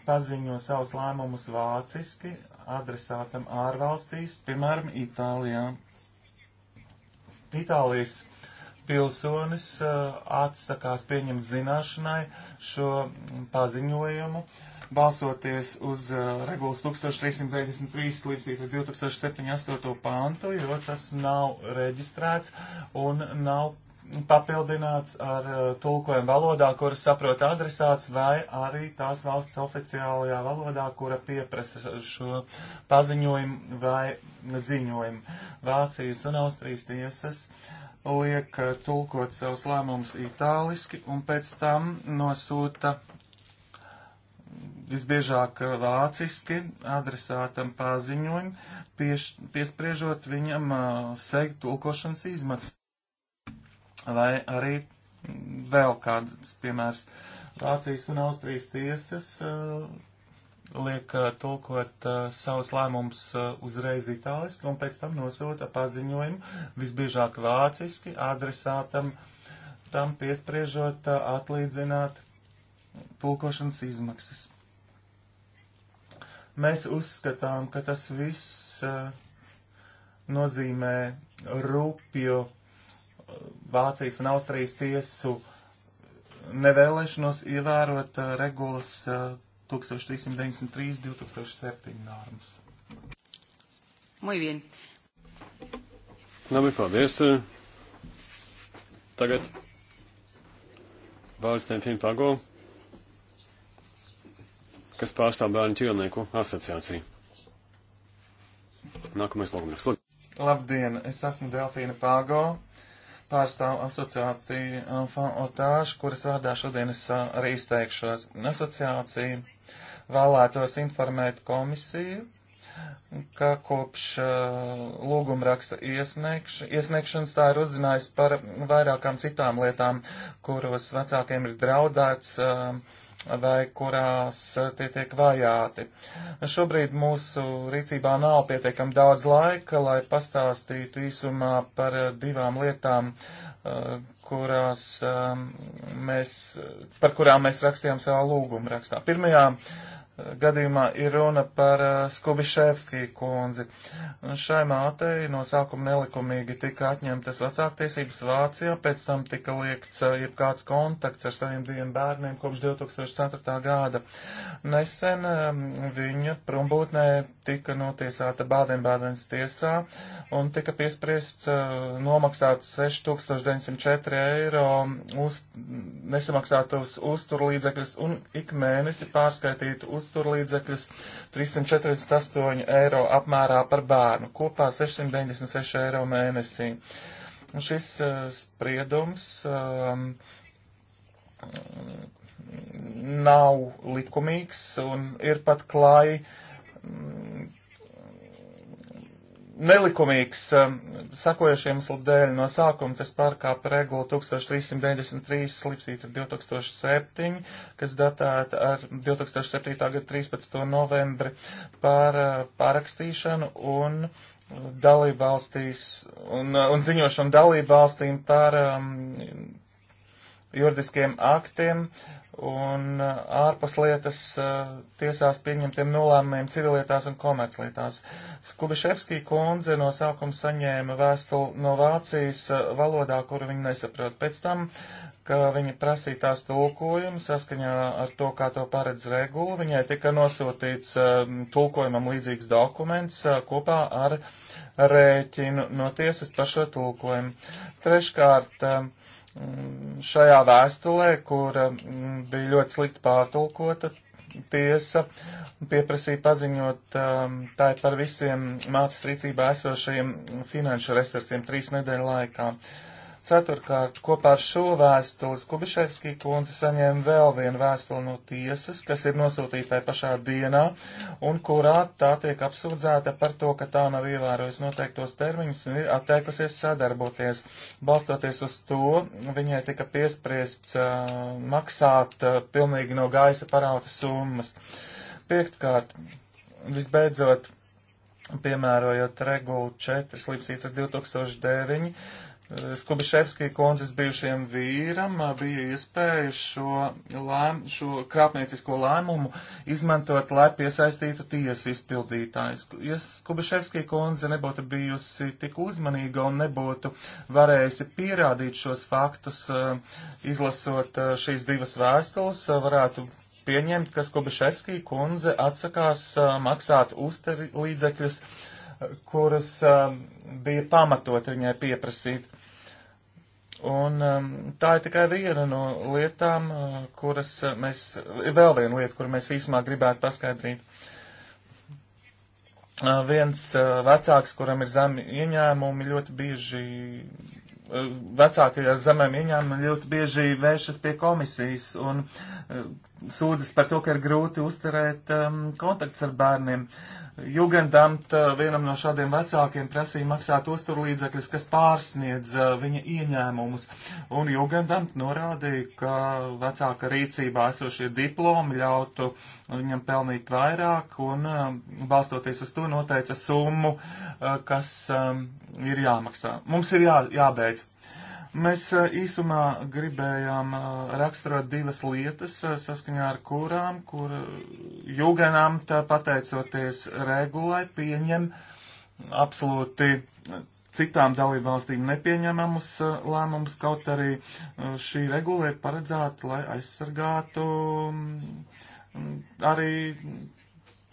paziņo savus lēmumus vāciski adresātam ārvalstīs, piemēram, Itālijā. Itālijas pilsonis atsakās pieņemt zināšanai šo paziņojumu, balsoties uz regulas 1353 līdz 2078 pāntu, jo tas nav reģistrēts un nav papildināts ar tulkojumu valodā, kura saprot adresāts, vai arī tās valsts oficiālajā valodā, kura pieprasa šo paziņojumu vai ziņojumu. Vācijas un Austrijas tiesas uh, liek eh, tulkot savus lēmumus itāliski un pēc tam nosūta visbiežāk eh, vāciski adresātam paziņojumu, pieš, piespriežot viņam uh, sekt tulkošanas izmaksas. Vai arī vēl kāds, piemērs, Vācijas un Austrijas tiesas uh, liek tulkot uh, savus lēmumus uh, uzreiz itāliski un pēc tam nosūta paziņojumu visbiežāk vāciski adresātam, tam piespriežot uh, atlīdzināt tulkošanas izmaksas. Mēs uzskatām, ka tas viss nozīmē rūpju Vācijas un Austrijas tiesu nevēlēšanos ievērot regulas 1393-2007 normas. Muy bien. Labi, paldies. Tagad vārds Tenfim Pago, kas pārstāv bērnu ķīlnieku asociāciju. Nākamais logumnieks. Labdien, es esmu Delfīna Pago. Uh, pārstāvu asociāciju Enfant Otāšu, kuras vārdā šodien es arī izteikšos. Asociācija vēlētos informēt komisiju, ka kopš uh, lūgumraksta iesniegš, iesniegšanas tā ir uzzinājusi par vairākām citām lietām, kuros vecākiem ir draudēts. Uh, vai kurās eh, tie tiek vajāti. Šobrīd mūsu rīcībā nav pietiekam daudz laika, lai pastāstītu īsumā par eh, divām lietām, eh, kurās mēs, par kurām mēs rakstījām savā lūguma rakstā. Pirmajā gadījumā ir runa par uh, eh, Skubiševskī kundzi. Un šai mātei no sākuma nelikumīgi tika atņemtas vecāktiesības Vācijā, pēc tam tika liekts uh, jebkāds kontakts ar saviem diviem bērniem kopš 2004. gada. Nesen um, viņa prombūtnē tika notiesāta Bādenbādens tiesā un tika piespriests uh, nomaksāt 6904 eiro uz, nesamaksātos uzturlīdzekļus un ik mēnesi pārskaitīt uz kultūra līdzekļus, 348 eiro apmērā par bērnu, kopā 696 eiro mēnesī. Un šis uh, spriedums um, nav likumīgs un ir pat klāji um, mm, nelikumīgs um, sakojušiem iemeslu dēļ no sākuma tas pārkāpa regulu 1393 slipsīta 2007, kas datēta ar 2007. gada 13. novembri par uh, pārakstīšanu un uh, dalību valstīs un, uh, un ziņošanu dalību valstīm par um, juridiskiem aktiem un ārpuslietas tiesās pieņemtiem nolēmumiem civilietās un komerclietās. Skubiševskī kundze no sākuma saņēma vēstuli no Vācijas valodā, kuru viņa nesaprot. Pēc tam, ka viņa prasītās tulkojumu saskaņā ar to, kā to paredz regula, viņai tika nosūtīts tulkojumam līdzīgs dokuments kopā ar rēķinu no tiesas par šo tulkojumu. Treškārt, Mm, šajā vēstulē, kur mm, bija ļoti slikti pārtulkota, tiesa pieprasīja paziņot mm, tā par visiem mācas rīcībā esošajiem finanšu resursiem trīs nedēļu laikā. Uh, Ceturkārt, kopā ar šo vēstuli Skubiševskī kundze saņēma vēl vienu vēstuli no tiesas, kas ir nosūtīta pašā dienā, un kurā tā tiek apsūdzēta par to, ka tā nav ievērojusi noteiktos termiņus un ir atteikusies sadarboties. Balstoties uz to, viņai tika piespriests uh, maksāt uh, pilnīgi no gaisa parauta summas. Piektkārt, visbeidzot, piemērojot regulu 4 līdz 2009, Skubiševskija kundzes bijušajam vīram bija iespēja šo, lēm, šo krāpniecisko lēmumu izmantot, lai piesaistītu tiesu izpildītājs. Ja Skubiševskija kundze nebūtu bijusi tik uzmanīga un nebūtu varējusi pierādīt šos faktus, izlasot šīs divas vēstules, varētu pieņemt, ka Skubiševskija kundze atsakās maksāt uzteri līdzekļus kurus um, bija pamatot viņai pieprasīt. Un um, tā ir tikai viena no lietām, uh, kuras uh, mēs, vēl viena lieta, kuru mēs īsumā gribētu paskaidrīt. Uh, viens uh, vecāks, kuram ir zemi ieņēmumi, ļoti bieži uh, vecākajās zemēm ieņēmumi ļoti bieži vēršas pie komisijas un sūdzas par to, ka ir grūti uzturēt um, kontakts ar bērniem. Jugendamt uh, vienam no šādiem vecākiem prasīja maksāt uzturlīdzekļus, kas pārsniedz uh, viņa ieņēmumus. Un Jugendamt norādīja, ka vecāka rīcībā esošie diplomi ļautu viņam pelnīt vairāk un uh, balstoties uz to noteica summu, uh, kas um, ir jāmaksā. Mums ir jā, jābeidz. Uh, Mēs īsumā gribējām raksturot divas lietas, saskaņā ar kurām, kur Jūganām tā pateicoties regulai pieņem absolūti citām dalībvalstīm nepieņemamus lēmumus, kaut arī šī regula ir paredzēta, lai aizsargātu arī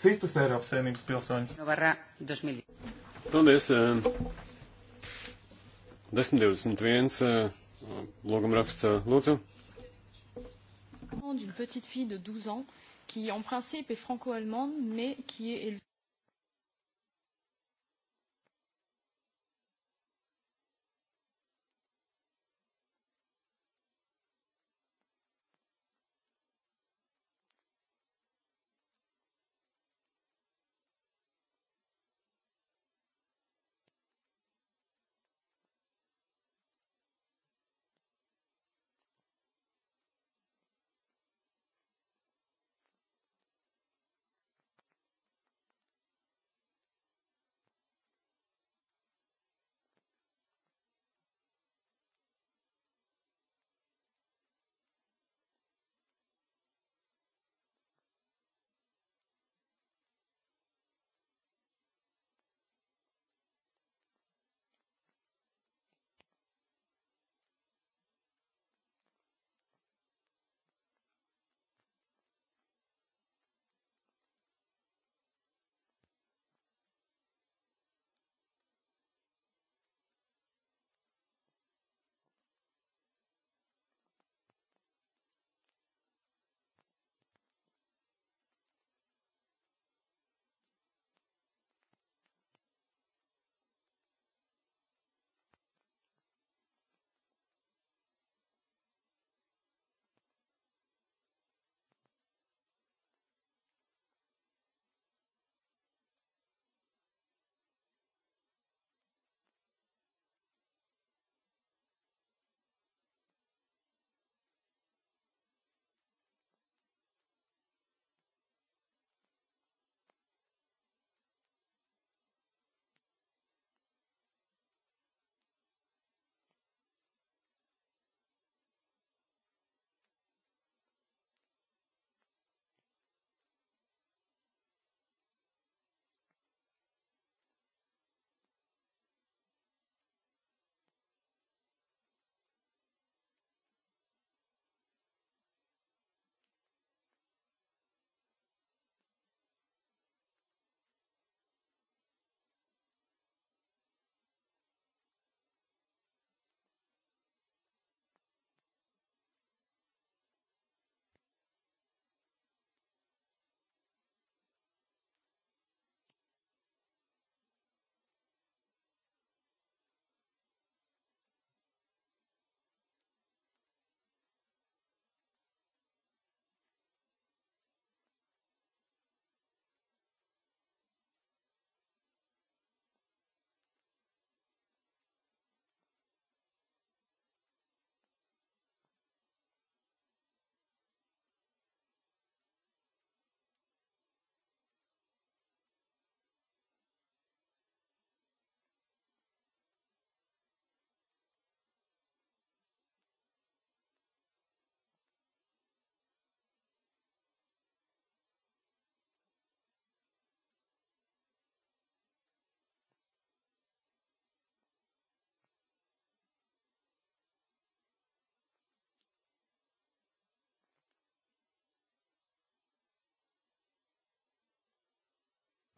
citus Eiropas Savienības pilsoņus. Paldies! No 1021, logam raksta, lūdzu. d'une petite fille de 12 ans qui en principe est franco-allemande mais qui est élevée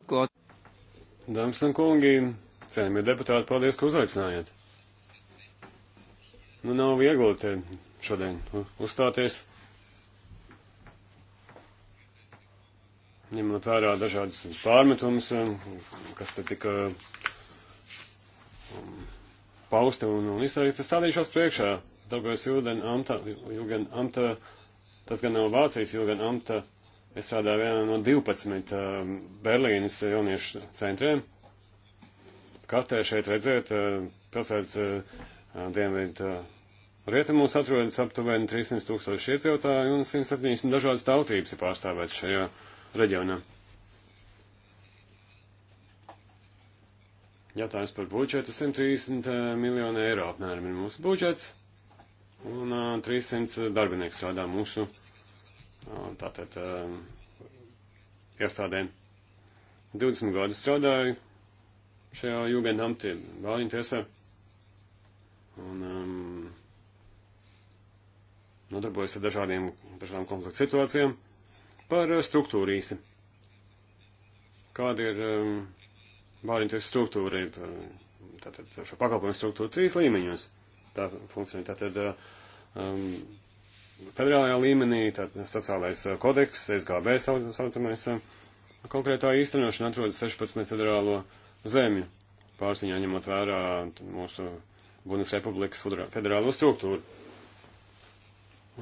ko. Dāmas un kungi, cienījamie deputāti, paldies, ka uzaicinājāt. Nu, nav viegli te šodien uzstāties. Ņemot vērā dažādus pārmetumus, um, kas te tika um, pausti un, un izteikti, stādīšos priekšā. Daugais Jūgen amta, Jūgen amta, tas gan nav Vācijas Jūgen amta Es strādāju vienā no 12 uh, um, Berlīnas jauniešu centriem. Kartē šeit redzēt, uh, pilsētas uh, dienvidu uh, rietumos atrodas aptuveni 300 tūkstoši iedzīvotāji un 170 dažādas tautības ir pārstāvētas šajā reģionā. Jautājums par budžetu 130 uh, miljonu eiro apmēram ir mūsu budžets un uh, 300 darbinieks strādā mūsu budžetu tātad um, iestādēm. 20 gadus strādāju šajā Jugendamtī, Vāliņu tiesā. Un um, nodarbojos ar dažādiem, dažādām konflikta situācijām par uh, struktūru īsi. Kāda ir um, Vāliņu tiesa struktūra, uh, tātad šo pakalpojumu struktūru trīs līmeņos. Tā funkcionē tātad uh, um, federālajā līmenī, tātad sociālais uh, kodeks, SGB saucamais, uh, konkrētā īstenošana atrodas 16 federālo zemju pārziņā, ņemot vērā mūsu Gunas Republikas federālo struktūru.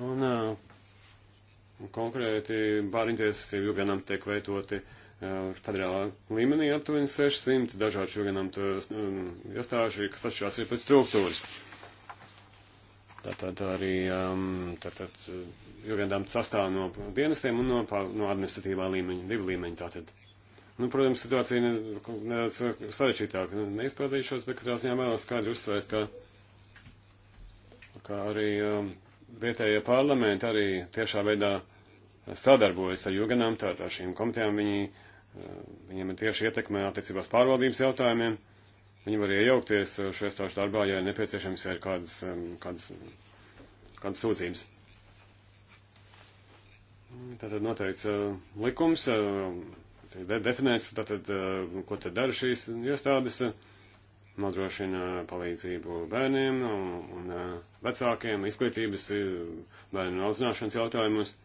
Un uh, konkrēti bāriņtiesas ir jūganam tiek veidoti federālā līmenī aptuveni 600 dažādu jūganam iestāžu, kas atšķirās arī pēc struktūras. Tātad arī um, tātad, eh, jogandām sastāv no dienestiem un no, no administratīvā līmeņa, divu līmeņu tātad. Nu, protams, situācija nedaudz ne, sarežģītāka. Nu, neizpildīšos, bet katrā ziņā vēlos skaidri uzsvērt, ka, ka arī um, vietējie parlamenti arī tiešā veidā sadarbojas ar joganām, tātad ar šīm komitejām viņi, uh, viņiem ir tieši ietekme attiecībās pārvaldības jautājumiem. Uh, Viņi var iejaukties šo iestāžu darbā, ja nepieciešams ir kādas, um, kādas, kādas sūdzības. Tātad noteikts uh, likums, uh, definēts, tātad, uh, ko tad dara šīs iestādes, nodrošina palīdzību bērniem un vecākiem, izglītības, bērnu audzināšanas jautājumus,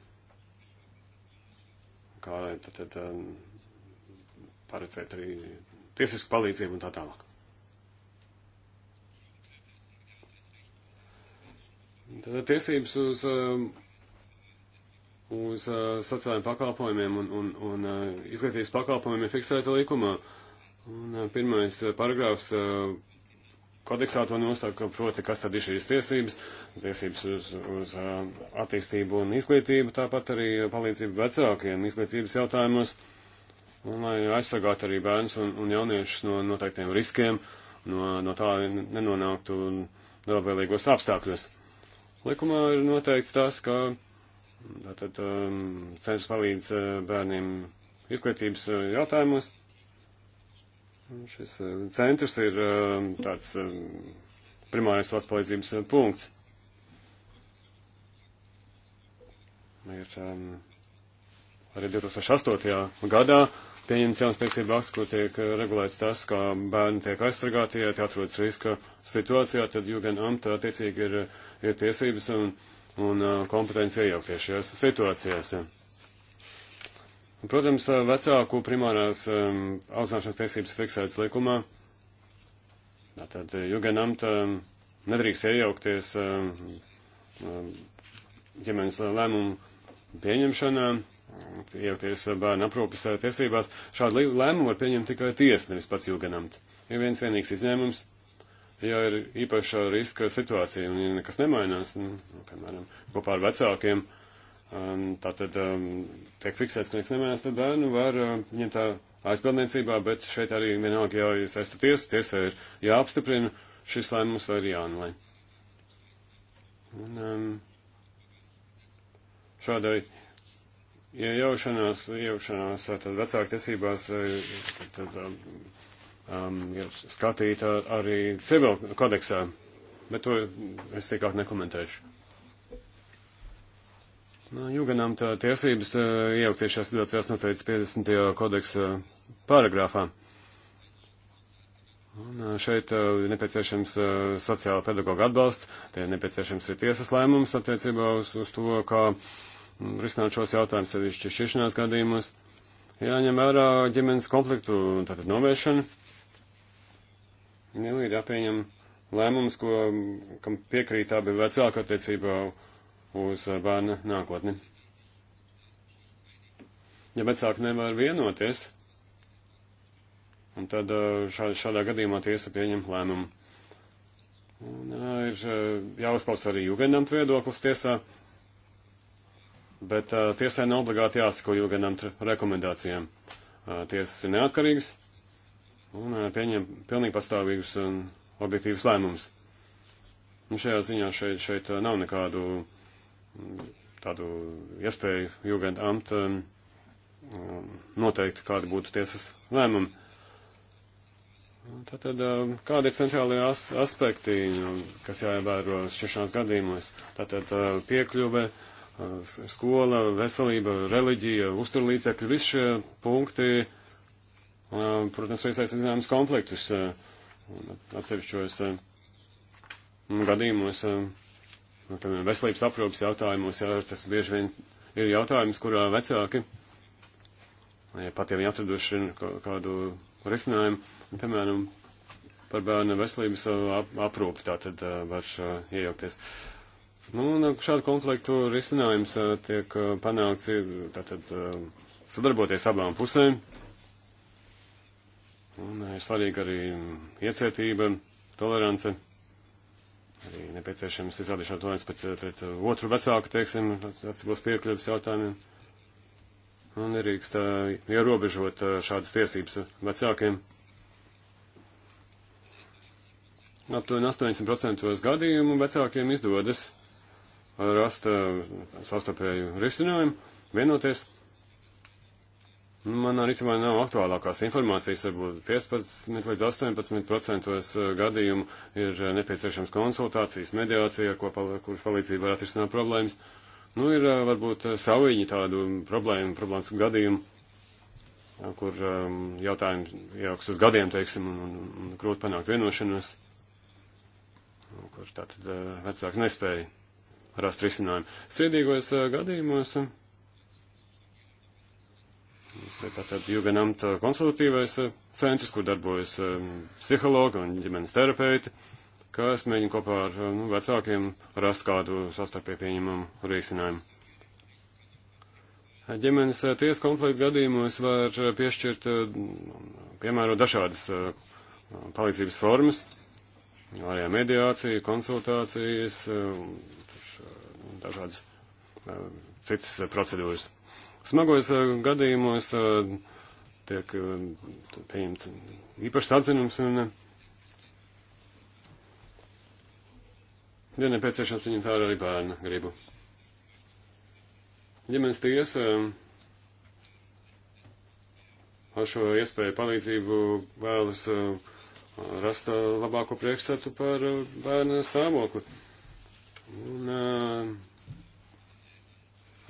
kā tātad um, paredzēt arī tiesisku palīdzību un tā tālāk. Tātad tiesības uz, um, uz uh, sociālajiem pakalpojumiem un, un, un uh, izglītības pakalpojumiem ir fiksēta likumā. Un uh, pirmais paragrāfs kodeksā to nosaka, proti, kas tad ir šīs tiesības, tiesības uz, uz attīstību un izglītību, tāpat arī palīdzību vecākiem izglītības jautājumos, un lai aizsargātu arī bērns un, un jauniešus no noteiktiem riskiem, no, no tā nenonāktu un nelabvēlīgos apstākļos. Likumā ir noteikts tas, ka tātad um, centrs palīdz uh, bērniem izglītības uh, jautājumos. Šis uh, centrs ir uh, tāds uh, primārais valsts palīdzības uh, punkts. Ir um, arī 2008. gadā uh, pieņemts jauns tiesību akts, kur tiek eh, regulēts tas, kā bērni tiek aizsargāti, ja tie atrodas riska situācijā, tad jūgan amta attiecīgi ir, eh, ir tiesības un, un eh, kompetence iejaukties šajās situācijās. Protams, vecāku primārās um, audzināšanas tiesības fiksētas likumā. Tātad jūgan amta nedrīkst iejaukties um, ģimenes lēmumu pieņemšanā iejaukties bērnu aprūpes eh, tiesībās. Šādu lēmumu var pieņemt tikai tiesa, nevis pats Jūganamts. Ir viens vienīgs izņēmums, ja ir īpaša riska situācija un ja nekas nemainās, nu, nu piemēram, kopā ar vecākiem, um, tātad um, tiek fiksēts, ka nekas nemainās, tad bērnu var um, ņemt tā aizpildniecībā, bet šeit arī vienalga jau iesaista tiesa, tiesa ir jāapstiprina šis lēmums vai ir jāanulē. Un, um, šādai iejaušanās, iejaušanās tad vecāku tiesībās e, tad, um, ir um, skatīta arī civil kodeksā, bet to es tikāk nekomentēšu. Nu, Jūganām tā tiesības uh, iejaukties šajās situācijās noteicis 50. kodeksa paragrāfā. Un uh, šeit uh, nepieciešams uh, sociāla pedagoga atbalsts, tie nepieciešams ir tiesas lēmums attiecībā uz, uz to, kā uh, risināt šos jautājumus, sevišķi šķiršanās gadījumos. Jāņem vērā ģimenes konfliktu tātad novēršana. Nē, ir jāpieņem lēmums, ko, kam piekrīt abi vecāki attiecībā uz bērna nākotni. Ja vecāki nevar vienoties, un tad uh, šā, šādā gadījumā tiesa pieņem lēmumu. Un, uh, ir uh, jāuzklaus arī jugendamtu viedoklis tiesā bet uh, tiesai nav obligāti jāsako Jūganam rekomendācijām. Uh, tiesas ir neatkarīgas un uh, pieņem pilnīgi pastāvīgus un objektīvus lēmumus. Un šajā ziņā šeit, šeit nav nekādu tādu iespēju Jūganda amt um, noteikt, kāda būtu tiesas lēmuma. Tātad, kādi ir centrālie as aspekti, kas jāievēro šķiršanās gadījumos? Tātad piekļuve, uh, skola, veselība, reliģija, uzturlīdzekļi, visi šie punkti, protams, veicaisa zināmas konfliktus atsevišķos gadījumos, nu, piemēram, veselības aprūpas jautājumos, jā, tas bieži vien ir jautājums, kurā vecāki, ja pat ja viņi atraduši kādu risinājumu, piemēram, par bērnu veselības aprūpi, tā tad var iejaukties. Uh, Nu, un uh, šādu konfliktu risinājums uh, tiek uh, panākts tātad sadarboties abām pusēm. Un ir svarīga arī iecietība, tolerance. Arī nepieciešams izrādīšana tolerance pret, pret otru vecāku, teiksim, atcīmos piekļuvis jautājumiem. Un nerīkst ierobežot šādas tiesības vecākiem. Aptuveni 80% gadījumu vecākiem izdodas rast sastarpēju risinājumu, vienoties. Manā rīcībā nav aktuālākās informācijas, varbūt 15 līdz 18% eh, gadījumu ir eh, nepieciešams konsultācijas, mediācija, ko, kur palīdzība var atrisināt problēmas. Nu, ir eh, varbūt saviņi tādu problēmu, problēmas gadījumu, kur um, jautājumi jauks uz gadiem, teiksim, un, un, un grūti panākt vienošanos, kur tātad vecāki nespēja rast risinājumu. Sviedīgos eh, gadījumos mums ir tātad Juganamta eh, konsultatīvais eh, centrs, kur darbojas psihologi un ģimenes terapeiti, kas mēģina kopā ar nu, vecākiem rast kādu sastarpēji pieņemamu risinājumu. Ģimenes tiesa konflikta gadījumos var piešķirt, piemēram, dažādas palīdzības formas, arī mediācija, konsultācijas, dažādas citas procedūras. Smagos gadījumos tiek pieņemts īpašs atzinums un ja nepieciešams viņam tā arī bērna gribu. Ģimenes tiesa ar šo iespēju palīdzību vēlas rast labāko priekšstatu par bērna stāvokli. Un, uh,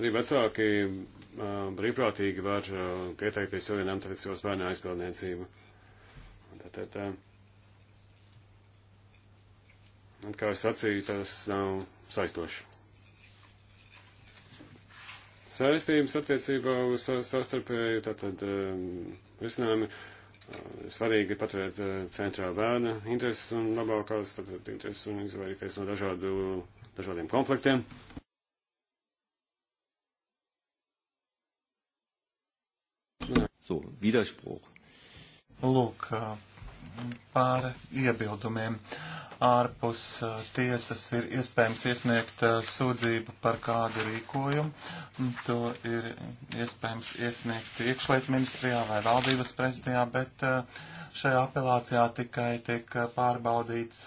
Arī vecāki brīvprātīgi var pieteikties jau vienam tradicionālajos bērnu aizbildniecību. Tātad, tā, kā es sacīju, tas nav saistoši. Sēristības attiecībā uz sastarpēju, tātad risinājumi svarīgi paturēt centrā bērna intereses un labākās, tātad intereses un izvairīties no dažādu, dažādiem konfliktiem. So, Widerspruch. Lūk, pār iebildumiem. Ārpus tiesas ir iespējams iesniegt sūdzību par kādu rīkojumu. To ir iespējams iesniegt iekšlietu ministrijā vai valdības prezidijā, bet šajā apelācijā tikai tiek pārbaudīts,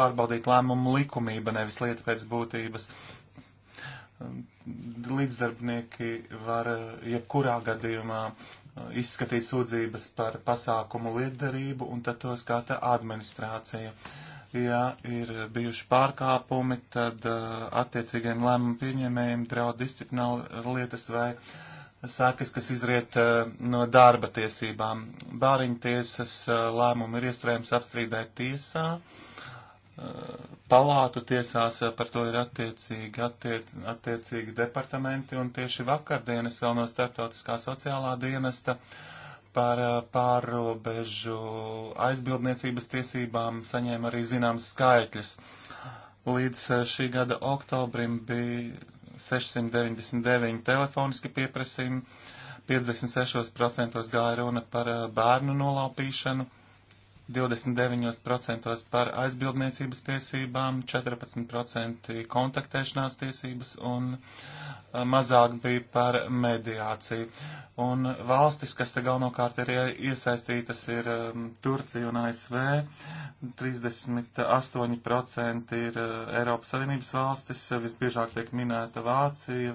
pārbaudīt lēmumu likumība, nevis lieta pēc būtības līdzdarbnieki var jebkurā gadījumā izskatīt sūdzības par pasākumu liederību un tad to skata administrācija. Ja ir bijuši pārkāpumi, tad uh, attiecīgiem lēmumu pieņēmējiem draud disciplināla lietas vai sākas, kas izriet uh, no darba tiesībām. Bāriņtiesas uh, lēmumu ir iestrējams apstrīdēt tiesā. Uh, palātu tiesās eh, par to ir attiecīgi, attiec, attiecīgi departamenti, un tieši vakardienas vēl no starptautiskā sociālā dienesta par eh, pārobežu aizbildniecības tiesībām saņēma arī zināms skaitļus. Līdz eh, šī gada oktobrim bija 699 telefoniski pieprasījumi, 56% gāja runa par bērnu nolaupīšanu 29% par aizbildniecības tiesībām, 14% kontaktēšanās tiesības un mazāk bija par mediāciju. Un valstis, kas te galvenokārt ir iesaistītas, ir um, Turcija un ASV, 38% ir uh, Eiropas Savienības valstis, visbiežāk tiek minēta Vācija,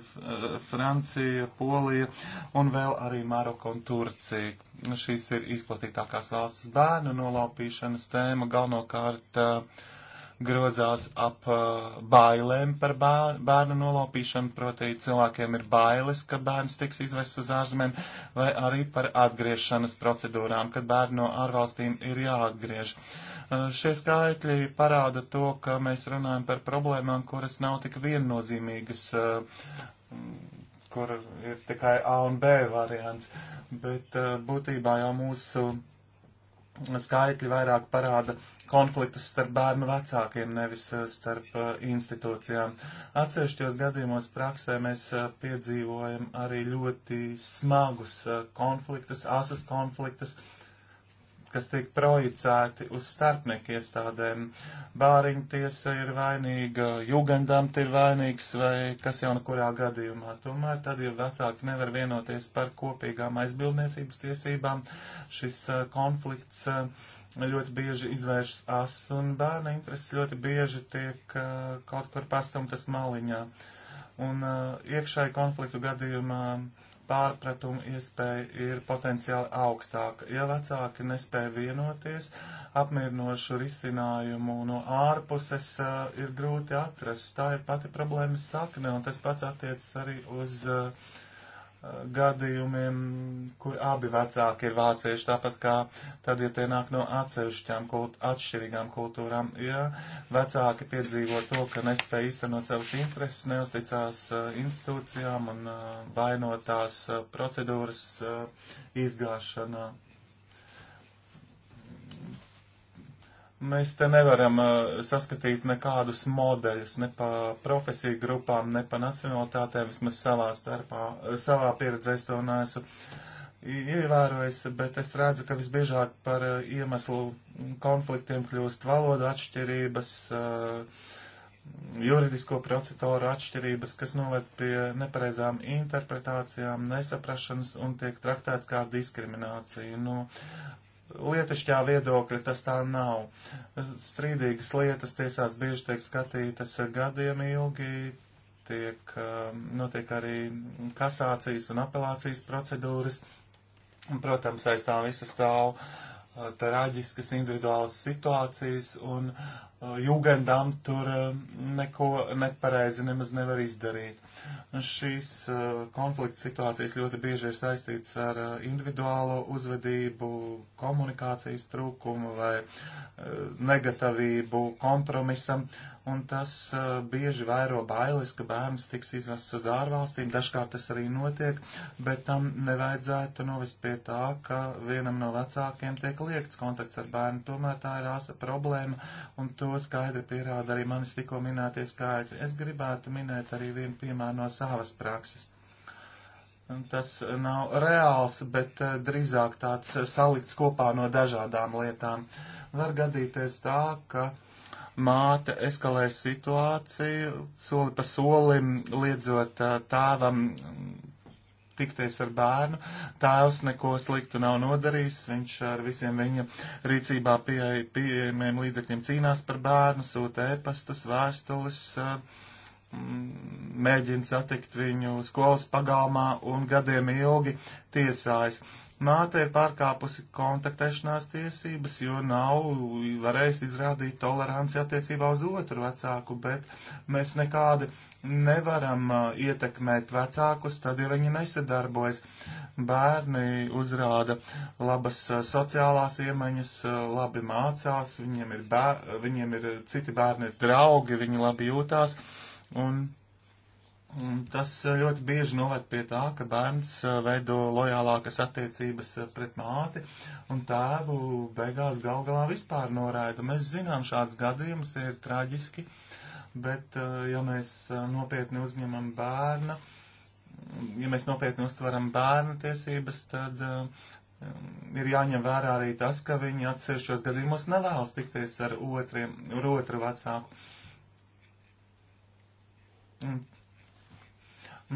Francija, Polija un vēl arī Maroka un Turcija Šīs ir izplatītākās valsts bērnu nolaupīšanas tēma, galvenokārt grozās ap bailēm par bērnu nolaupīšanu, proti cilvēkiem ir bailes, ka bērns tiks izvests uz ārzemēm, vai arī par atgriešanas procedūrām, kad bērnu no ārvalstīm ir jāatgriež. Šie skaitļi parāda to, ka mēs runājam par problēmām, kuras nav tik viennozīmīgas kur ir tikai A un B variants, bet eh, būtībā jau mūsu skaitļi vairāk parāda konfliktus starp bērnu vecākiem, nevis eh, starp eh, institūcijām. Atsevišķos gadījumos praksē mēs piedzīvojam arī ļoti smagus konfliktus, asas konfliktus, kas tiek projicēti uz starpnieku iestādēm. Bāriņu tiesa ir vainīga, jūgandamt ir vainīgs vai kas jau no nu kurā gadījumā. Tomēr tad, ja vecāki nevar vienoties par kopīgām aizbildniecības tiesībām, šis uh, konflikts uh, ļoti bieži izvēršas as, un bērna intereses ļoti bieži tiek uh, kaut kur pastumtas maliņā. Un uh, iekšēji konfliktu gadījumā pārpratumu iespēja ir potenciāli augstāka. Ja vecāki nespēja vienoties, apmierinošu risinājumu no ārpuses uh, ir grūti atrast. Tā ir pati problēmas sakne, un tas pats attiecas arī uz uh, gadījumiem, kur abi vecāki ir vācieši, tāpat kā tad, ja tie nāk no atsevišķām, kult, atšķirīgām kultūrām. Ja vecāki piedzīvo to, ka nespēja īstenot savas intereses, neusticās uh, institūcijām un uh, vainotās uh, procedūras izgāšanā. Mēs te nevaram uh, saskatīt nekādus modeļus ne pa profesiju grupām, ne pa nacionalitātēm, vismaz savā starpā, savā pieredzē es to neesmu ievērojis, bet es redzu, ka visbiežāk par uh, iemeslu konfliktiem kļūst valoda atšķirības, uh, juridisko procedūru atšķirības, kas noved pie nepareizām interpretācijām, nesaprašanas un tiek traktēts kā diskriminācija. Nu, Lietušķā viedokļa tas tā nav. Strīdīgas lietas tiesās bieži tiek skatītas gadiem ilgi, tiek, um, notiek arī kasācijas un apelācijas procedūras. Protams, aiz tā visa stāv uh, traģiskas individuālas situācijas, un Eh, Jūgendam tur eh, neko nepareizi nemaz nevar izdarīt. Un šīs eh, konflikts situācijas ļoti bieži ir saistīts ar individuālo uzvedību, komunikācijas trūkumu vai negatavību kompromisam, un tas bieži vairo bailes, ka bērns tiks izvests uz ārvalstīm, dažkārt tas arī notiek, bet tam nevajadzētu novest pie tā, ka vienam no vecākiem tiek liekts kontakts ar bērnu. Tomēr tā ir āsa problēma, un to To skaidri pierāda arī manis tikko minētie skaidri. Es gribētu minēt arī vienu piemēru no savas prakses. Tas nav reāls, bet eh, drīzāk tāds salikts kopā no dažādām lietām. Var gadīties tā, ka māte eskalē situāciju, soli pa solim liedzot eh, tēvam tikties ar bērnu. Tēvs neko sliktu nav nodarījis, viņš ar visiem viņa rīcībā pieejamiem pie, līdzekļiem cīnās par bērnu, sūta ēpastas, vēstules. Uh, mēģina satikt viņu skolas pagalmā un gadiem ilgi tiesājas. Māte ir pārkāpusi kontaktēšanās tiesības, jo nav varējusi izrādīt toleranci attiecībā uz otru vecāku, bet mēs nekādi nevaram uh, ietekmēt vecākus, tad, ja viņi nesadarbojas. Bērni uzrāda labas uh, sociālās iemaņas, uh, labi mācās, viņiem ir, bēr, viņiem ir citi bērni ir draugi, viņi labi jūtās. Un Tas eh, ļoti bieži novad pie tā, ka bērns eh, veido lojālākas attiecības eh, pret māti un tēvu beigās gal galā vispār noraida. Mēs zinām šādas gadījumus, tie ir traģiski, bet ja mēs nopietni uzņemam bērna, ja mēs nopietni uztveram bērna tiesības, tad ir jāņem vērā arī tas, ka viņi atsevišķos gadījumos nevēlas tikties ar, otriem, ar otru vecāku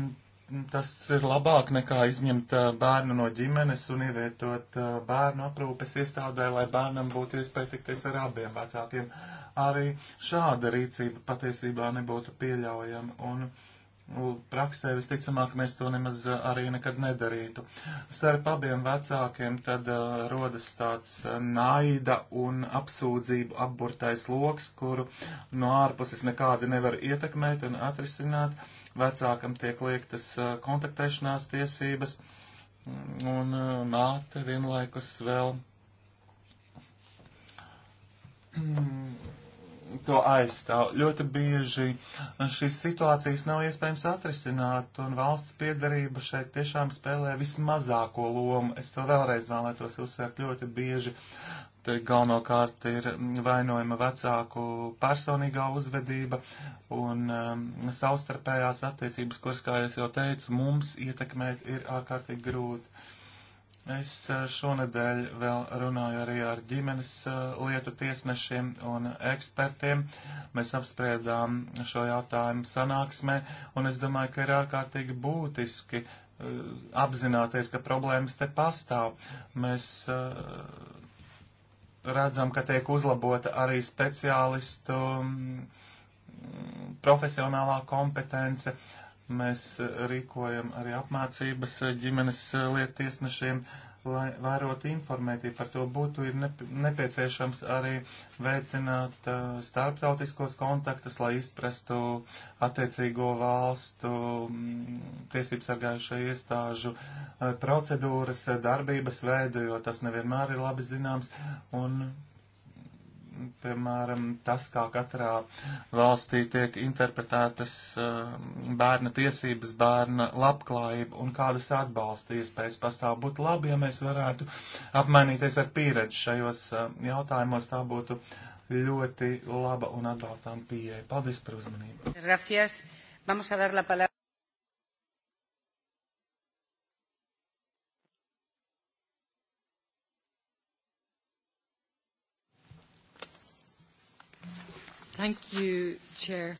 Mm, tas ir labāk nekā izņemt bērnu no ģimenes un ievietot bērnu aprūpes iestādē, lai bērnam būtu iespēja tikties ar abiem vecākiem. Arī šāda rīcība patiesībā nebūtu pieļaujama. Un, Praksē visticamāk mēs to nemaz arī nekad nedarītu. Starp abiem vecākiem tad uh, rodas tāds naida un apsūdzību apburtais loks, kuru no ārpuses nekādi nevar ietekmēt un atrisināt. Uh, vecākam tiek liektas kontaktēšanās tiesības, mm, un māte vienlaikus vēl mm, to aizstāv. Ļoti bieži šīs situācijas nav iespējams atrisināt, un valsts piedarība šeit tiešām spēlē vismazāko lomu. Es to vēlreiz vēlētos uzsvērt ļoti bieži. Te galvenokārt ir vainojama vecāku personīgā uzvedība un um, savstarpējās attiecības, kuras, kā es jau teicu, mums ietekmēt ir ārkārtīgi grūti. Es uh, šonadēļ vēl runāju arī ar ģimenes uh, lietu tiesnešiem un ekspertiem. Mēs apspriedām šo jautājumu sanāksmē, un es domāju, ka ir ārkārtīgi būtiski uh, apzināties, ka problēmas te pastāv. Mēs uh, redzam, ka tiek uzlabota arī speciālistu mm, profesionālā kompetence. Mēs rīkojam arī apmācības ģimenes eh, lietiesnešiem. tiesnešiem lai vērotu informētību par to būtu, ir nepieciešams arī veicināt uh, starptautiskos kontaktus, lai izprastu attiecīgo valstu mm, tiesības sargājušo iestāžu uh, procedūras, uh, darbības veidu, jo tas nevienmēr ir labi zināms. Un piemēram, tas, kā katrā valstī tiek interpretētas eh, bērna tiesības, bērna labklājība un kādas atbalsta iespējas pastāv. Būtu labi, ja mēs varētu apmainīties ar pieredzi šajos eh, jautājumos. Tā būtu ļoti laba un atbalstām pieeja. Paldies par uzmanību. Gracias. Vamos a dar la palabra. Thank you, Chair.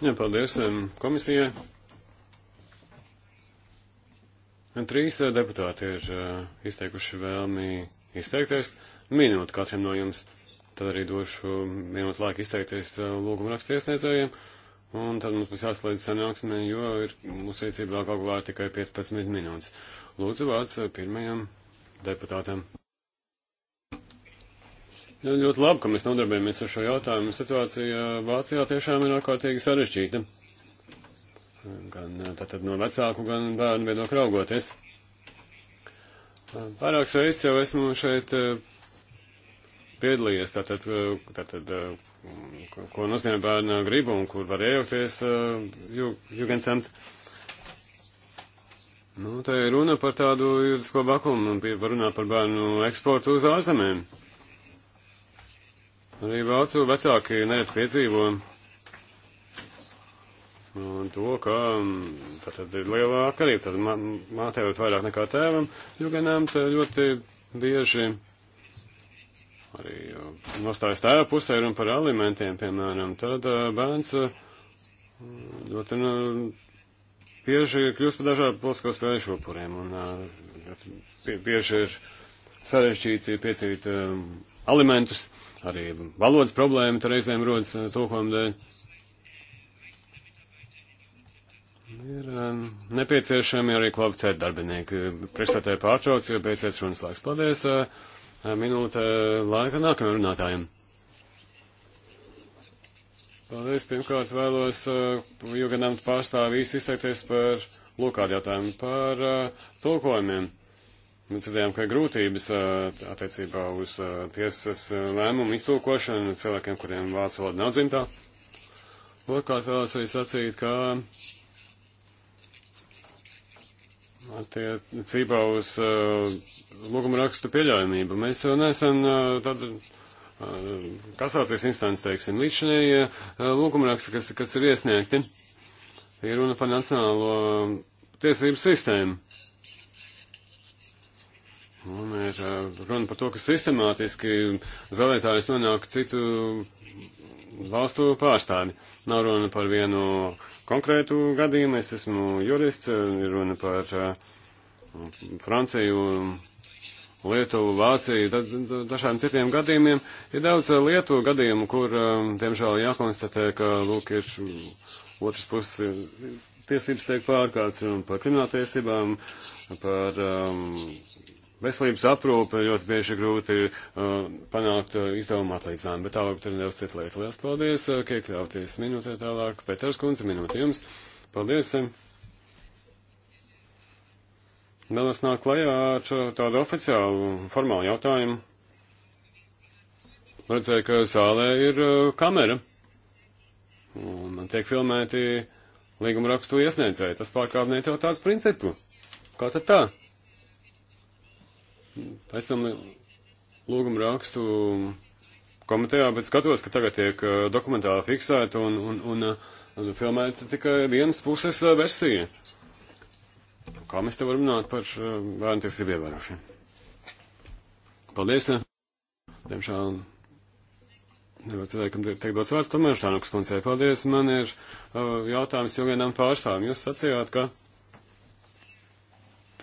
Jā, paldies komisijai. Trīs eh, deputāti ir eh, izteikuši vēlmi izteikties. Minūte katram no jums. Tad arī došu minūtu laiku izteikties eh, lūgumu rakstu iesniedzējiem. Un tad mums būs jāslēdz sanāksme, jo ir mūsu rīcībā vēl kaut kā tikai 15 minūtes. Lūdzu vārds pirmajam deputātam. Jā, nu, ļoti labi, ka mēs nodarbojamies ar šo jautājumu. Situācija uh, Vācijā tiešām ir ārkārtīgi sarežģīta. Gan uh, tātad no vecāku, gan bērnu viedokļa raugoties. Pārāks uh, reizes jau esmu šeit piedalījies, tātad, tātad ko nosniedz bērnu gribu un kur var iejaukties Jugendsamt. Nu, tā ir runa par tādu juridisko vakumu un var runāt par bērnu eksportu uz ārzemēm. Arī vācu vecāki nereti piedzīvo un um, to, ka um, tā tad ir lielā atkarība, tad mā, mātei ir vairāk nekā tēvam, jo ganām tā ļoti bieži arī um, nostājas tēva pusē un par alimentiem, piemēram, tad uh, bērns uh, ļoti nu, bieži kļūst par dažādu politisko spēļu šopuriem un uh, ļoti bieži ir sarežģīti piecīt um, alimentus. Arī valodas problēma tur reizēm rodas eh, tūkojuma dēļ. Ir um, nepieciešami arī kvalificēti darbinieki. Priekšstādāja pārtrauc, jo beidzies runas laiks. Paldies. Uh, minūte laika nākamajam runātājam. Paldies. Pirmkārt vēlos uh, Juganam pārstāvīs izteikties par lūkādu jautājumu par uh, tulkojumiem. Nu, dzirdējām, ka ir grūtības attiecībā uz tiesas lēmumu iztūkošanu cilvēkiem, kuriem vācu valoda nav dzimtā. Otrkārt vēlos arī sacīt, ka attiecībā uz lūguma rakstu pieļaujamību mēs nesam tad kasācijas instants, teiksim, līdz šī lūguma raksta, kas, kas ir iesniegti, ir runa par nacionālo tiesību sistēmu Un ir runa par to, ka sistemātiski zaudētājs nonāk citu valstu pārstāvi. Nav runa par vienu konkrētu gadījumu, es esmu jurists, ir runa par Franciju, Lietuvu, Vāciju, da, da, dažādiem citiem gadījumiem. Ir daudz Lietuvu gadījumu, kur, diemžēl, jākonstatē, ka, lūk, ir otrs puses tiesības tiek pārkārts un par krimināltiesībām, par. Um, veselības aprūpe ļoti bieži grūti ir uh, panākt uh, izdevumu atlīdzinājumu, bet tālāk tur nevis cita lieta. Lielas paldies, uh, ka iekļauties minūtē tālāk. Pēters Kunze, minūte jums. Paldies. Vēlos nākt klajā ar tādu oficiālu, formālu jautājumu. Redzēju, ka zālē ir uh, kamera. Un man tiek filmēti līguma rakstu iesniedzēji. Tas pārkāpnē jau tāds principu. Kā tad tā? Pēc tam lūgumu rakstu komitejā, bet skatos, ka tagad tiek eh, dokumentāli fiksēta un, un, un, eh, un filmēta tikai vienas puses eh, versija. Kā mēs te varam runāt par bērnu tiesību ievērošanu? Paldies! Diemžēl nevar cilvēkam teikt dots vārds, tomēr Štānukas koncē. Paldies! Man ir jautājums jau vienam pārstāvim. Jūs sacījāt, ka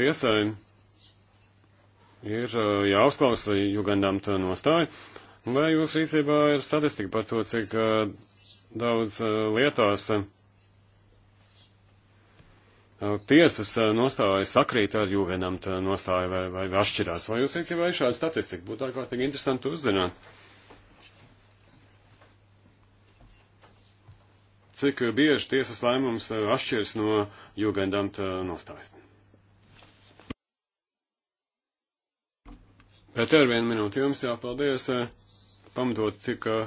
tiesai ir jāuzklausa Jugandam to nostāju. Vai jūsu rīcībā ir statistika par to, cik daudz lietās tiesas nostāja sakrīt ar Jugandam to nostāju vai, vai atšķirās? Vai jūsu rīcībā ir šāda statistika? Būtu ārkārtīgi interesanti uzzināt. Cik bieži tiesas lēmums atšķiras no Jugendamta nostājas? Bet ar vienu minūti jums jāpaldies, eh, pamatot tika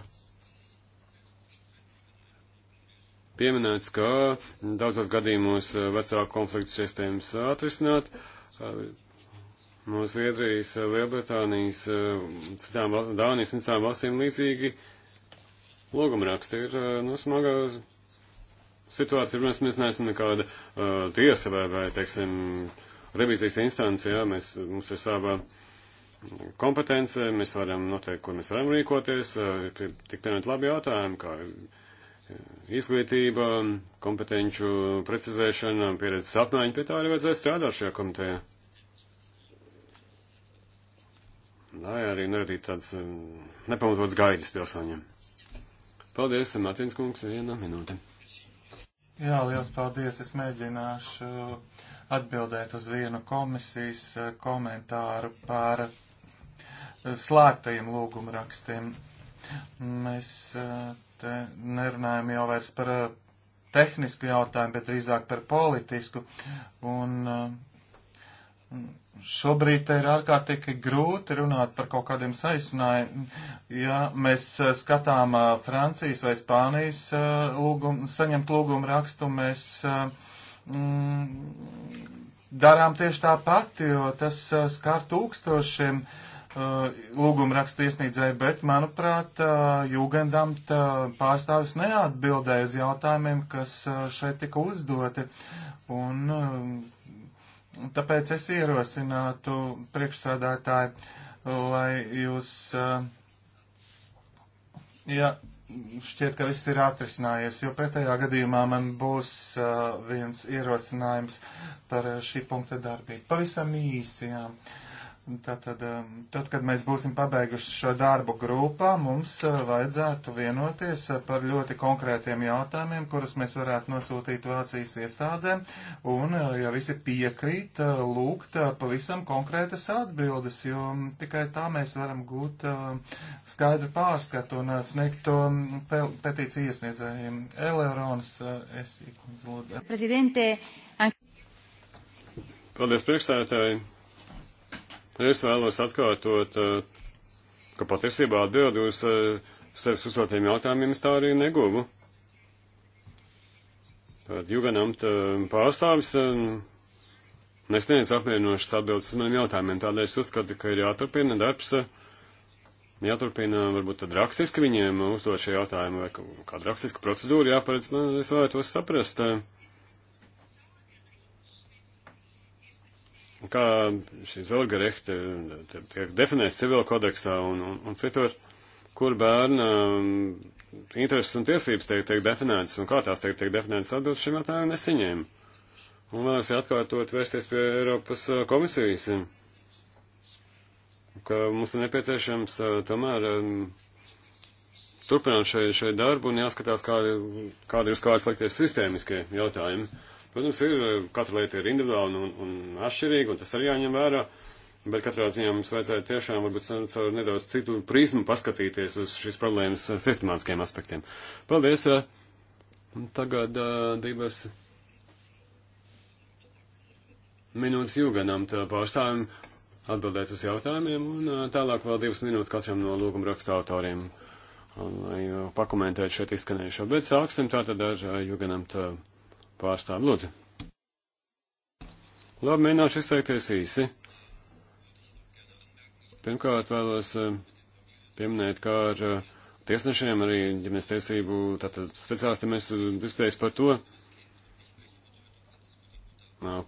pieminēts, ka daudzos gadījumos eh, vecāku konfliktus iespējams atrisināt. Eh, no Zviedrijas, Lielbritānijas, citām, Dānijas un citām valstīm līdzīgi logumraksti ir nu, smaga situācija. Protams, mēs neesam nekāda uh, tiesa vai, vai teiksim, revīzijas instance, jā, mēs, mums ir sava. Uh, kompetence, mēs varam noteikt, kur mēs varam rīkoties, tik piemērot labi jautājumi, kā izglītība, kompetenču precizēšana, pieredzes apmaiņa, pie tā arī vajadzēs strādāt šajā komitejā. Lai arī neradītu tāds nepamatots gaidas pilsoņiem. Paldies, Mārtiņš Kungs, viena minūte. Jā, liels paldies. Es mēģināšu atbildēt uz vienu komisijas komentāru par slēgtajiem lūgumrakstiem. Mēs eh, te nerunājam jau vairs par eh, tehnisku jautājumu, bet drīzāk par politisku. Un eh, šobrīd te ir ārkārtīgi grūti runāt par kaut kādiem saisinājumiem. Ja mēs skatām Francijas vai Spānijas lūgum, saņemt lūgumu rakstu, mēs mm, darām tieši tā pati, jo tas skar tūkstošiem. Uh, Uh, lūguma raksta iesniedzēja, bet, manuprāt, uh, Jūgendamt uh, pārstāvis neatbildēja uz jautājumiem, kas šeit tika uzdoti. Un um, tāpēc es ierosinātu priekšsādātāju, lai jūs, ja šķiet, ka viss ir atrisinājies, jo pretējā gadījumā man būs viens ierosinājums par šī punkta darbību. Pavisam īsi, jā. Ja Nu, Tātad, um, tad, kad mēs būsim pabeiguši šo darbu grupā, mums uh, vajadzētu vienoties uh, par ļoti konkrētiem jautājumiem, kurus mēs varētu nosūtīt Vācijas iestādēm, un, uh, ja visi piekrīt, lūgt pavisam konkrētas atbildes, jo um, tikai tā mēs varam gūt skaidru pārskatu un sniegt to um, petīciju iesniedzējiem. Eleorons, es īkums lūdzu. Paldies, priekšstādātāji! Es vēlos atkārtot, eh, ka patiesībā atbildi uz eh, sevis uzdotajiem jautājumiem es tā arī neguvu. Tad Juganamta eh, pārstāvis nesniedz apmierinošas atbildes uz maniem jautājumiem. Tādēļ es uzskatu, ka ir jāturpina darbs, jāturpina varbūt tad rakstiski viņiem uzdot šie jautājumi vai kāda rakstiska procedūra jāparedz. Man nu, es vēlētos saprast. Uh, kā šī zelga rehte tiek definēts civil kodeksā un, un, un citur, kur bērna um, intereses un tiesības tiek, tiek definētas un kā tās tiek, tiek definētas atbildes šim jautājumam nesaņēma. Un vēlos atkārtot vērsties pie Eiropas uh, komisijas, ka mums ir nepieciešams uh, tomēr um, turpināt šeit, šeit darbu un jāskatās, kādi, kādi ir uz kādas likties sistēmiskie jautājumi. Protams, ir eh, katra lieta ir individuāla un, un atšķirīga, un tas arī jāņem vērā, bet katrā ziņā mums vajadzētu tiešām varbūt caur nedaudz citu prizmu paskatīties uz šīs problēmas eh, sistemātiskiem aspektiem. Paldies! Eh, tagad divas minūtes jūganam pārstāvim atbildēt uz jautājumiem, un tālāk vēl divas minūtes katram no lūguma raksta autoriem, lai pakomentētu šeit izskanējušo. Bet sāksim tātad ar jūganam tā pārstāvi. Lūdzu. Labi, mēģināšu izteikties īsi. Pirmkārt, vēlos eh, pieminēt, kā ar eh, tiesnešiem, arī ģimenes tiesību tātad speciālisti mēs eh, diskutējis par to,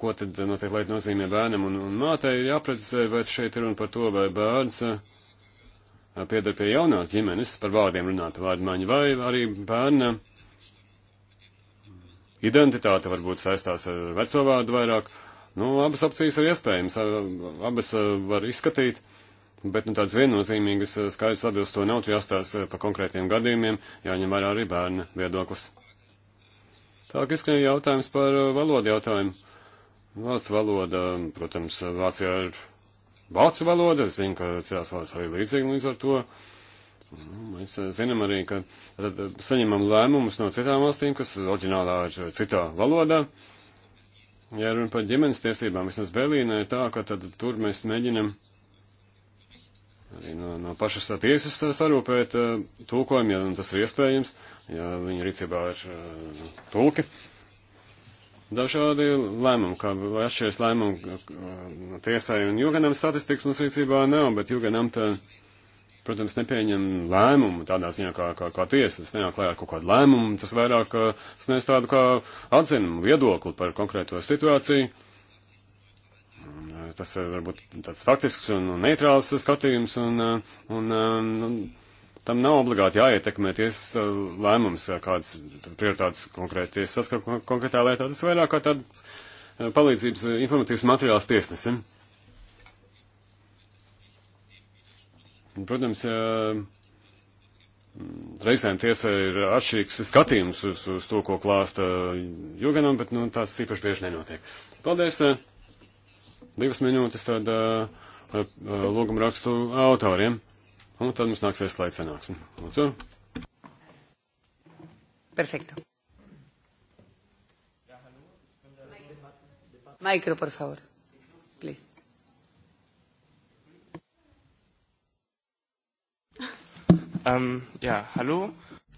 ko tad noteikti lai nozīmē bērnam un, un mātei ir jāprecizē, vai šeit ir runa par to, vai bērns piedar pie jaunās ģimenes, par vārdiem runāt, vārdu maņu, vai arī bērna identitāte varbūt saistās ar veco vārdu vairāk. Nu, abas opcijas ir iespējamas, abas var izskatīt, bet nu, tāds viennozīmīgas skaidrs atbildes to nav, tur jāstāsta pa konkrētiem gadījumiem, jāņem vērā arī bērna viedoklis. Tālāk izskanēja jautājums par valodu jautājumu. Valsts valoda, protams, Vācijā ir vācu valoda, es zinu, ka citās valsts arī līdzīgi, līdz ar to Nu, mēs eh, zinām arī, ka tad eh, saņemam lēmumus no citām valstīm, kas oriģinālā ir citā valodā. Ja runa par ģimenes tiesībām, vismaz Berlīnē ir tā, ka tad tur mēs mēģinam arī no, no pašas tiesas sarūpēt eh, tulkojumu, ja tas ir iespējams, ja viņa rīcībā ir tulki. Dažādi lēmumi, kā atšķiras lēmumi tiesai un jūganam statistikas mums rīcībā nav, bet jūganam tā. Tā protams, nepieņem lēmumu tādā ziņā, kā, kā, kā tiesa. Tas nenāk klajā ar kaut kādu lēmumu, tas vairāk uh, sniedz tādu kā atzinumu viedokli par konkrēto situāciju. Uh, tas ir varbūt tāds faktisks un neitrāls skatījums, un, uh, un, un nu, tam nav obligāti jāietekmē tiesas lēmums, kādas prioritātes konkrēti tiesas atskar konkrētā lietā. Tas vairāk kā tāds palīdzības informatīvs materiāls tiesnesim. Un, protams, mm, reizēm tiesai ir atšķirīgs skatījums uz, uz to, ko klāsta Jūganam, bet nu, tās īpaši bieži nenotiek. Paldies! Eh, divas minūtes tad eh, eh, lūguma rakstu autoriem, un tad mums nāksies slaids sanāksme. Lūdzu! Perfecto. Micro, por favor. Please. Um, jā, hallo.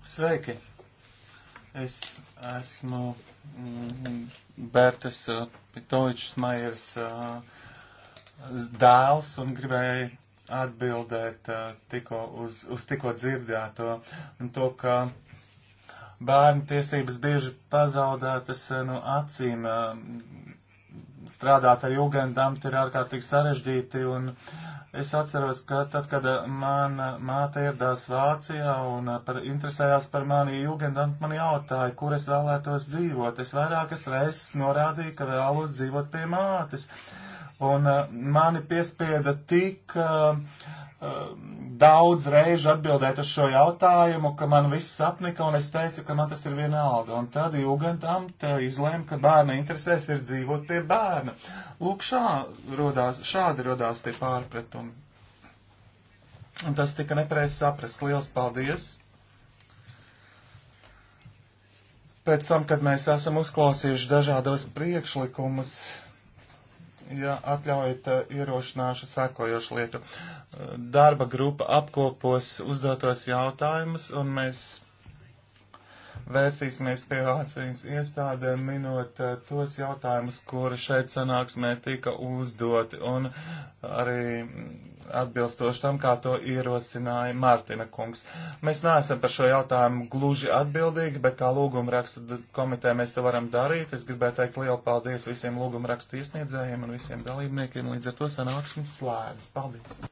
Sveiki. Es esmu mm, Bērtas uh, Pitovičs Maieras uh, dēls un gribēju atbildēt uh, tiko uz, uz tikko dzirdēto un to, ka bērnu tiesības bieži pazaudētas no acīm strādāt ar Jugendamt ir ārkārtīgi sarežģīti. Un es atceros, ka tad, kad mana māte ieradās Vācijā un par, interesējās par mani Jugendamt, man jautāja, kur es vēlētos dzīvot. Es vairākas reizes norādīju, ka vēlos dzīvot pie mātes. Un eh, mani piespieda tik uh, daudz reižu atbildēt uz šo jautājumu, ka man viss apnika un es teicu, ka man tas ir vienalga. Un tad jūgantām te izlēma, ka bērna interesēs ir dzīvot pie bērna. Lūk, šā rodās, šādi rodās tie pārpratumi. Un tas tika nepareizi saprasts. Liels paldies! Pēc tam, kad mēs esam uzklausījuši dažādos priekšlikumus, ja atļaujat, eh, ierošināšu sekojošu lietu. Darba grupa apkopos uzdotos jautājumus, un mēs vērsīsimies pie Vācijas iestādēm, minot eh, tos jautājumus, kuri šeit sanāksmē tika uzdoti, un arī atbilstoši tam, kā to ierosināja Mārtina kungs. Mēs neesam par šo jautājumu gluži atbildīgi, bet kā lūguma rakstu komitē mēs to varam darīt. Es gribēju teikt lielu paldies visiem lūguma rakstu iesniedzējiem un visiem dalībniekiem. Līdz ar to sanāksmes slēdz. Paldies!